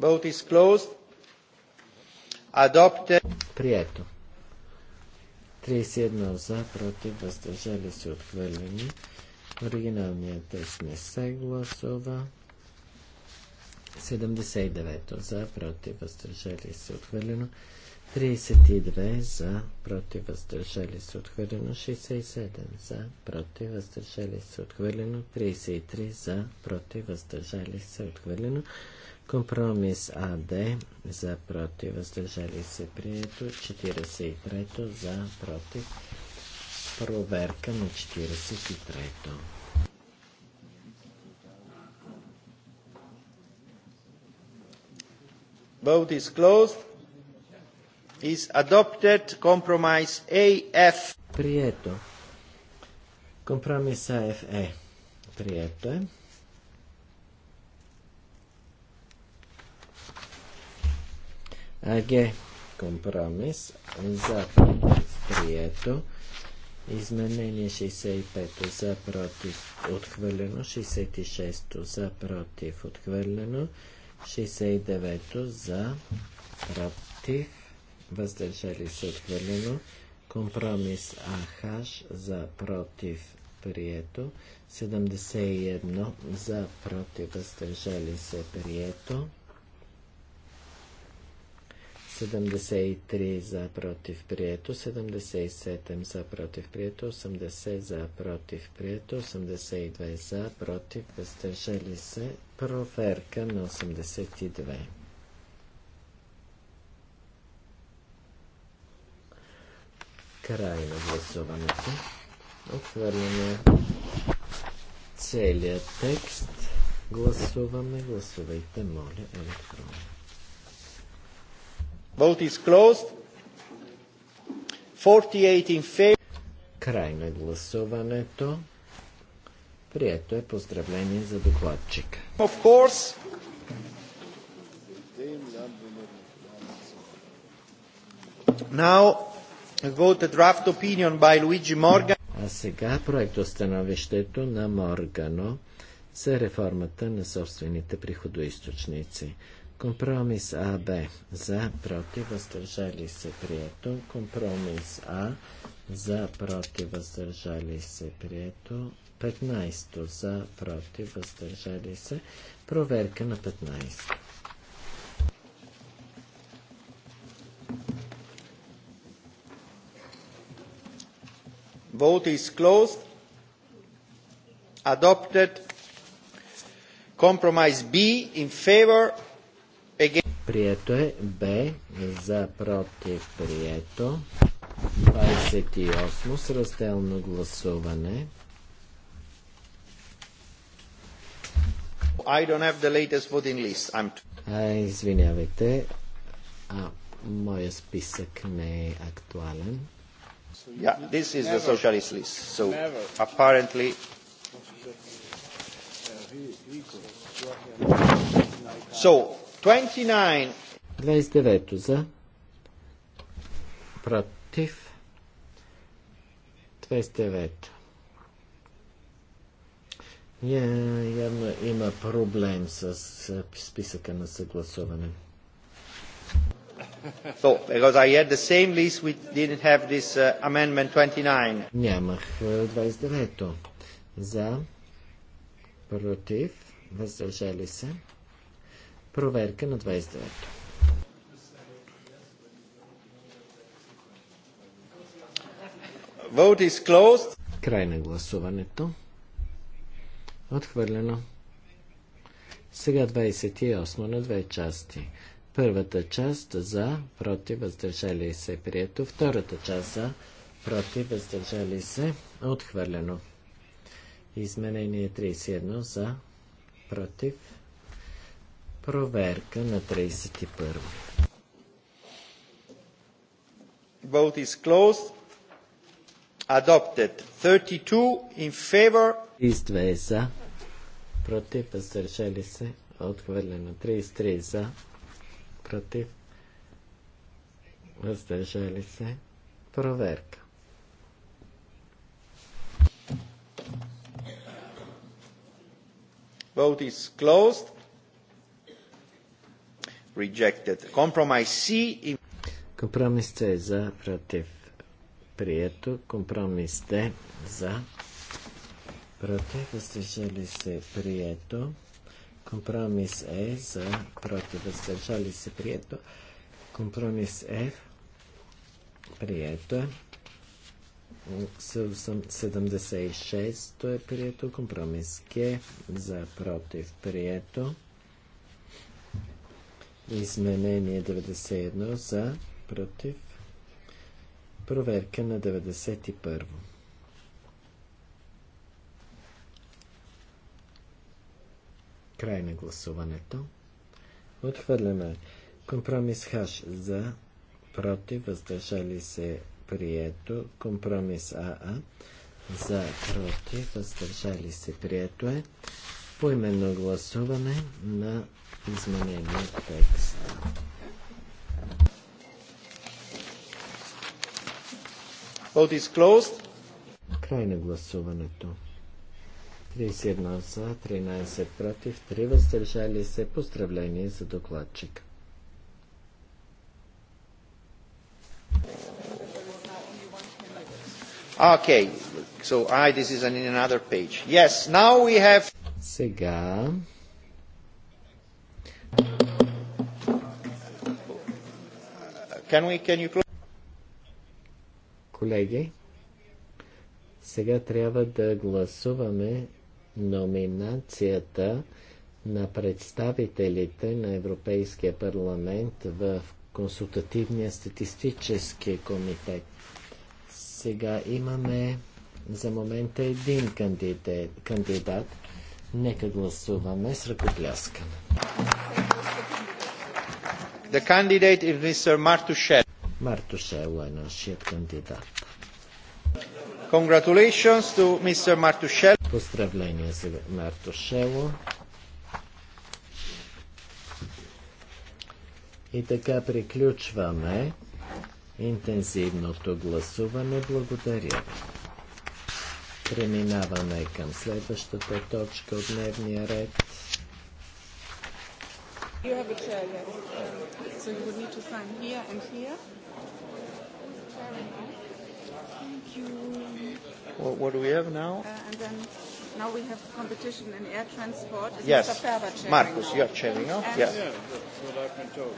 Vote is closed. Adopted. Прието. 31 за, против, въздържали се, отхвърлени. Оригиналният текст не се гласува. 79 за, против, въздържали се, отхвърлено. 32 за, против, въздържали се, отхвърлено. 67 за, против, въздържали се, отхвърлено. 33 за, против, въздържали се, отхвърлено. Компромис АД за, против, въздържали се, прието. 43 за, против. Проверка на 43 -то. vote is closed is adopted compromise AF. Прието. Компромис АФ е. Прието е. АГ компромис за против прието. Изменение 65 за против отхвърлено. 66 за против отхвърлено. 69 за, против, въздържали се отхвърлено. Компромис АХ за, против, прието. 71 за, против, въздържали се прието. 73 за против прието, 77 за против прието, 80 за против прието, 82 за против въздържали се. Проверка на 82. Край на гласуването. Отвърляме целият текст. Гласуваме, гласувайте, моля, електронно. Vote is closed. 48 in favor. Край на гласуването. Прието е поздравление за докладчика. Of course. Now, vote draft opinion by Luigi Morgan. А сега проектостановището на Моргано за реформата на собствените приходоисточници. Компромис А, Б. за, против, въздържали се, прието. Компромис А за, против, въздържали се, прието. 15 за, против, въздържали се. Проверка на 15. Vote is closed. Adopted. Compromise B in favor Прието е Б за против прието. 28 с разделно гласуване. I don't have the latest voting list. I'm... А, извинявайте, а, моя списък не е актуален. Yeah, this is the socialist list. So apparently So 29. за. Против. 29. Я, е, явно има проблем с списъка на съгласуване. So, because I had the same list, we didn't have this uh, amendment 29. Нямах 29-то. Е, за, против, въздържали се. Проверка на 29-то. Vote is closed. Край на гласуването. Отхвърлено. Сега 28 на две части. Първата част за, против, въздържали се, прието. Втората част за, против, въздържали се, отхвърлено. Изменение 31 за, против, Проверка на 31. Vote is closed. Adopted. 32 in favor. Издвеса. Против. Въздържали се. Отхвърлено. 33 за. Против. Въздържали се. Проверка. Vote is closed rejected. Compromise C. Компромис С е за, против, прието. Компромис Д за, против, въздържали се, прието. Компромис Е за, против, въздържали се, прието. Компромис Е. прието. 76 е прието. Компромис Г за, против, прието. Изменение 91 за, против. Проверка на 91. Край на гласуването. Отхвърлено е. Компромис Хаш за, против, въздържали се прието. Компромис АА за, против, въздържали се прието е поименно гласуване на изменения текст. Vote is closed. Край на гласуването. 31 за, 13 против, 3 въздържали се. Поздравление за докладчика. Okay, so I, this is another page. Yes, now we have... Сега... Колеги, сега трябва да гласуваме номинацията на представителите на Европейския парламент в Консултативния статистически комитет. Сега имаме за момента един кандидат, кандидат Нека гласуваме с ръкопляскане. The candidate is Mr. Martushel. Martushel е нашият кандидат. Congratulations to Mr. Martushel. Поздравление за Мартушело. И така приключваме интензивното гласуване. Благодаря Преминаваме към следващата точка от дневния ред. You have a chair, yes. So you would need to sign here and here. Very Well, what do we have now? Uh, and then now we have competition in air transport. Is yes. Marcus, you are chairing now? Yes. Yeah, that's what I've been told.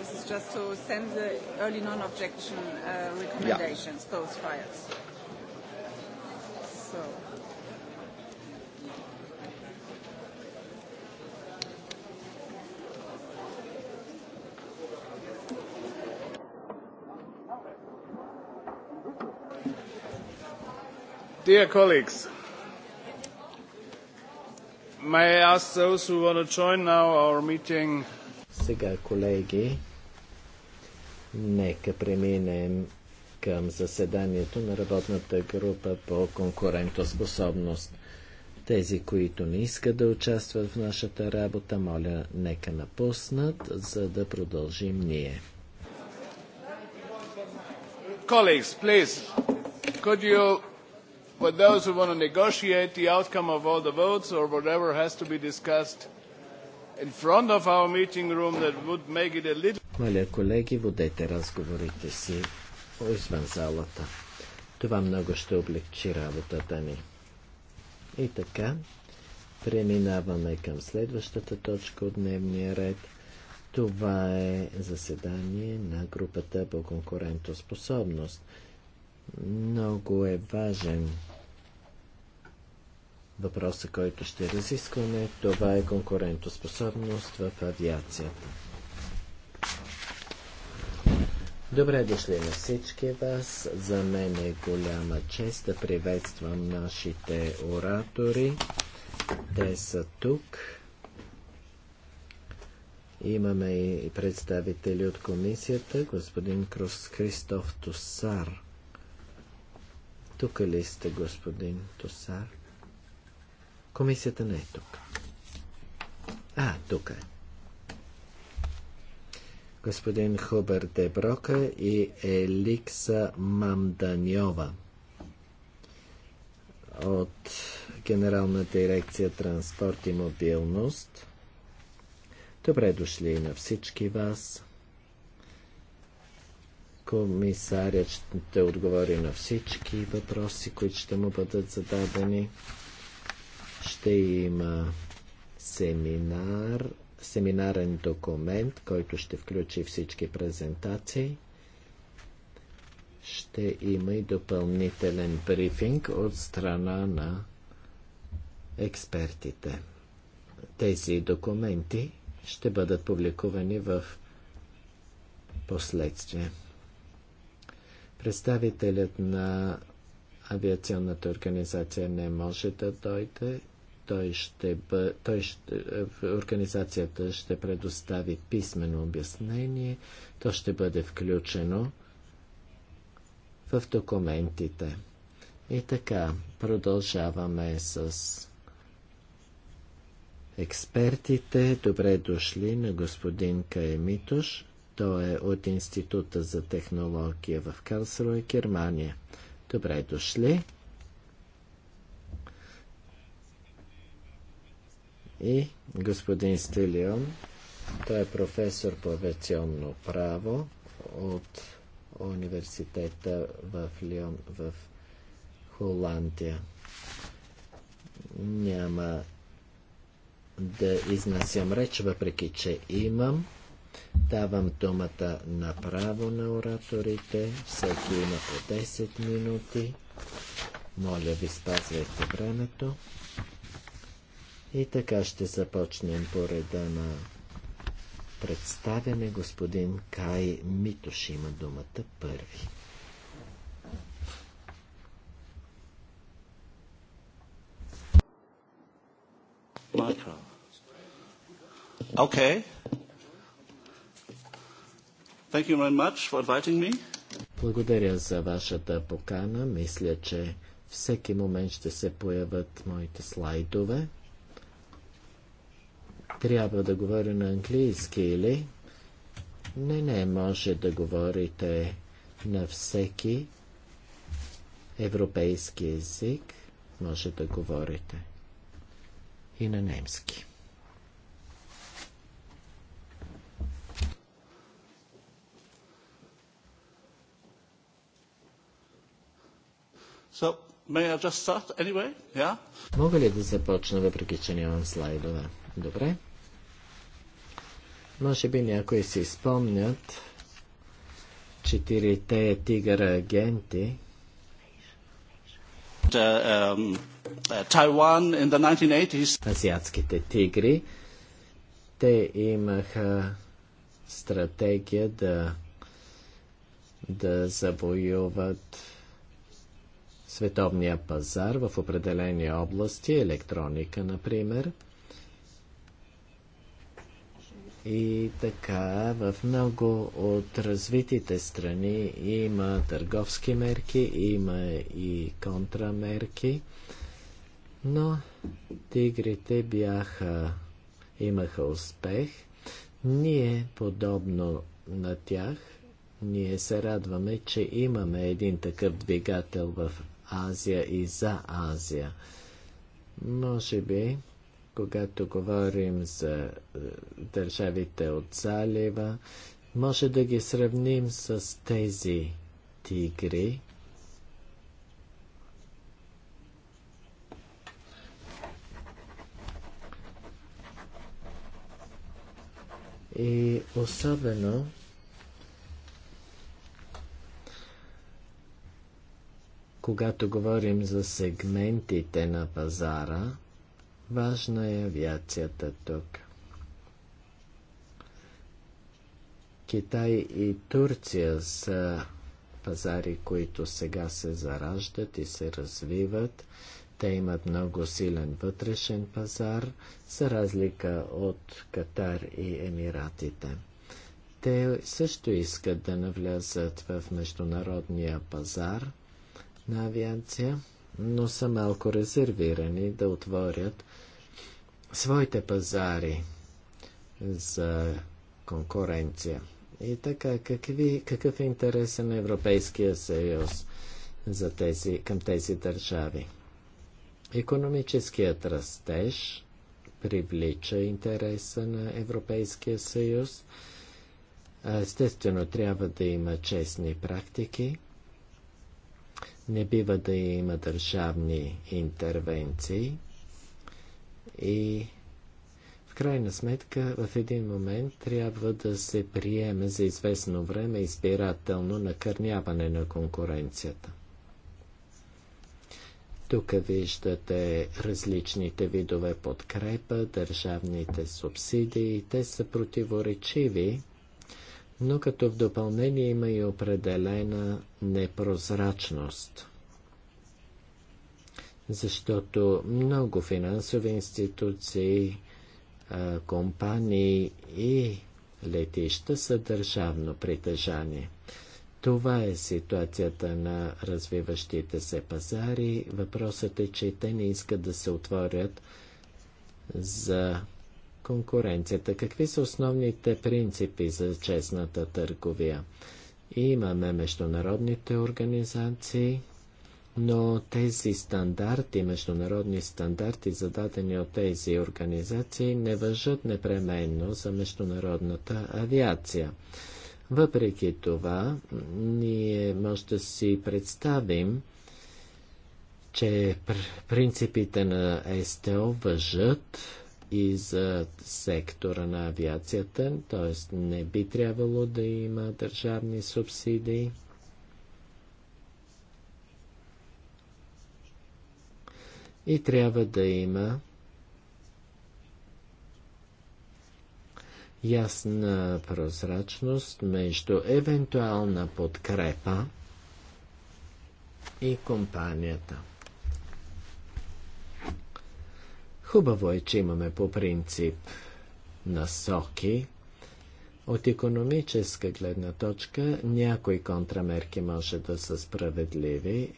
This is just to send the early non-objection uh, recommendations, yeah. those files. Dear colleagues, may I ask those who want to join now our meeting? към заседанието на работната група по конкурентоспособност. Тези, които не искат да участват в нашата работа, моля, нека напуснат, за да продължим ние. Colleagues, please, could you, for those who want to negotiate the outcome of all the votes or whatever has to be discussed in front of our meeting room, that would make it a little... Моля, колеги, водете разговорите си извън залата. Това много ще облегчи работата ни. И така, преминаваме към следващата точка от дневния ред. Това е заседание на групата по конкурентоспособност. Много е важен въпроса, който ще разискваме. Това е конкурентоспособност в авиацията. Добре дошли на всички вас. За мен е голяма чест да приветствам нашите оратори. Те са тук. Имаме и представители от комисията, господин Крос Христоф Тосар. Тук ли сте, господин Тосар? Комисията не е тук. А, тук е господин Хубер Деброка и Еликса Мамданьова от Генерална дирекция Транспорт и мобилност. Добре дошли на всички вас. Комисарят ще отговори на всички въпроси, които ще му бъдат зададени. Ще има семинар семинарен документ, който ще включи всички презентации. Ще има и допълнителен брифинг от страна на експертите. Тези документи ще бъдат публикувани в последствие. Представителят на авиационната организация не може да дойде той ще, бъ... той ще, е, организацията ще предостави писмено обяснение, то ще бъде включено в документите. И така, продължаваме с експертите. Добре дошли на господин Каемитош. Той е от Института за технология в Калсрой, Германия. Добре дошли. и господин Стилион. Той е професор по авиационно право от университета в Лион в Холандия. Няма да изнасям реч, въпреки че имам. Давам думата направо на ораторите. Всеки има по 10 минути. Моля ви, спазвайте времето. И така ще започнем по реда на представяне. Господин Кай Митош има думата първи. Okay. Thank you very much for inviting me. Благодаря за вашата покана. Мисля, че всеки момент ще се появят моите слайдове трябва да говоря на английски или... Не, не, може да говорите на всеки европейски език, може да говорите и на немски. So, may I just start anyway? Yeah? Мога ли да започна, въпреки че нямам слайдове? Добре. Може би някои си спомнят четирите тигъра агенти. Тайван um, in the 1980s. Азиатските тигри. Те имаха стратегия да, да завоюват световния пазар в определени области, електроника, например – и така, в много от развитите страни има търговски мерки, има и контрамерки, но тигрите бяха, имаха успех. Ние, подобно на тях, ние се радваме, че имаме един такъв двигател в Азия и за Азия. Може би когато говорим за е, държавите от залива, може да ги сравним с тези тигри. И особено когато говорим за сегментите на пазара, Важна е авиацията тук. Китай и Турция са пазари, които сега се зараждат и се развиват. Те имат много силен вътрешен пазар, за разлика от Катар и Емиратите. Те също искат да навлязат в международния пазар на авиация, но са малко резервирани да отворят своите пазари за конкуренция. И така, какви, какъв е интересът на Европейския съюз за тези, към тези държави? Економическият растеж привлича интереса на Европейския съюз. Естествено, трябва да има честни практики. Не бива да има държавни интервенции и в крайна сметка в един момент трябва да се приеме за известно време избирателно накърняване на конкуренцията. Тук виждате различните видове подкрепа, държавните субсидии. Те са противоречиви, но като в допълнение има и определена непрозрачност – защото много финансови институции, компании и летища са държавно притежание. Това е ситуацията на развиващите се пазари. Въпросът е, че те не искат да се отворят за конкуренцията. Какви са основните принципи за честната търговия? Имаме международните организации, но тези стандарти, международни стандарти, зададени от тези организации, не въжат непременно за международната авиация. Въпреки това, ние може да си представим, че принципите на СТО въжат и за сектора на авиацията, т.е. не би трябвало да има държавни субсидии и трябва да има ясна прозрачност между евентуална подкрепа и компанията. Хубаво е, че имаме по принцип насоки. От економическа гледна точка някои контрамерки може да са справедливи,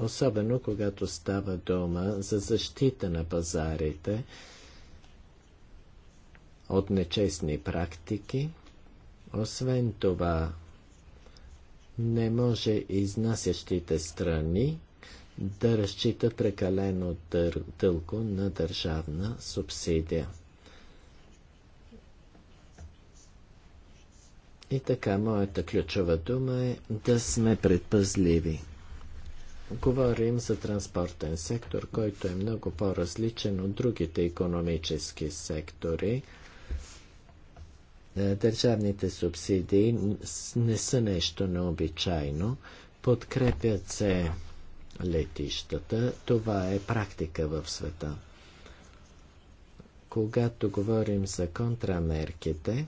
особено когато става дума за защита на пазарите от нечестни практики. Освен това, не може изнасящите страни да разчита прекалено дър... дълго на държавна субсидия. И така, моята ключова дума е да сме предпазливи. Говорим за транспортен сектор, който е много по-различен от другите економически сектори. Е, държавните субсидии не са нещо необичайно. Подкрепят се летищата. Това е практика в света. Когато говорим за контрамерките,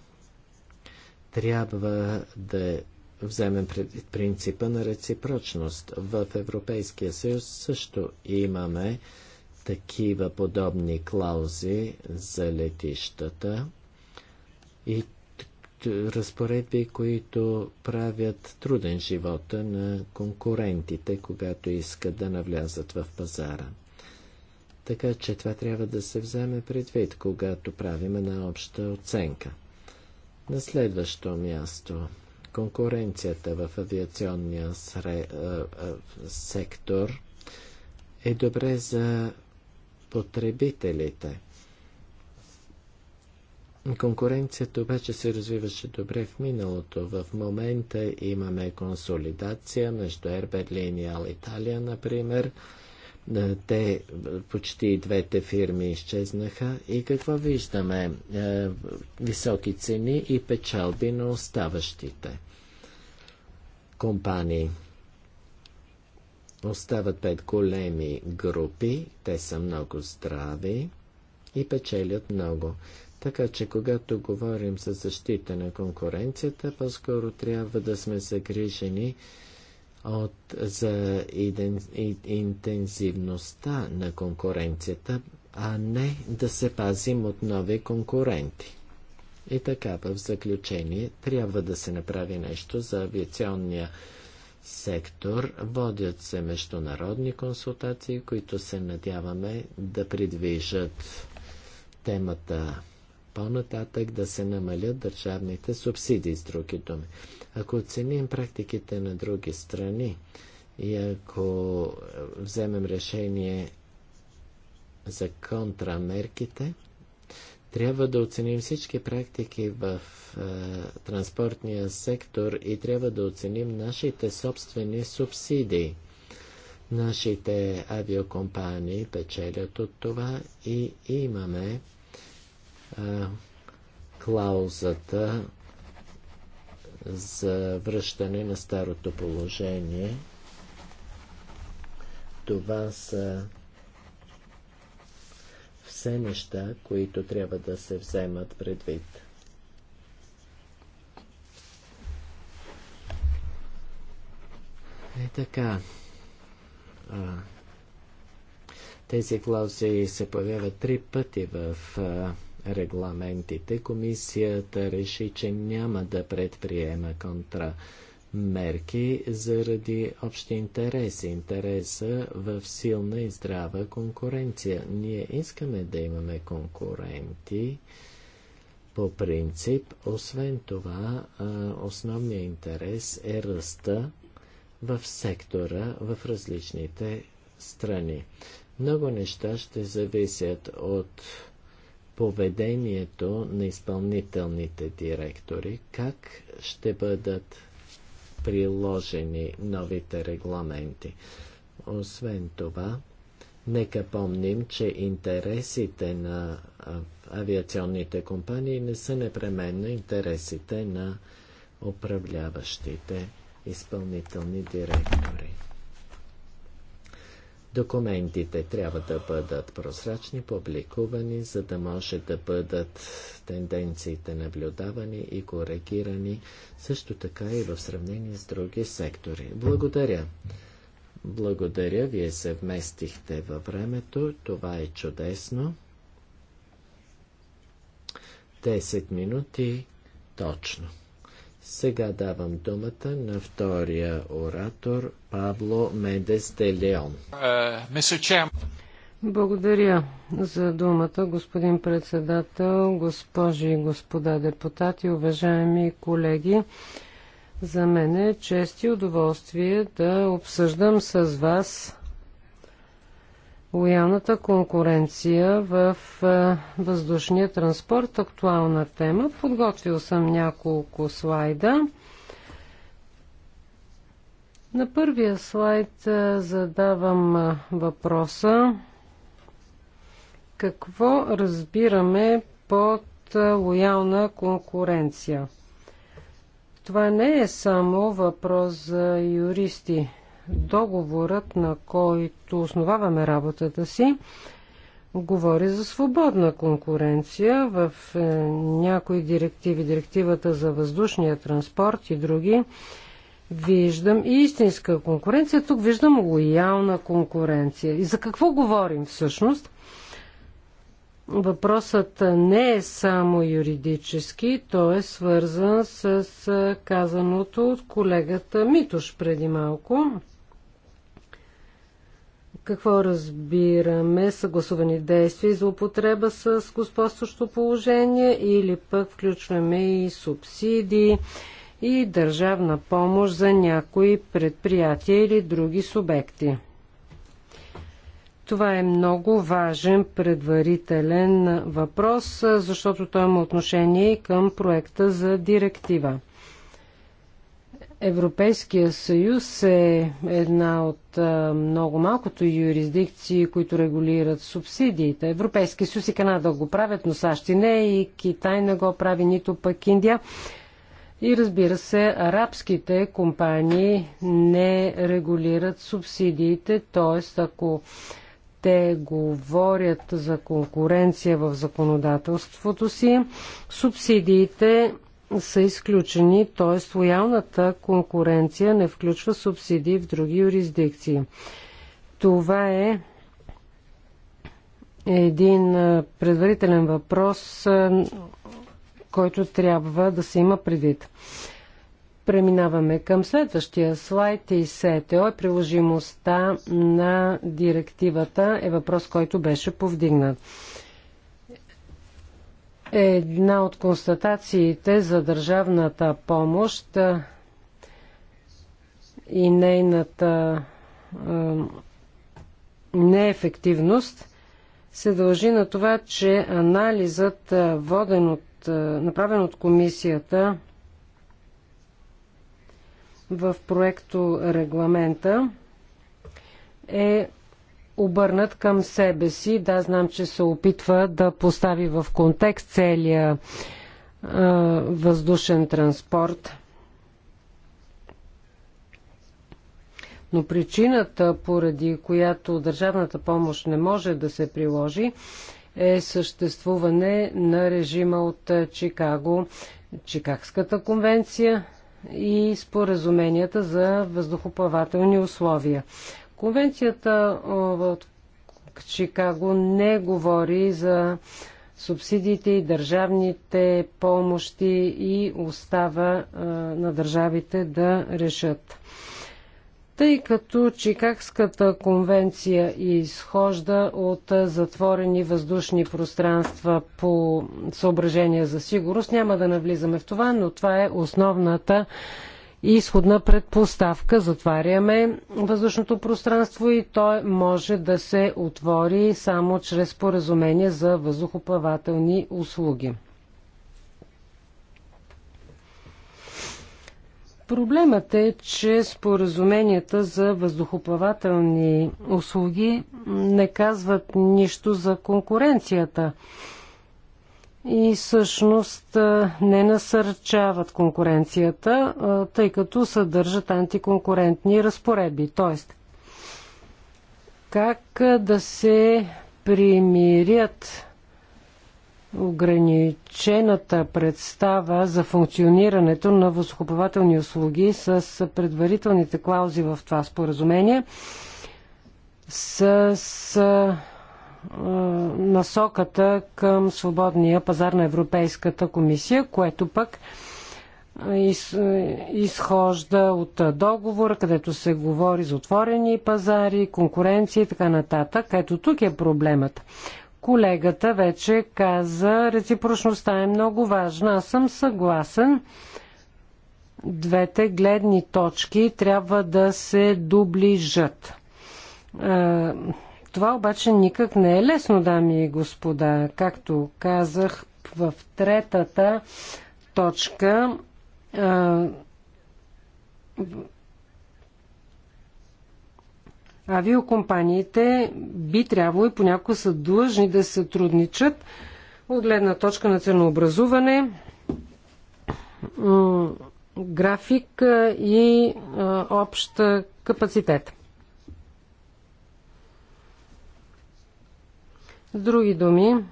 трябва да вземем предвид принципа на реципрочност. В Европейския съюз също имаме такива подобни клаузи за летищата и разпоредби, които правят труден живота на конкурентите, когато искат да навлязат в пазара. Така че това трябва да се вземе предвид, когато правим една обща оценка. На следващо място конкуренцията в авиационния сре, а, а, сектор е добре за потребителите. Конкуренцията обаче се развиваше добре в миналото. В момента имаме консолидация между Air Berlin и Alitalia, например. Е, те, е, почти двете фирми изчезнаха и какво виждаме? Е, високи цени и печалби на оставащите компании. Остават пет големи групи, те са много здрави и печелят много. Така че, когато говорим за защита на конкуренцията, по-скоро трябва да сме загрижени от, за иден, и, интензивността на конкуренцията, а не да се пазим от нови конкуренти. И така, в заключение, трябва да се направи нещо за авиационния сектор. Водят се международни консултации, които се надяваме да придвижат темата по-нататък да се намалят държавните субсидии, с други думи. Ако оценим практиките на други страни и ако е, вземем решение за контрамерките, трябва да оценим всички практики в е, транспортния сектор и трябва да оценим нашите собствени субсидии. Нашите авиокомпании печелят от това и имаме клаузата за връщане на старото положение. Това са все неща, които трябва да се вземат предвид. Е така. А, тези клаузи се появяват три пъти в а, регламентите, комисията реши, че няма да предприема контра мерки заради общи интереси, интереса в силна и здрава конкуренция. Ние искаме да имаме конкуренти по принцип. Освен това, основният интерес е ръста в сектора в различните страни. Много неща ще зависят от поведението на изпълнителните директори, как ще бъдат приложени новите регламенти. Освен това, нека помним, че интересите на авиационните компании не са непременно интересите на управляващите изпълнителни директори. Документите трябва да бъдат прозрачни, публикувани, за да може да бъдат тенденциите наблюдавани и коригирани, също така и в сравнение с други сектори. Благодаря. Благодаря, вие се вместихте във времето, това е чудесно. 10 минути точно. Сега давам думата на втория оратор Пабло Медес де Леон. Е, Благодаря за думата, господин председател, госпожи и господа депутати, уважаеми колеги. За мен е чест и удоволствие да обсъждам с вас лоялната конкуренция в е, въздушния транспорт. Актуална тема. Подготвил съм няколко слайда. На първия слайд е, задавам е, въпроса какво разбираме под лоялна конкуренция. Това не е само въпрос за юристи. Договорът, на който основаваме работата си, говори за свободна конкуренция в е, някои директиви, директивата за въздушния транспорт и други. Виждам и истинска конкуренция, тук виждам лоялна конкуренция. И за какво говорим всъщност? Въпросът не е само юридически, той е свързан с казаното от колегата Митош преди малко. Какво разбираме? Съгласувани действия и употреба с господстващо положение или пък включваме и субсидии и държавна помощ за някои предприятия или други субекти. Това е много важен предварителен въпрос, защото той има отношение към проекта за директива. Европейския съюз е една от много малкото юрисдикции, които регулират субсидиите. Европейския съюз и Канада го правят, но САЩ и не, и Китай не го прави, нито пък Индия. И разбира се, арабските компании не регулират субсидиите, т.е. ако те говорят за конкуренция в законодателството си, субсидиите са изключени, т.е. лоялната конкуренция не включва субсидии в други юрисдикции. Това е един предварителен въпрос, който трябва да се има предвид. Преминаваме към следващия слайд и СТО. Е приложимостта на директивата е въпрос, който беше повдигнат. Една от констатациите за държавната помощ и нейната неефективност се дължи на това, че анализът, воден от, направен от комисията в проекто регламента, е обърнат към себе си. Да, знам, че се опитва да постави в контекст целия а, въздушен транспорт. Но причината, поради която държавната помощ не може да се приложи, е съществуване на режима от Чикаго, Чикагската конвенция и споразуменията за въздухоплавателни условия. Конвенцията от Чикаго не говори за субсидиите и държавните помощи и остава на държавите да решат. Тъй като Чикагската конвенция изхожда от затворени въздушни пространства по съображения за сигурност, няма да навлизаме в това, но това е основната изходна предпоставка. Затваряме въздушното пространство и то може да се отвори само чрез поразумение за въздухоплавателни услуги. Проблемът е, че споразуменията за въздухоплавателни услуги не казват нищо за конкуренцията и всъщност не насърчават конкуренцията, тъй като съдържат антиконкурентни разпоредби. Тоест, как да се примирят ограничената представа за функционирането на въздухоплавателни услуги с предварителните клаузи в това споразумение, с е, насоката към свободния пазар на Европейската комисия, което пък изхожда от договора, където се говори за отворени пазари, конкуренция и така нататък. Ето тук е проблемът. Колегата вече каза, реципрочността е много важна. Аз съм съгласен. Двете гледни точки трябва да се доближат е, това обаче никак не е лесно, дами и господа. Както казах в третата точка, а, авиокомпаниите би трябвало и понякога са длъжни да се сътрудничат от гледна точка на ценообразуване, график и общ капацитет. С други думи,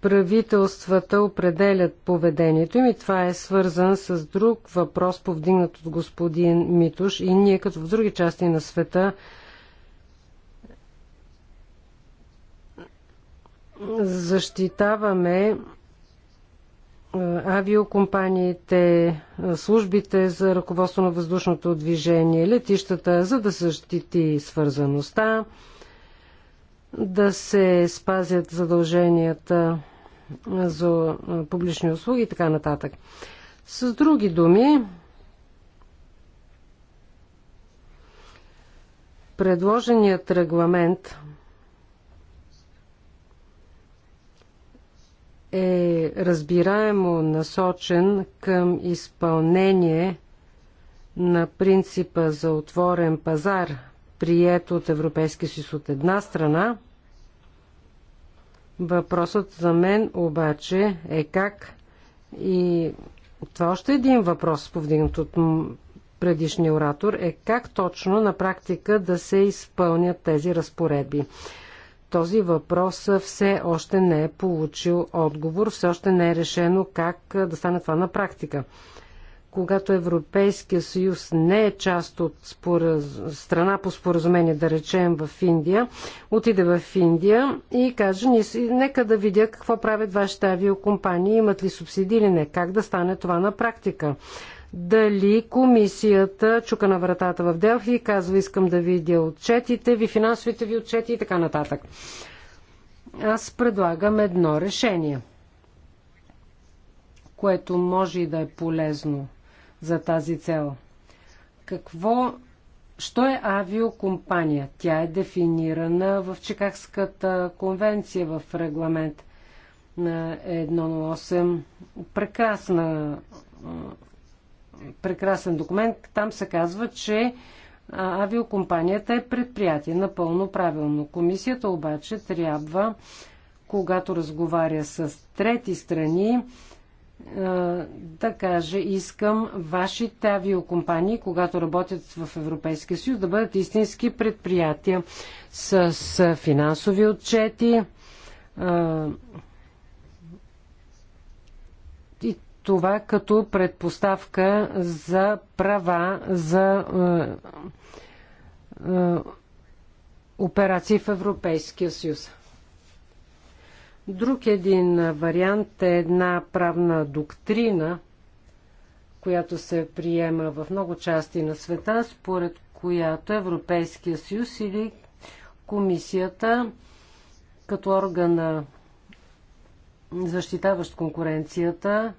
правителствата определят поведението им и това е свързан с друг въпрос, повдигнат от господин Митуш и ние като в други части на света защитаваме авиокомпаниите, службите за ръководство на въздушното движение, летищата, за да защити свързаността, да се спазят задълженията за публични услуги и така нататък. С други думи, предложеният регламент е разбираемо насочен към изпълнение на принципа за отворен пазар – Прието от Европейския съюз от една страна. Въпросът за мен обаче е как и това още един въпрос, повдигнат от предишния оратор, е как точно на практика да се изпълнят тези разпоредби. Този въпрос все още не е получил отговор, все още не е решено как да стане това на практика когато Европейския съюз не е част от спораз... страна по споразумение, да речем в Индия, отиде в Индия и каже, нека да видя какво правят вашите авиокомпании, имат ли субсидии или не, как да стане това на практика. Дали комисията чука на вратата в Делфи и казва, искам да видя отчетите ви, финансовите ви отчети и така нататък. Аз предлагам едно решение, което може и да е полезно за тази цел. Какво, що е авиокомпания? Тя е дефинирана в Чикагската конвенция в регламент на 1.8. Прекрасна, прекрасен документ. Там се казва, че авиокомпанията е предприятие. Напълно правилно. Комисията обаче трябва, когато разговаря с трети страни, е, да каже, искам вашите авиокомпании, когато работят в Европейския съюз, да бъдат истински предприятия с финансови отчети. Е, и това като предпоставка за права за е, операции в Европейския съюз. Друг един вариант е една правна доктрина, която се приема в много части на света, според която Европейския съюз или комисията като органа защитаващ конкуренцията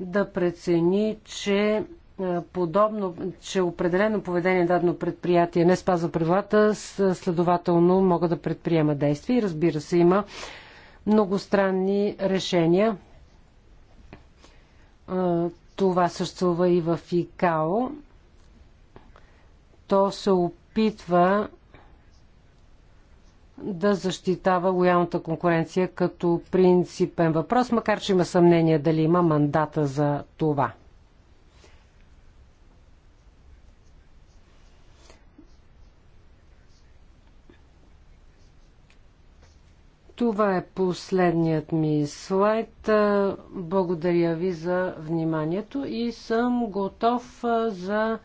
да прецени, че подобно, че определено поведение дадено предприятие не спазва правилата, следователно могат да предприема действия. И разбира се, има многостранни решения. Това съществува и в ИКАО. То се опитва да защитава лоялната конкуренция като принципен въпрос, макар че има съмнение дали има мандата за това. Това е последният ми слайд. Благодаря ви за вниманието и съм готов за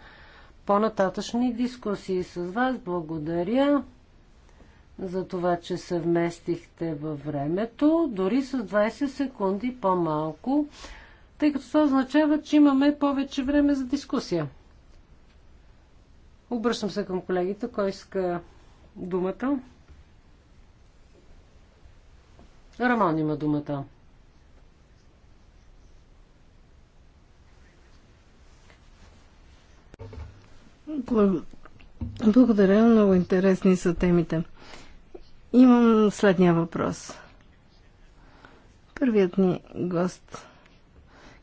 по-нататъчни дискусии с вас. Благодаря за това, че се вместихте във времето, дори с 20 секунди по-малко, тъй като това означава, че имаме повече време за дискусия. Обръщам се към колегите, кой иска думата. Рамон има думата. Благодаря, много интересни са темите. Имам следния въпрос. Първият ни гост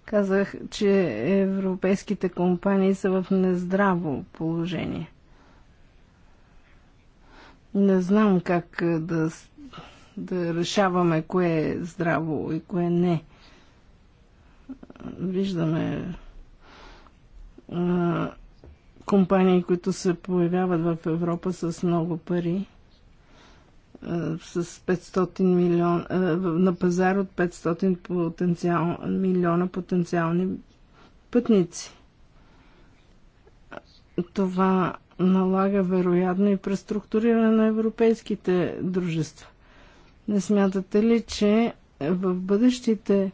казах, че европейските компании са в нездраво положение. Не знам как да да решаваме кое е здраво и кое не. Виждаме а, компании, които се появяват в Европа с много пари, а, с 500 милион, а, на пазар от 500 потенциал, милиона потенциални пътници. Това налага вероятно и преструктуриране на европейските дружества. Не смятате ли, че в бъдещите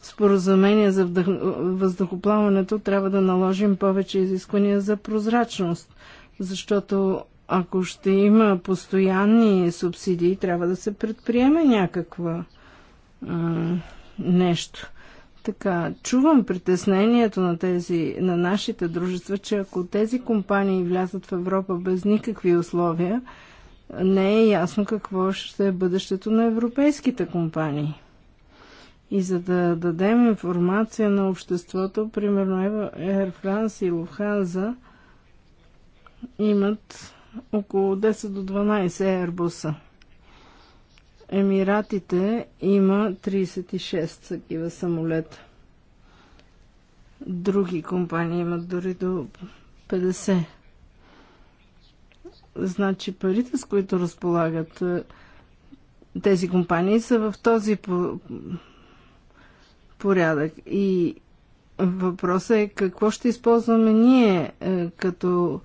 споразумения за вдъх... въздухоплаването трябва да наложим повече изисквания за прозрачност? Защото ако ще има постоянни субсидии, трябва да се предприеме някаква нещо. Така, чувам притеснението на тези, на нашите дружества, че ако тези компании влязат в Европа без никакви условия, не е ясно какво ще е бъдещето на европейските компании. И за да дадем информация на обществото, примерно Air France и Lufthansa имат около 10 до 12 Airbus-а. Емиратите има 36 такива самолета. Други компании имат дори до 50. Значи парите, с които разполагат е, тези компании, са в този порядък. И въпросът е какво ще използваме ние е, като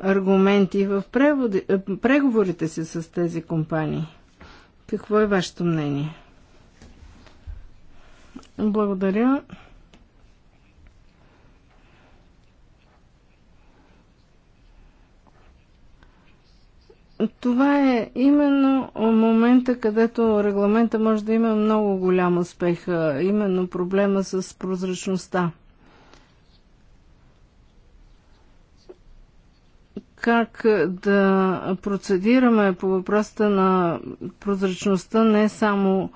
аргументи в преводи, е, преговорите си с тези компании. Какво е вашето мнение? Благодаря. Това е именно момента, където регламента може да има много голям успех, именно проблема с прозрачността. Как да процедираме по въпросата на прозрачността не само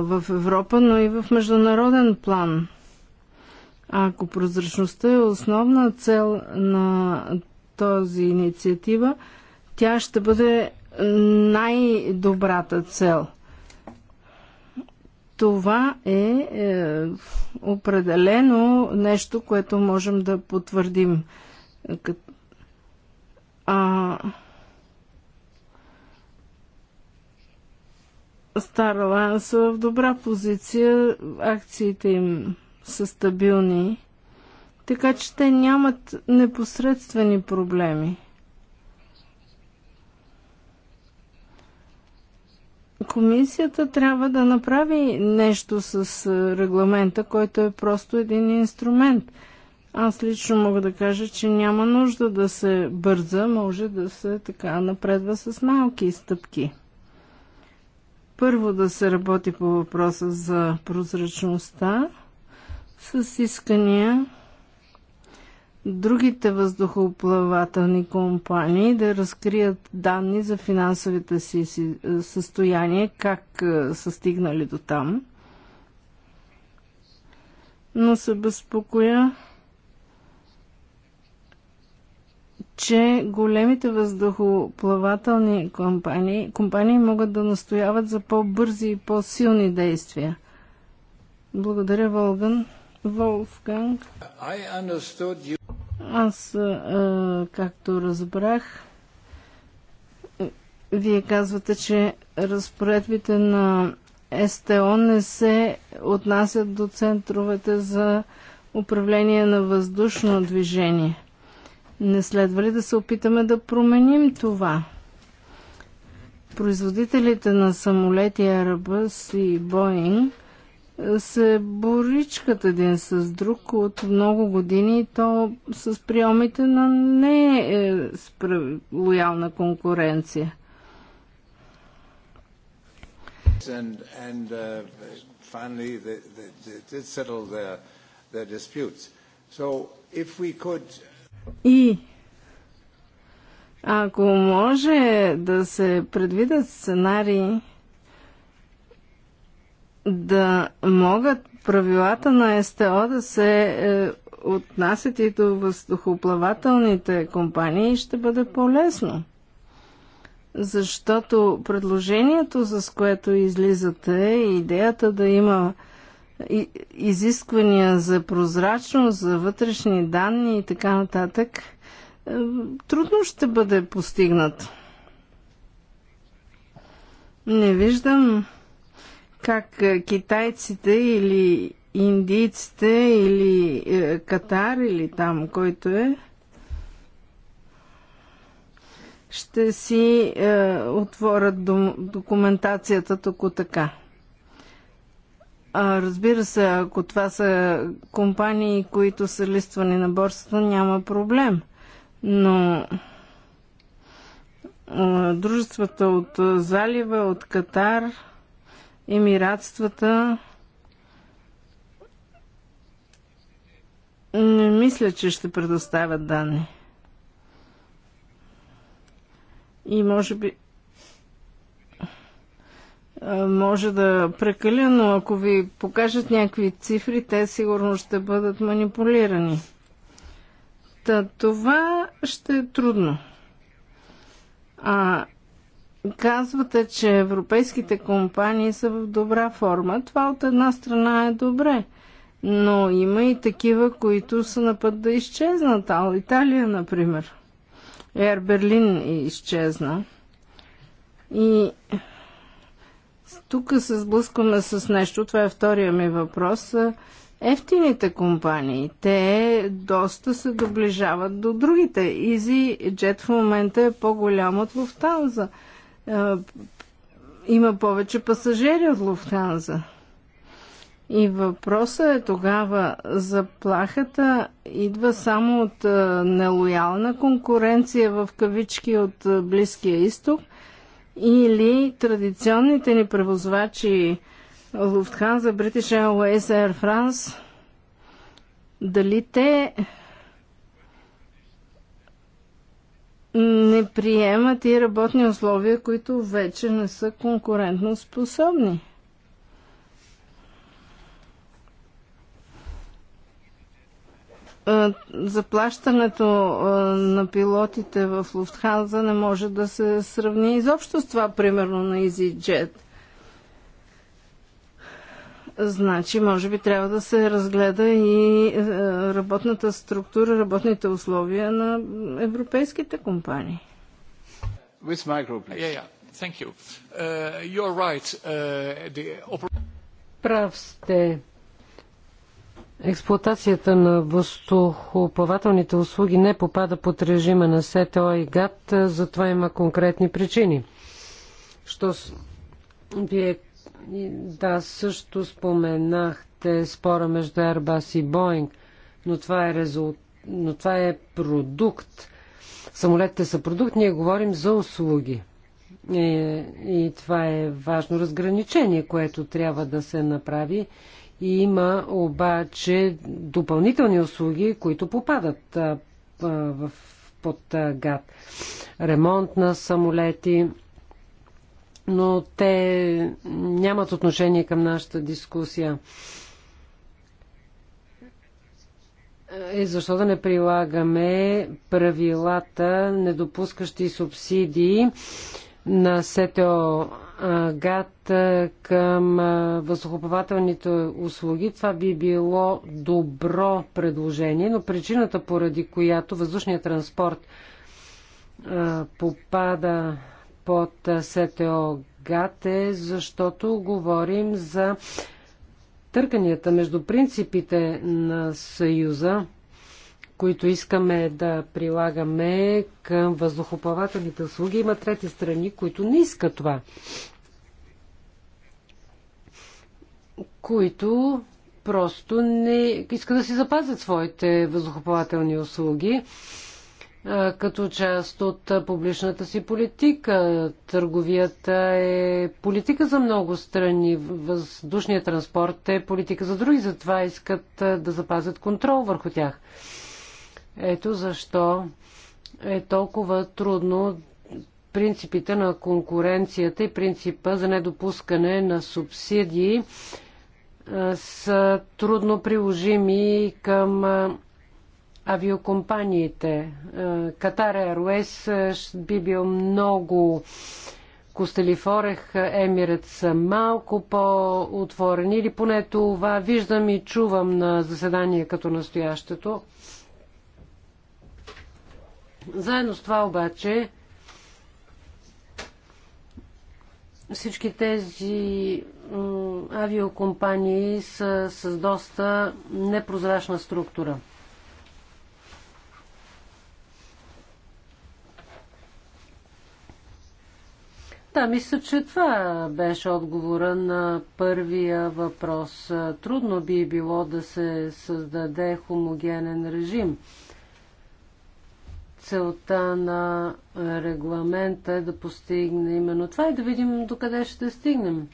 в Европа, но и в международен план. Ако прозрачността е основна цел на този инициатива, тя ще бъде най-добрата цел. Това е, е определено нещо, което можем да потвърдим. А, Стара Лан са в добра позиция, акциите им са стабилни, така че те нямат непосредствени проблеми. Комисията трябва да направи нещо с е, регламента, който е просто един инструмент. Аз лично мога да кажа, че няма нужда да се бърза, може да се така напредва с малки стъпки. Първо да се работи по въпроса за прозрачността с искания другите въздухоплавателни компании да разкрият данни за финансовите си е, състояние, как е, са стигнали до там. Но се безпокоя, че големите въздухоплавателни компании, компании могат да настояват за по-бързи и по-силни действия. Благодаря, Волган. Волфганг. Аз, както разбрах, е, вие казвате, че разпоредбите на СТО не се отнасят до центровете за управление на въздушно движение. Не следва ли да се опитаме да променим това? Производителите на самолети Airbus и Boeing се боричкат един с друг от много години, то с приемите на не е лоялна конкуренция. And, and uh, finally, they did settle their, their disputes. So if we could... И ако може да се предвидят сценарии, да могат правилата на СТО да се е, отнасят и до въздухоплавателните компании, ще бъде по-лесно. Защото предложението, с което излизате, идеята да има изисквания за прозрачност, за вътрешни данни и така нататък, е, трудно ще бъде постигнат. Не виждам как е, китайците или индийците или е, Катар или там, който е, ще си е, отворят документацията тук така. А, разбира се, ако това са компании, които са листвани на борсата, няма проблем. Но е, дружествата от залива, от Катар, емиратствата. Не мисля, че ще предоставят данни. И може би може да прекаля, но ако ви покажат някакви цифри, те сигурно ще бъдат манипулирани. Та това ще е трудно. А Казвате, че европейските компании са в добра форма. Това от една страна е добре, но има и такива, които са на път да изчезнат. Ал Италия, например. Ер Берлин изчезна. И тук се сблъскваме с нещо. Това е втория ми въпрос. Ефтините компании, те доста се доближават до другите. Изи Джет в момента е по-голям от Луфтанза има повече пасажери от Луфтанза. И въпросът е тогава, заплахата идва само от нелоялна конкуренция в кавички от Близкия изток или традиционните ни превозвачи Луфтханза, British Airways, Air France, дали те не приемат и работни условия, които вече не са конкурентно способни. заплащането на пилотите в Луфтханза не може да се сравни изобщо с това, примерно на EasyJet – Значи, може би трябва да се разгледа и е, работната структура, работните условия на европейските компании. With micro, please. Yeah, yeah. Thank you. Uh, you're right. Uh, the... Прав сте. Експлоатацията на въздухоплавателните услуги не попада под режима на СТО и ГАТ, затова има конкретни причини. Що с... вие да, също споменахте спора между Airbus и Boeing, но това е, резулт... но това е продукт. Самолетите са продукт, ние говорим за услуги. И, и това е важно разграничение, което трябва да се направи. И има обаче допълнителни услуги, които попадат а, а, в, под а, гад. Ремонт на самолети, но те нямат отношение към нашата дискусия. И е, защо да не прилагаме правилата, недопускащи субсидии на СТО ГАТ към въздухоплавателните услуги. Това би било добро предложение, но причината, поради която въздушният транспорт попада под Сетеогате, ГАТ е, защото говорим за търканията между принципите на Съюза, които искаме да прилагаме към въздухоплавателните услуги. Има трети страни, които не искат това. Които просто не искат да си запазят своите въздухоплавателни услуги като част от публичната си политика. Търговията е политика за много страни, въздушният транспорт е политика за други, затова искат да запазят контрол върху тях. Ето защо е толкова трудно принципите на конкуренцията и принципа за недопускане на субсидии са трудно приложими към авиокомпаниите. Е, Катар Аirways е, би бил много Костелифорех, Емирът са малко по-отворени или поне това виждам и чувам на заседание като настоящето. Заедно с това обаче всички тези авиокомпании са с доста непрозрачна структура. Да, мисля, че това беше отговора на първия въпрос. Трудно би било да се създаде хомогенен режим. Целта на регламента е да постигне именно това и да видим докъде ще стигнем.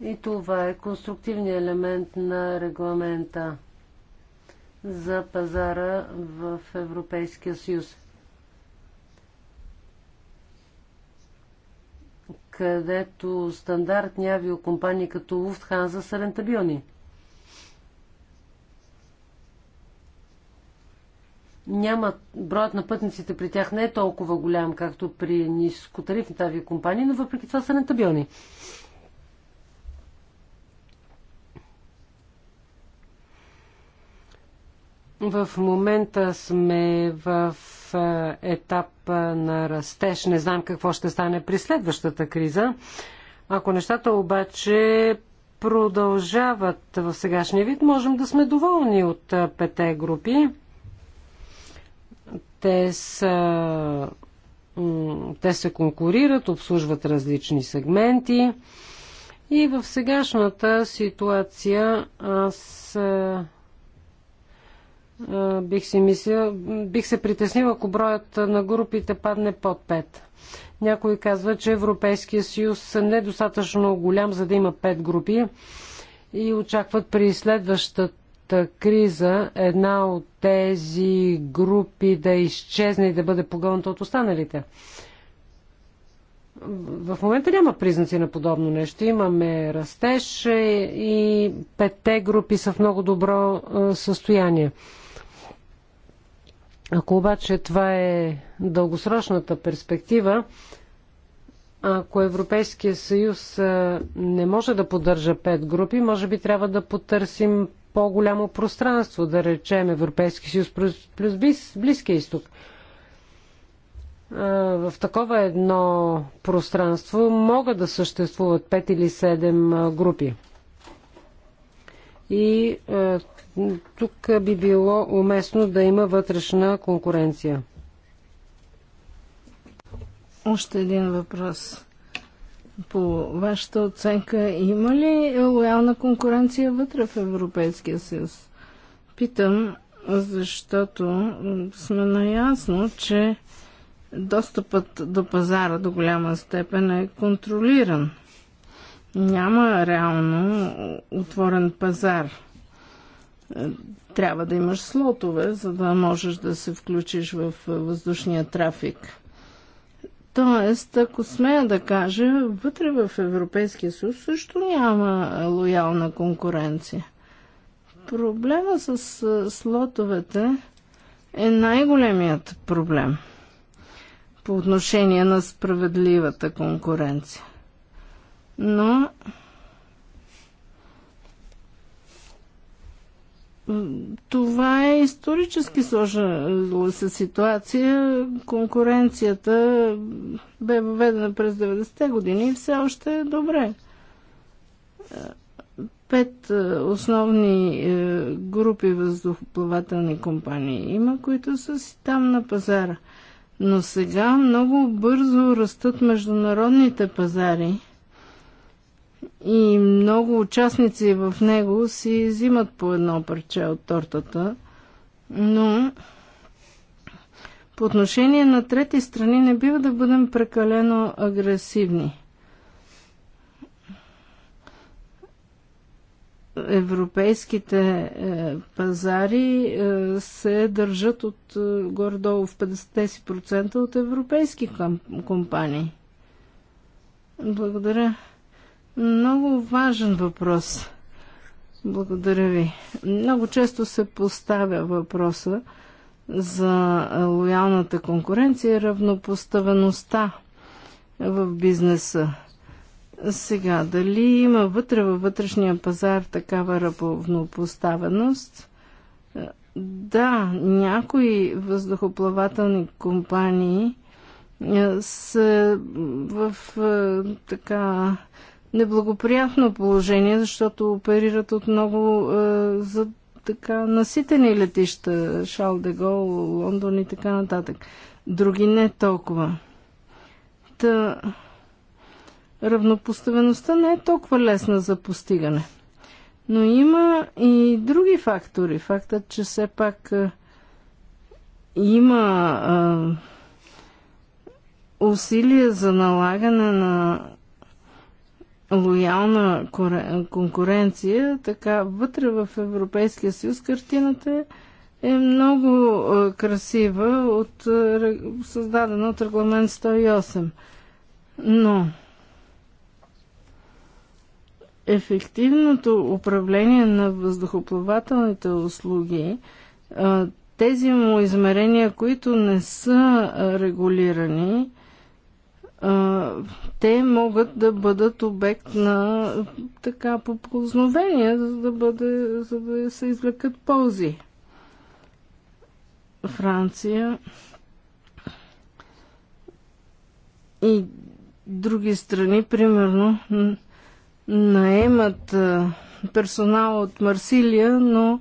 И това е конструктивният елемент на регламента за пазара в Европейския съюз. където стандартни авиокомпании като Луфтханза са рентабилни. Няма, броят на пътниците при тях не е толкова голям, както при нискотарифните авиокомпании, но въпреки това са рентабилни. В момента сме в етап на растеж. Не знам какво ще стане при следващата криза. Ако нещата обаче продължават в сегашния вид, можем да сме доволни от пете групи. Те, са, те се конкурират, обслужват различни сегменти. И в сегашната ситуация аз бих, си мислил, бих се притеснил, ако броят на групите падне под 5. Някой казва, че Европейския съюз е недостатъчно голям, за да има 5 групи и очакват при следващата криза една от тези групи да изчезне и да бъде погълната от останалите. В момента няма признаци на подобно нещо. Имаме растеж и петте групи са в много добро състояние. Ако обаче това е дългосрочната перспектива, ако Европейския съюз не може да поддържа пет групи, може би трябва да потърсим по-голямо пространство, да речем Европейски съюз плюс Близкия изток. В такова едно пространство могат да съществуват пет или седем групи. И тук би било уместно да има вътрешна конкуренция. Още един въпрос. По вашата оценка има ли лоялна конкуренция вътре в Европейския съюз? Питам, защото сме наясно, че достъпът до пазара до голяма степен е контролиран. Няма реално отворен пазар трябва да имаш слотове, за да можеш да се включиш в въздушния трафик. Тоест, ако смея да кажа, вътре в Европейския съюз също няма лоялна конкуренция. Проблема с слотовете е най-големият проблем по отношение на справедливата конкуренция. Но Това е исторически сложна се ситуация. Конкуренцията бе въведена през 90-те години и все още е добре. Пет е, основни е, групи въздухоплавателни компании има, които са си там на пазара. Но сега много бързо растат международните пазари – и много участници в него си взимат по едно парче от тортата, но по отношение на трети страни не бива да бъдем прекалено агресивни. Европейските е, пазари е, се държат от е, горе-долу в 50% от европейски компании. Благодаря. Много важен въпрос. Благодаря ви. Много често се поставя въпроса за лоялната конкуренция и равнопоставеността в бизнеса. Сега, дали има вътре във вътрешния пазар такава равнопоставеност? Да, някои въздухоплавателни компании е, са в е, така неблагоприятно положение, защото оперират от много е, за така наситени летища, Шал де Гол, Лондон и така нататък. Други не толкова. Та, равнопоставеността не е толкова лесна за постигане. Но има и други фактори. Фактът, че все пак е, има е, усилия за налагане на лоялна конкуренция, така вътре в Европейския съюз картината е много красива, от, създадена от регламент 108. Но ефективното управление на въздухоплавателните услуги, тези му измерения, които не са регулирани, те могат да бъдат обект на така попознавение, за да, бъде, за да се извлекат ползи. Франция и други страни, примерно, наемат персонал от Марсилия, но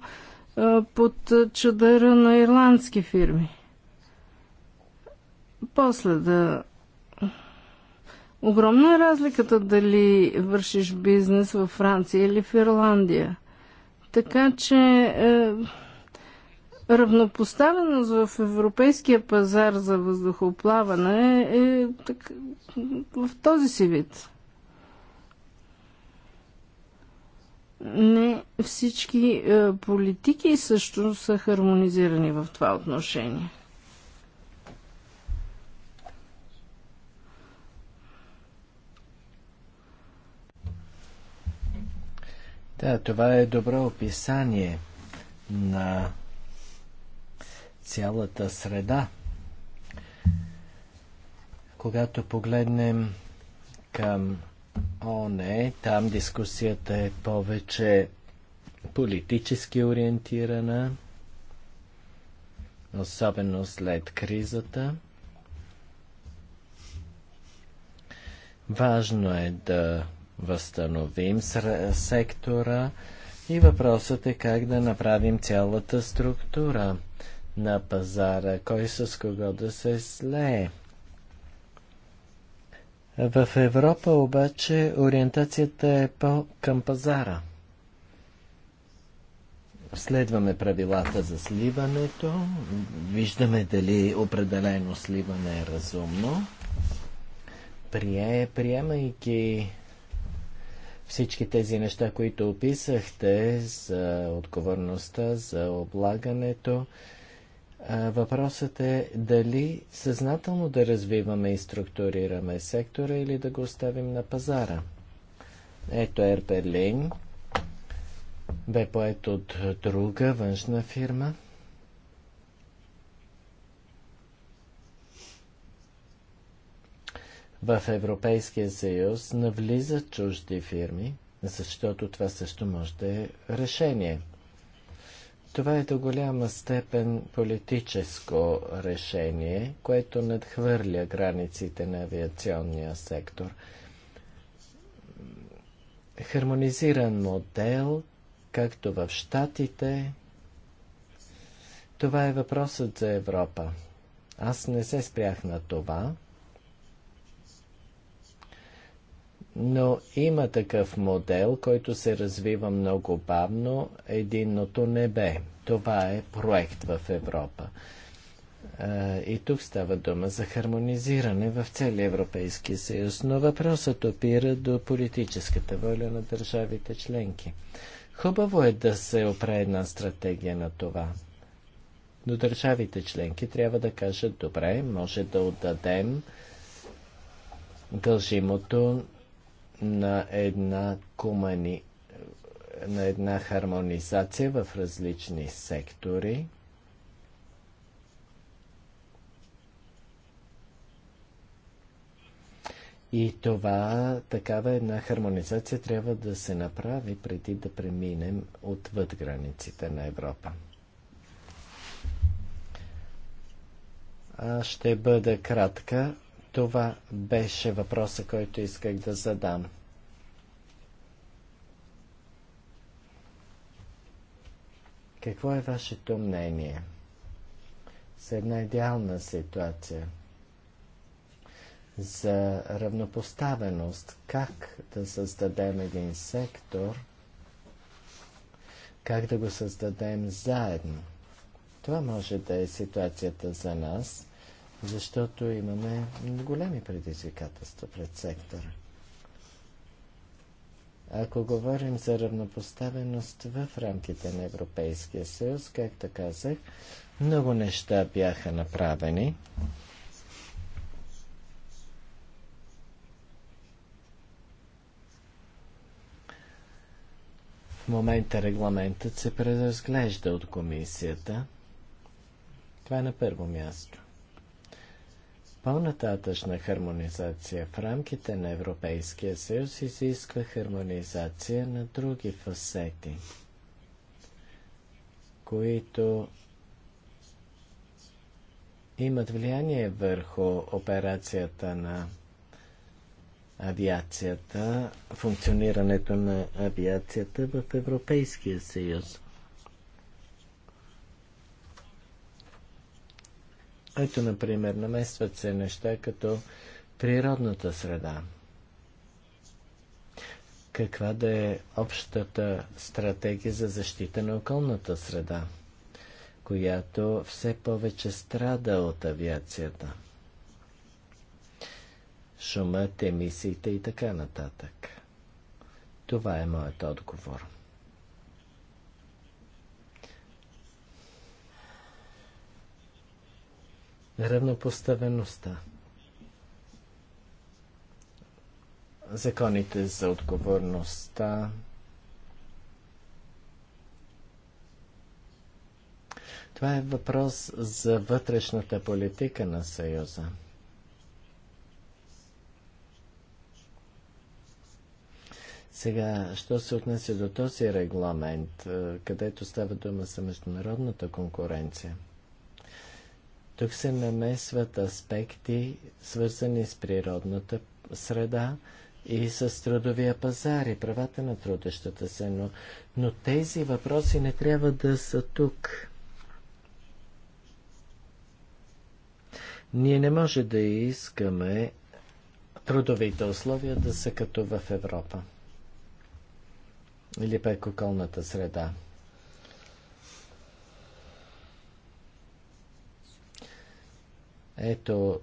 под чадъра на ирландски фирми. После да Огромна е разликата дали вършиш бизнес във Франция или в Ирландия. Така че е, равнопоставеност в европейския пазар за въздухоплаване е, е так, в този си вид. Не всички е, политики също са хармонизирани в това отношение. Да, това е добро описание на цялата среда. Когато погледнем към ОНЕ, там дискусията е повече политически ориентирана, особено след кризата. Важно е да възстановим сектора и въпросът е как да направим цялата структура на пазара, кой с кого да се слее. В Европа обаче ориентацията е по- към пазара. Следваме правилата за сливането, виждаме дали определено сливане е разумно. Прие, приемайки всички тези неща, които описахте за отговорността, за облагането, въпросът е дали съзнателно да развиваме и структурираме сектора или да го оставим на пазара. Ето Ерберлин бе поет от друга външна фирма – в Европейския съюз навлизат чужди фирми, защото това също може да е решение. Това е до голяма степен политическо решение, което надхвърля границите на авиационния сектор. Хармонизиран модел, както в Штатите, това е въпросът за Европа. Аз не се спрях на това, Но има такъв модел, който се развива много бавно единното небе. Това е проект в Европа. И тук става дума за хармонизиране в целия Европейски съюз, но въпросът опира до политическата воля на държавите членки. Хубаво е да се опре една стратегия на това. Но държавите членки трябва да кажат, добре, може да отдадем дължимото на една кумани, на една хармонизация в различни сектори. И това, такава една хармонизация трябва да се направи преди да преминем отвъд границите на Европа. Аз ще бъда кратка. Това беше въпроса, който исках да задам. Какво е вашето мнение за една идеална ситуация? За равнопоставеност, как да създадем един сектор, как да го създадем заедно? Това може да е ситуацията за нас – защото имаме големи предизвикателства пред сектора. Ако говорим за равнопоставеност в рамките на Европейския съюз, както казах, много неща бяха направени. В момента регламентът се преразглежда от комисията. Това е на първо място. По-нататъчна хармонизация в рамките на Европейския съюз изисква хармонизация на други фасети, които имат влияние върху операцията на авиацията, функционирането на авиацията в Европейския съюз. Ето, например, наместват се неща като природната среда. Каква да е общата стратегия за защита на околната среда, която все повече страда от авиацията? Шумът, емисиите и така нататък. Това е моят отговор. равнопоставеността. Законите за отговорността, Това е въпрос за вътрешната политика на Съюза. Сега, що се отнесе до този регламент, е, където става дума за международната конкуренция – тук се намесват аспекти, свързани с природната среда и с трудовия пазар и правата на трудещата се, но, но тези въпроси не трябва да са тук. Ние не може да искаме трудовите условия да са като в Европа или пък околната среда. Ето,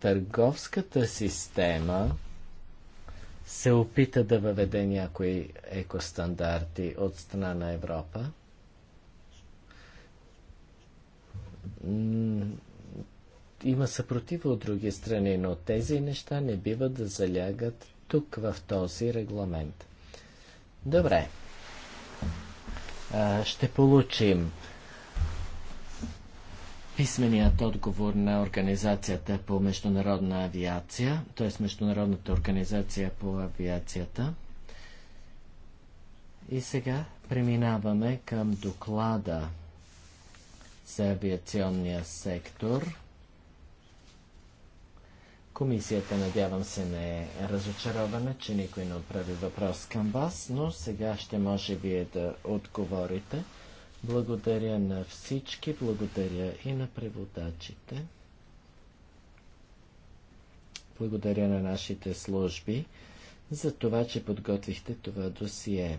търговската система се опита да въведе някои екостандарти от страна на Европа. Има съпротива от други страни, но тези неща не бива да залягат тук в този регламент. Добре. ще получим писменият отговор на Организацията по международна авиация, т.е. Международната организация по авиацията. И сега преминаваме към доклада за авиационния сектор. Комисията, надявам се, не е разочарована, че никой не отправи въпрос към вас, но сега ще може вие да отговорите. Благодаря на всички, благодаря и на преводачите. Благодаря на нашите служби за това, че подготвихте това досие.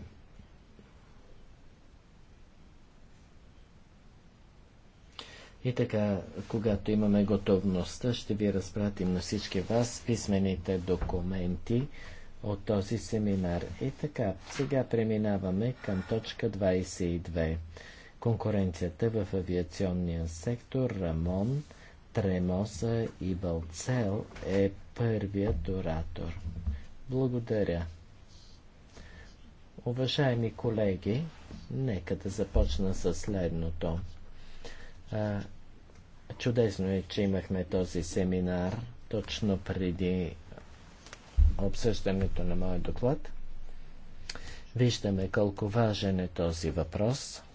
И така, когато имаме готовността, ще ви разпратим на всички вас писмените документи от този семинар. И така, сега преминаваме към точка 22 конкуренцията е в авиационния сектор Рамон Тремоса и Балцел е първият оратор. Благодаря. Уважаеми колеги, нека да започна с следното. А, чудесно е, че имахме този семинар точно преди обсъждането на моя доклад. Виждаме колко важен е този въпрос –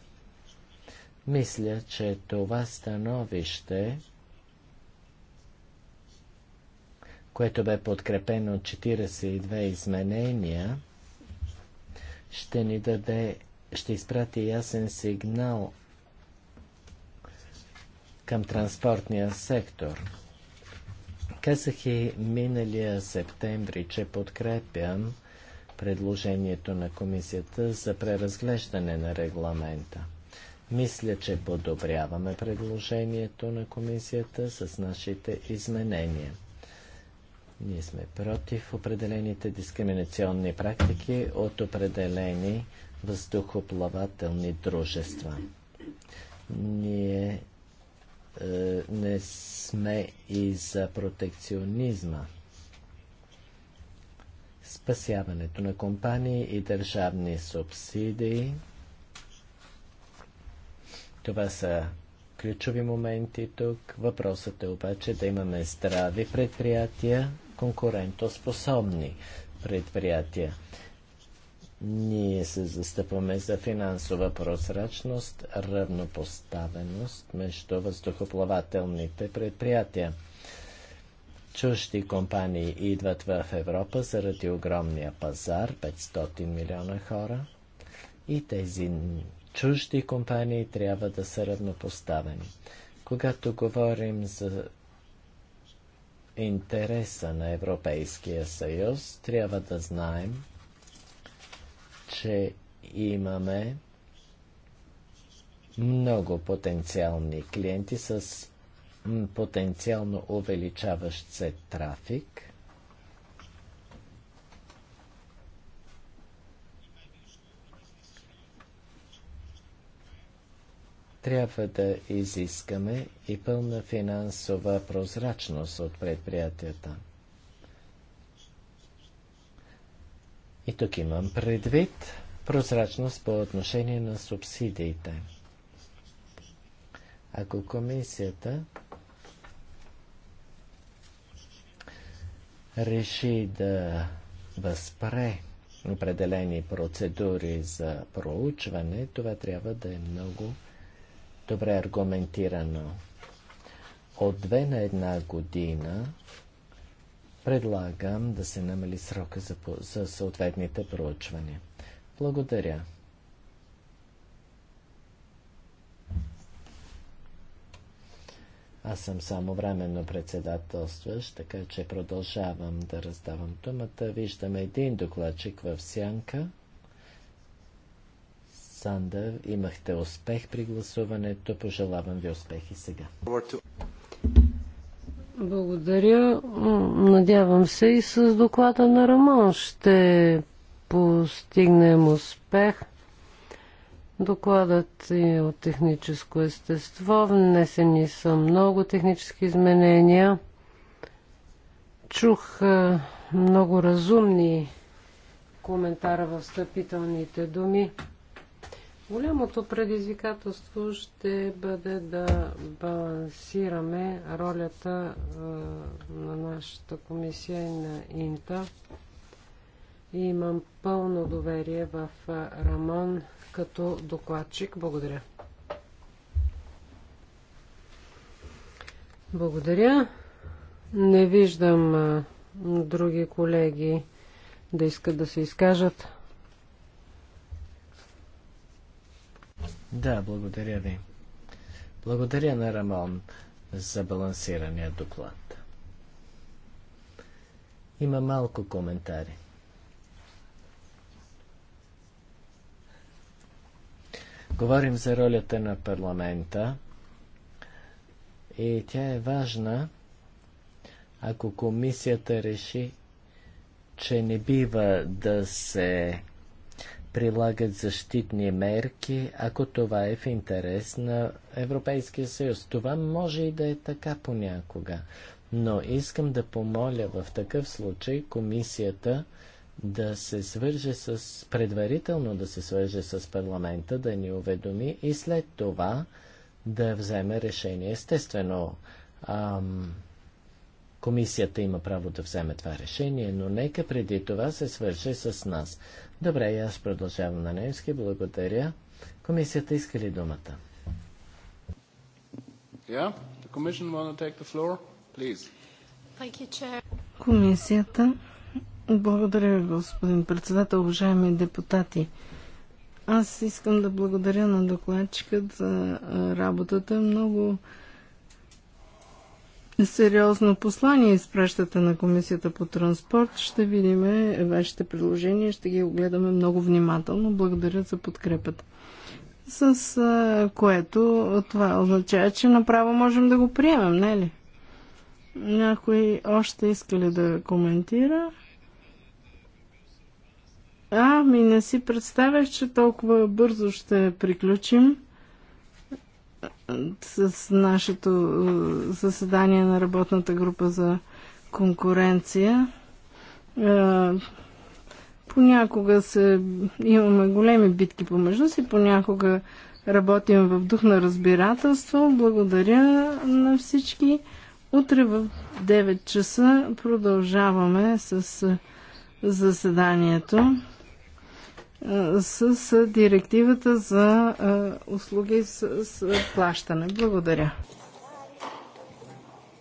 мисля, че това становище, което бе подкрепено от 42 изменения, ще ни даде, ще изпрати ясен сигнал към транспортния сектор. Казах и миналия септември, че подкрепям предложението на комисията за преразглеждане на регламента. Мисля, че подобряваме предложението на комисията с нашите изменения. Ние сме против определените дискриминационни практики от определени въздухоплавателни дружества. Ние е, не сме и за протекционизма. Спасяването на компании и държавни субсидии – това са ключови моменти тук. Въпросът е обаче да имаме здрави предприятия, конкурентоспособни предприятия. Ние се застъпваме за финансова прозрачност, равнопоставеност между въздухоплавателните предприятия. Чужди компании идват в Европа заради огромния пазар, 500 милиона хора, и тези чужди компании трябва да са равнопоставени. Когато говорим за интереса на Европейския съюз, трябва да знаем, че имаме много потенциални клиенти с потенциално увеличаващ се трафик – Трябва да изискаме и пълна финансова прозрачност от предприятията. И тук имам предвид прозрачност по отношение на субсидиите. Ако комисията реши да възпре определени процедури за проучване, това трябва да е много добре аргументирано. От две на една година предлагам да се намали срока за, за съответните проучвания. Благодаря. Аз съм само временно председателстващ, така че продължавам да раздавам думата. Виждаме един докладчик в сянка. Сандър. Имахте успех при гласуването. Пожелавам ви успех и сега. Благодаря. Надявам се и с доклада на Рамон ще постигнем успех. Докладът е от техническо естество. Внесени са много технически изменения. Чух много разумни коментара в встъпителните думи. Голямото предизвикателство ще бъде да балансираме ролята на нашата комисия и на Инта. И имам пълно доверие в Рамон като докладчик. Благодаря. Благодаря. Не виждам други колеги да искат да се изкажат. Да, благодаря ви. Благодаря на Рамон за балансирания доклад. Има малко коментари. Говорим за ролята на парламента и тя е важна, ако комисията реши, че не бива да се прилагат защитни мерки, ако това е в интерес на Европейския съюз. Това може и да е така понякога. Но искам да помоля в такъв случай комисията да се свърже с, предварително да се свърже с парламента, да ни уведоми и след това да вземе решение. Естествено, ам, комисията има право да вземе това решение, но нека преди това се свърже с нас. Добре, аз продължавам на немски. Благодаря. Комисията иска ли думата? Yeah, the commission take the floor, please. Thank you, chair. Комисията. Благодаря, господин председател, уважаеми депутати. Аз искам да благодаря на докладчика за работата. Много сериозно послание изпращате на Комисията по транспорт. Ще видим вашите предложения, ще ги огледаме много внимателно. Благодаря за подкрепата. С което това означава, че направо можем да го приемем, не ли? Някой още иска ли да коментира? Ами не си представях, че толкова бързо ще приключим с нашето е, заседание на работната група за конкуренция. Е, понякога се, имаме големи битки помежду си, понякога работим в дух на разбирателство. Благодаря на всички. Утре в 9 часа продължаваме с е, заседанието с директивата за услуги с плащане. Благодаря.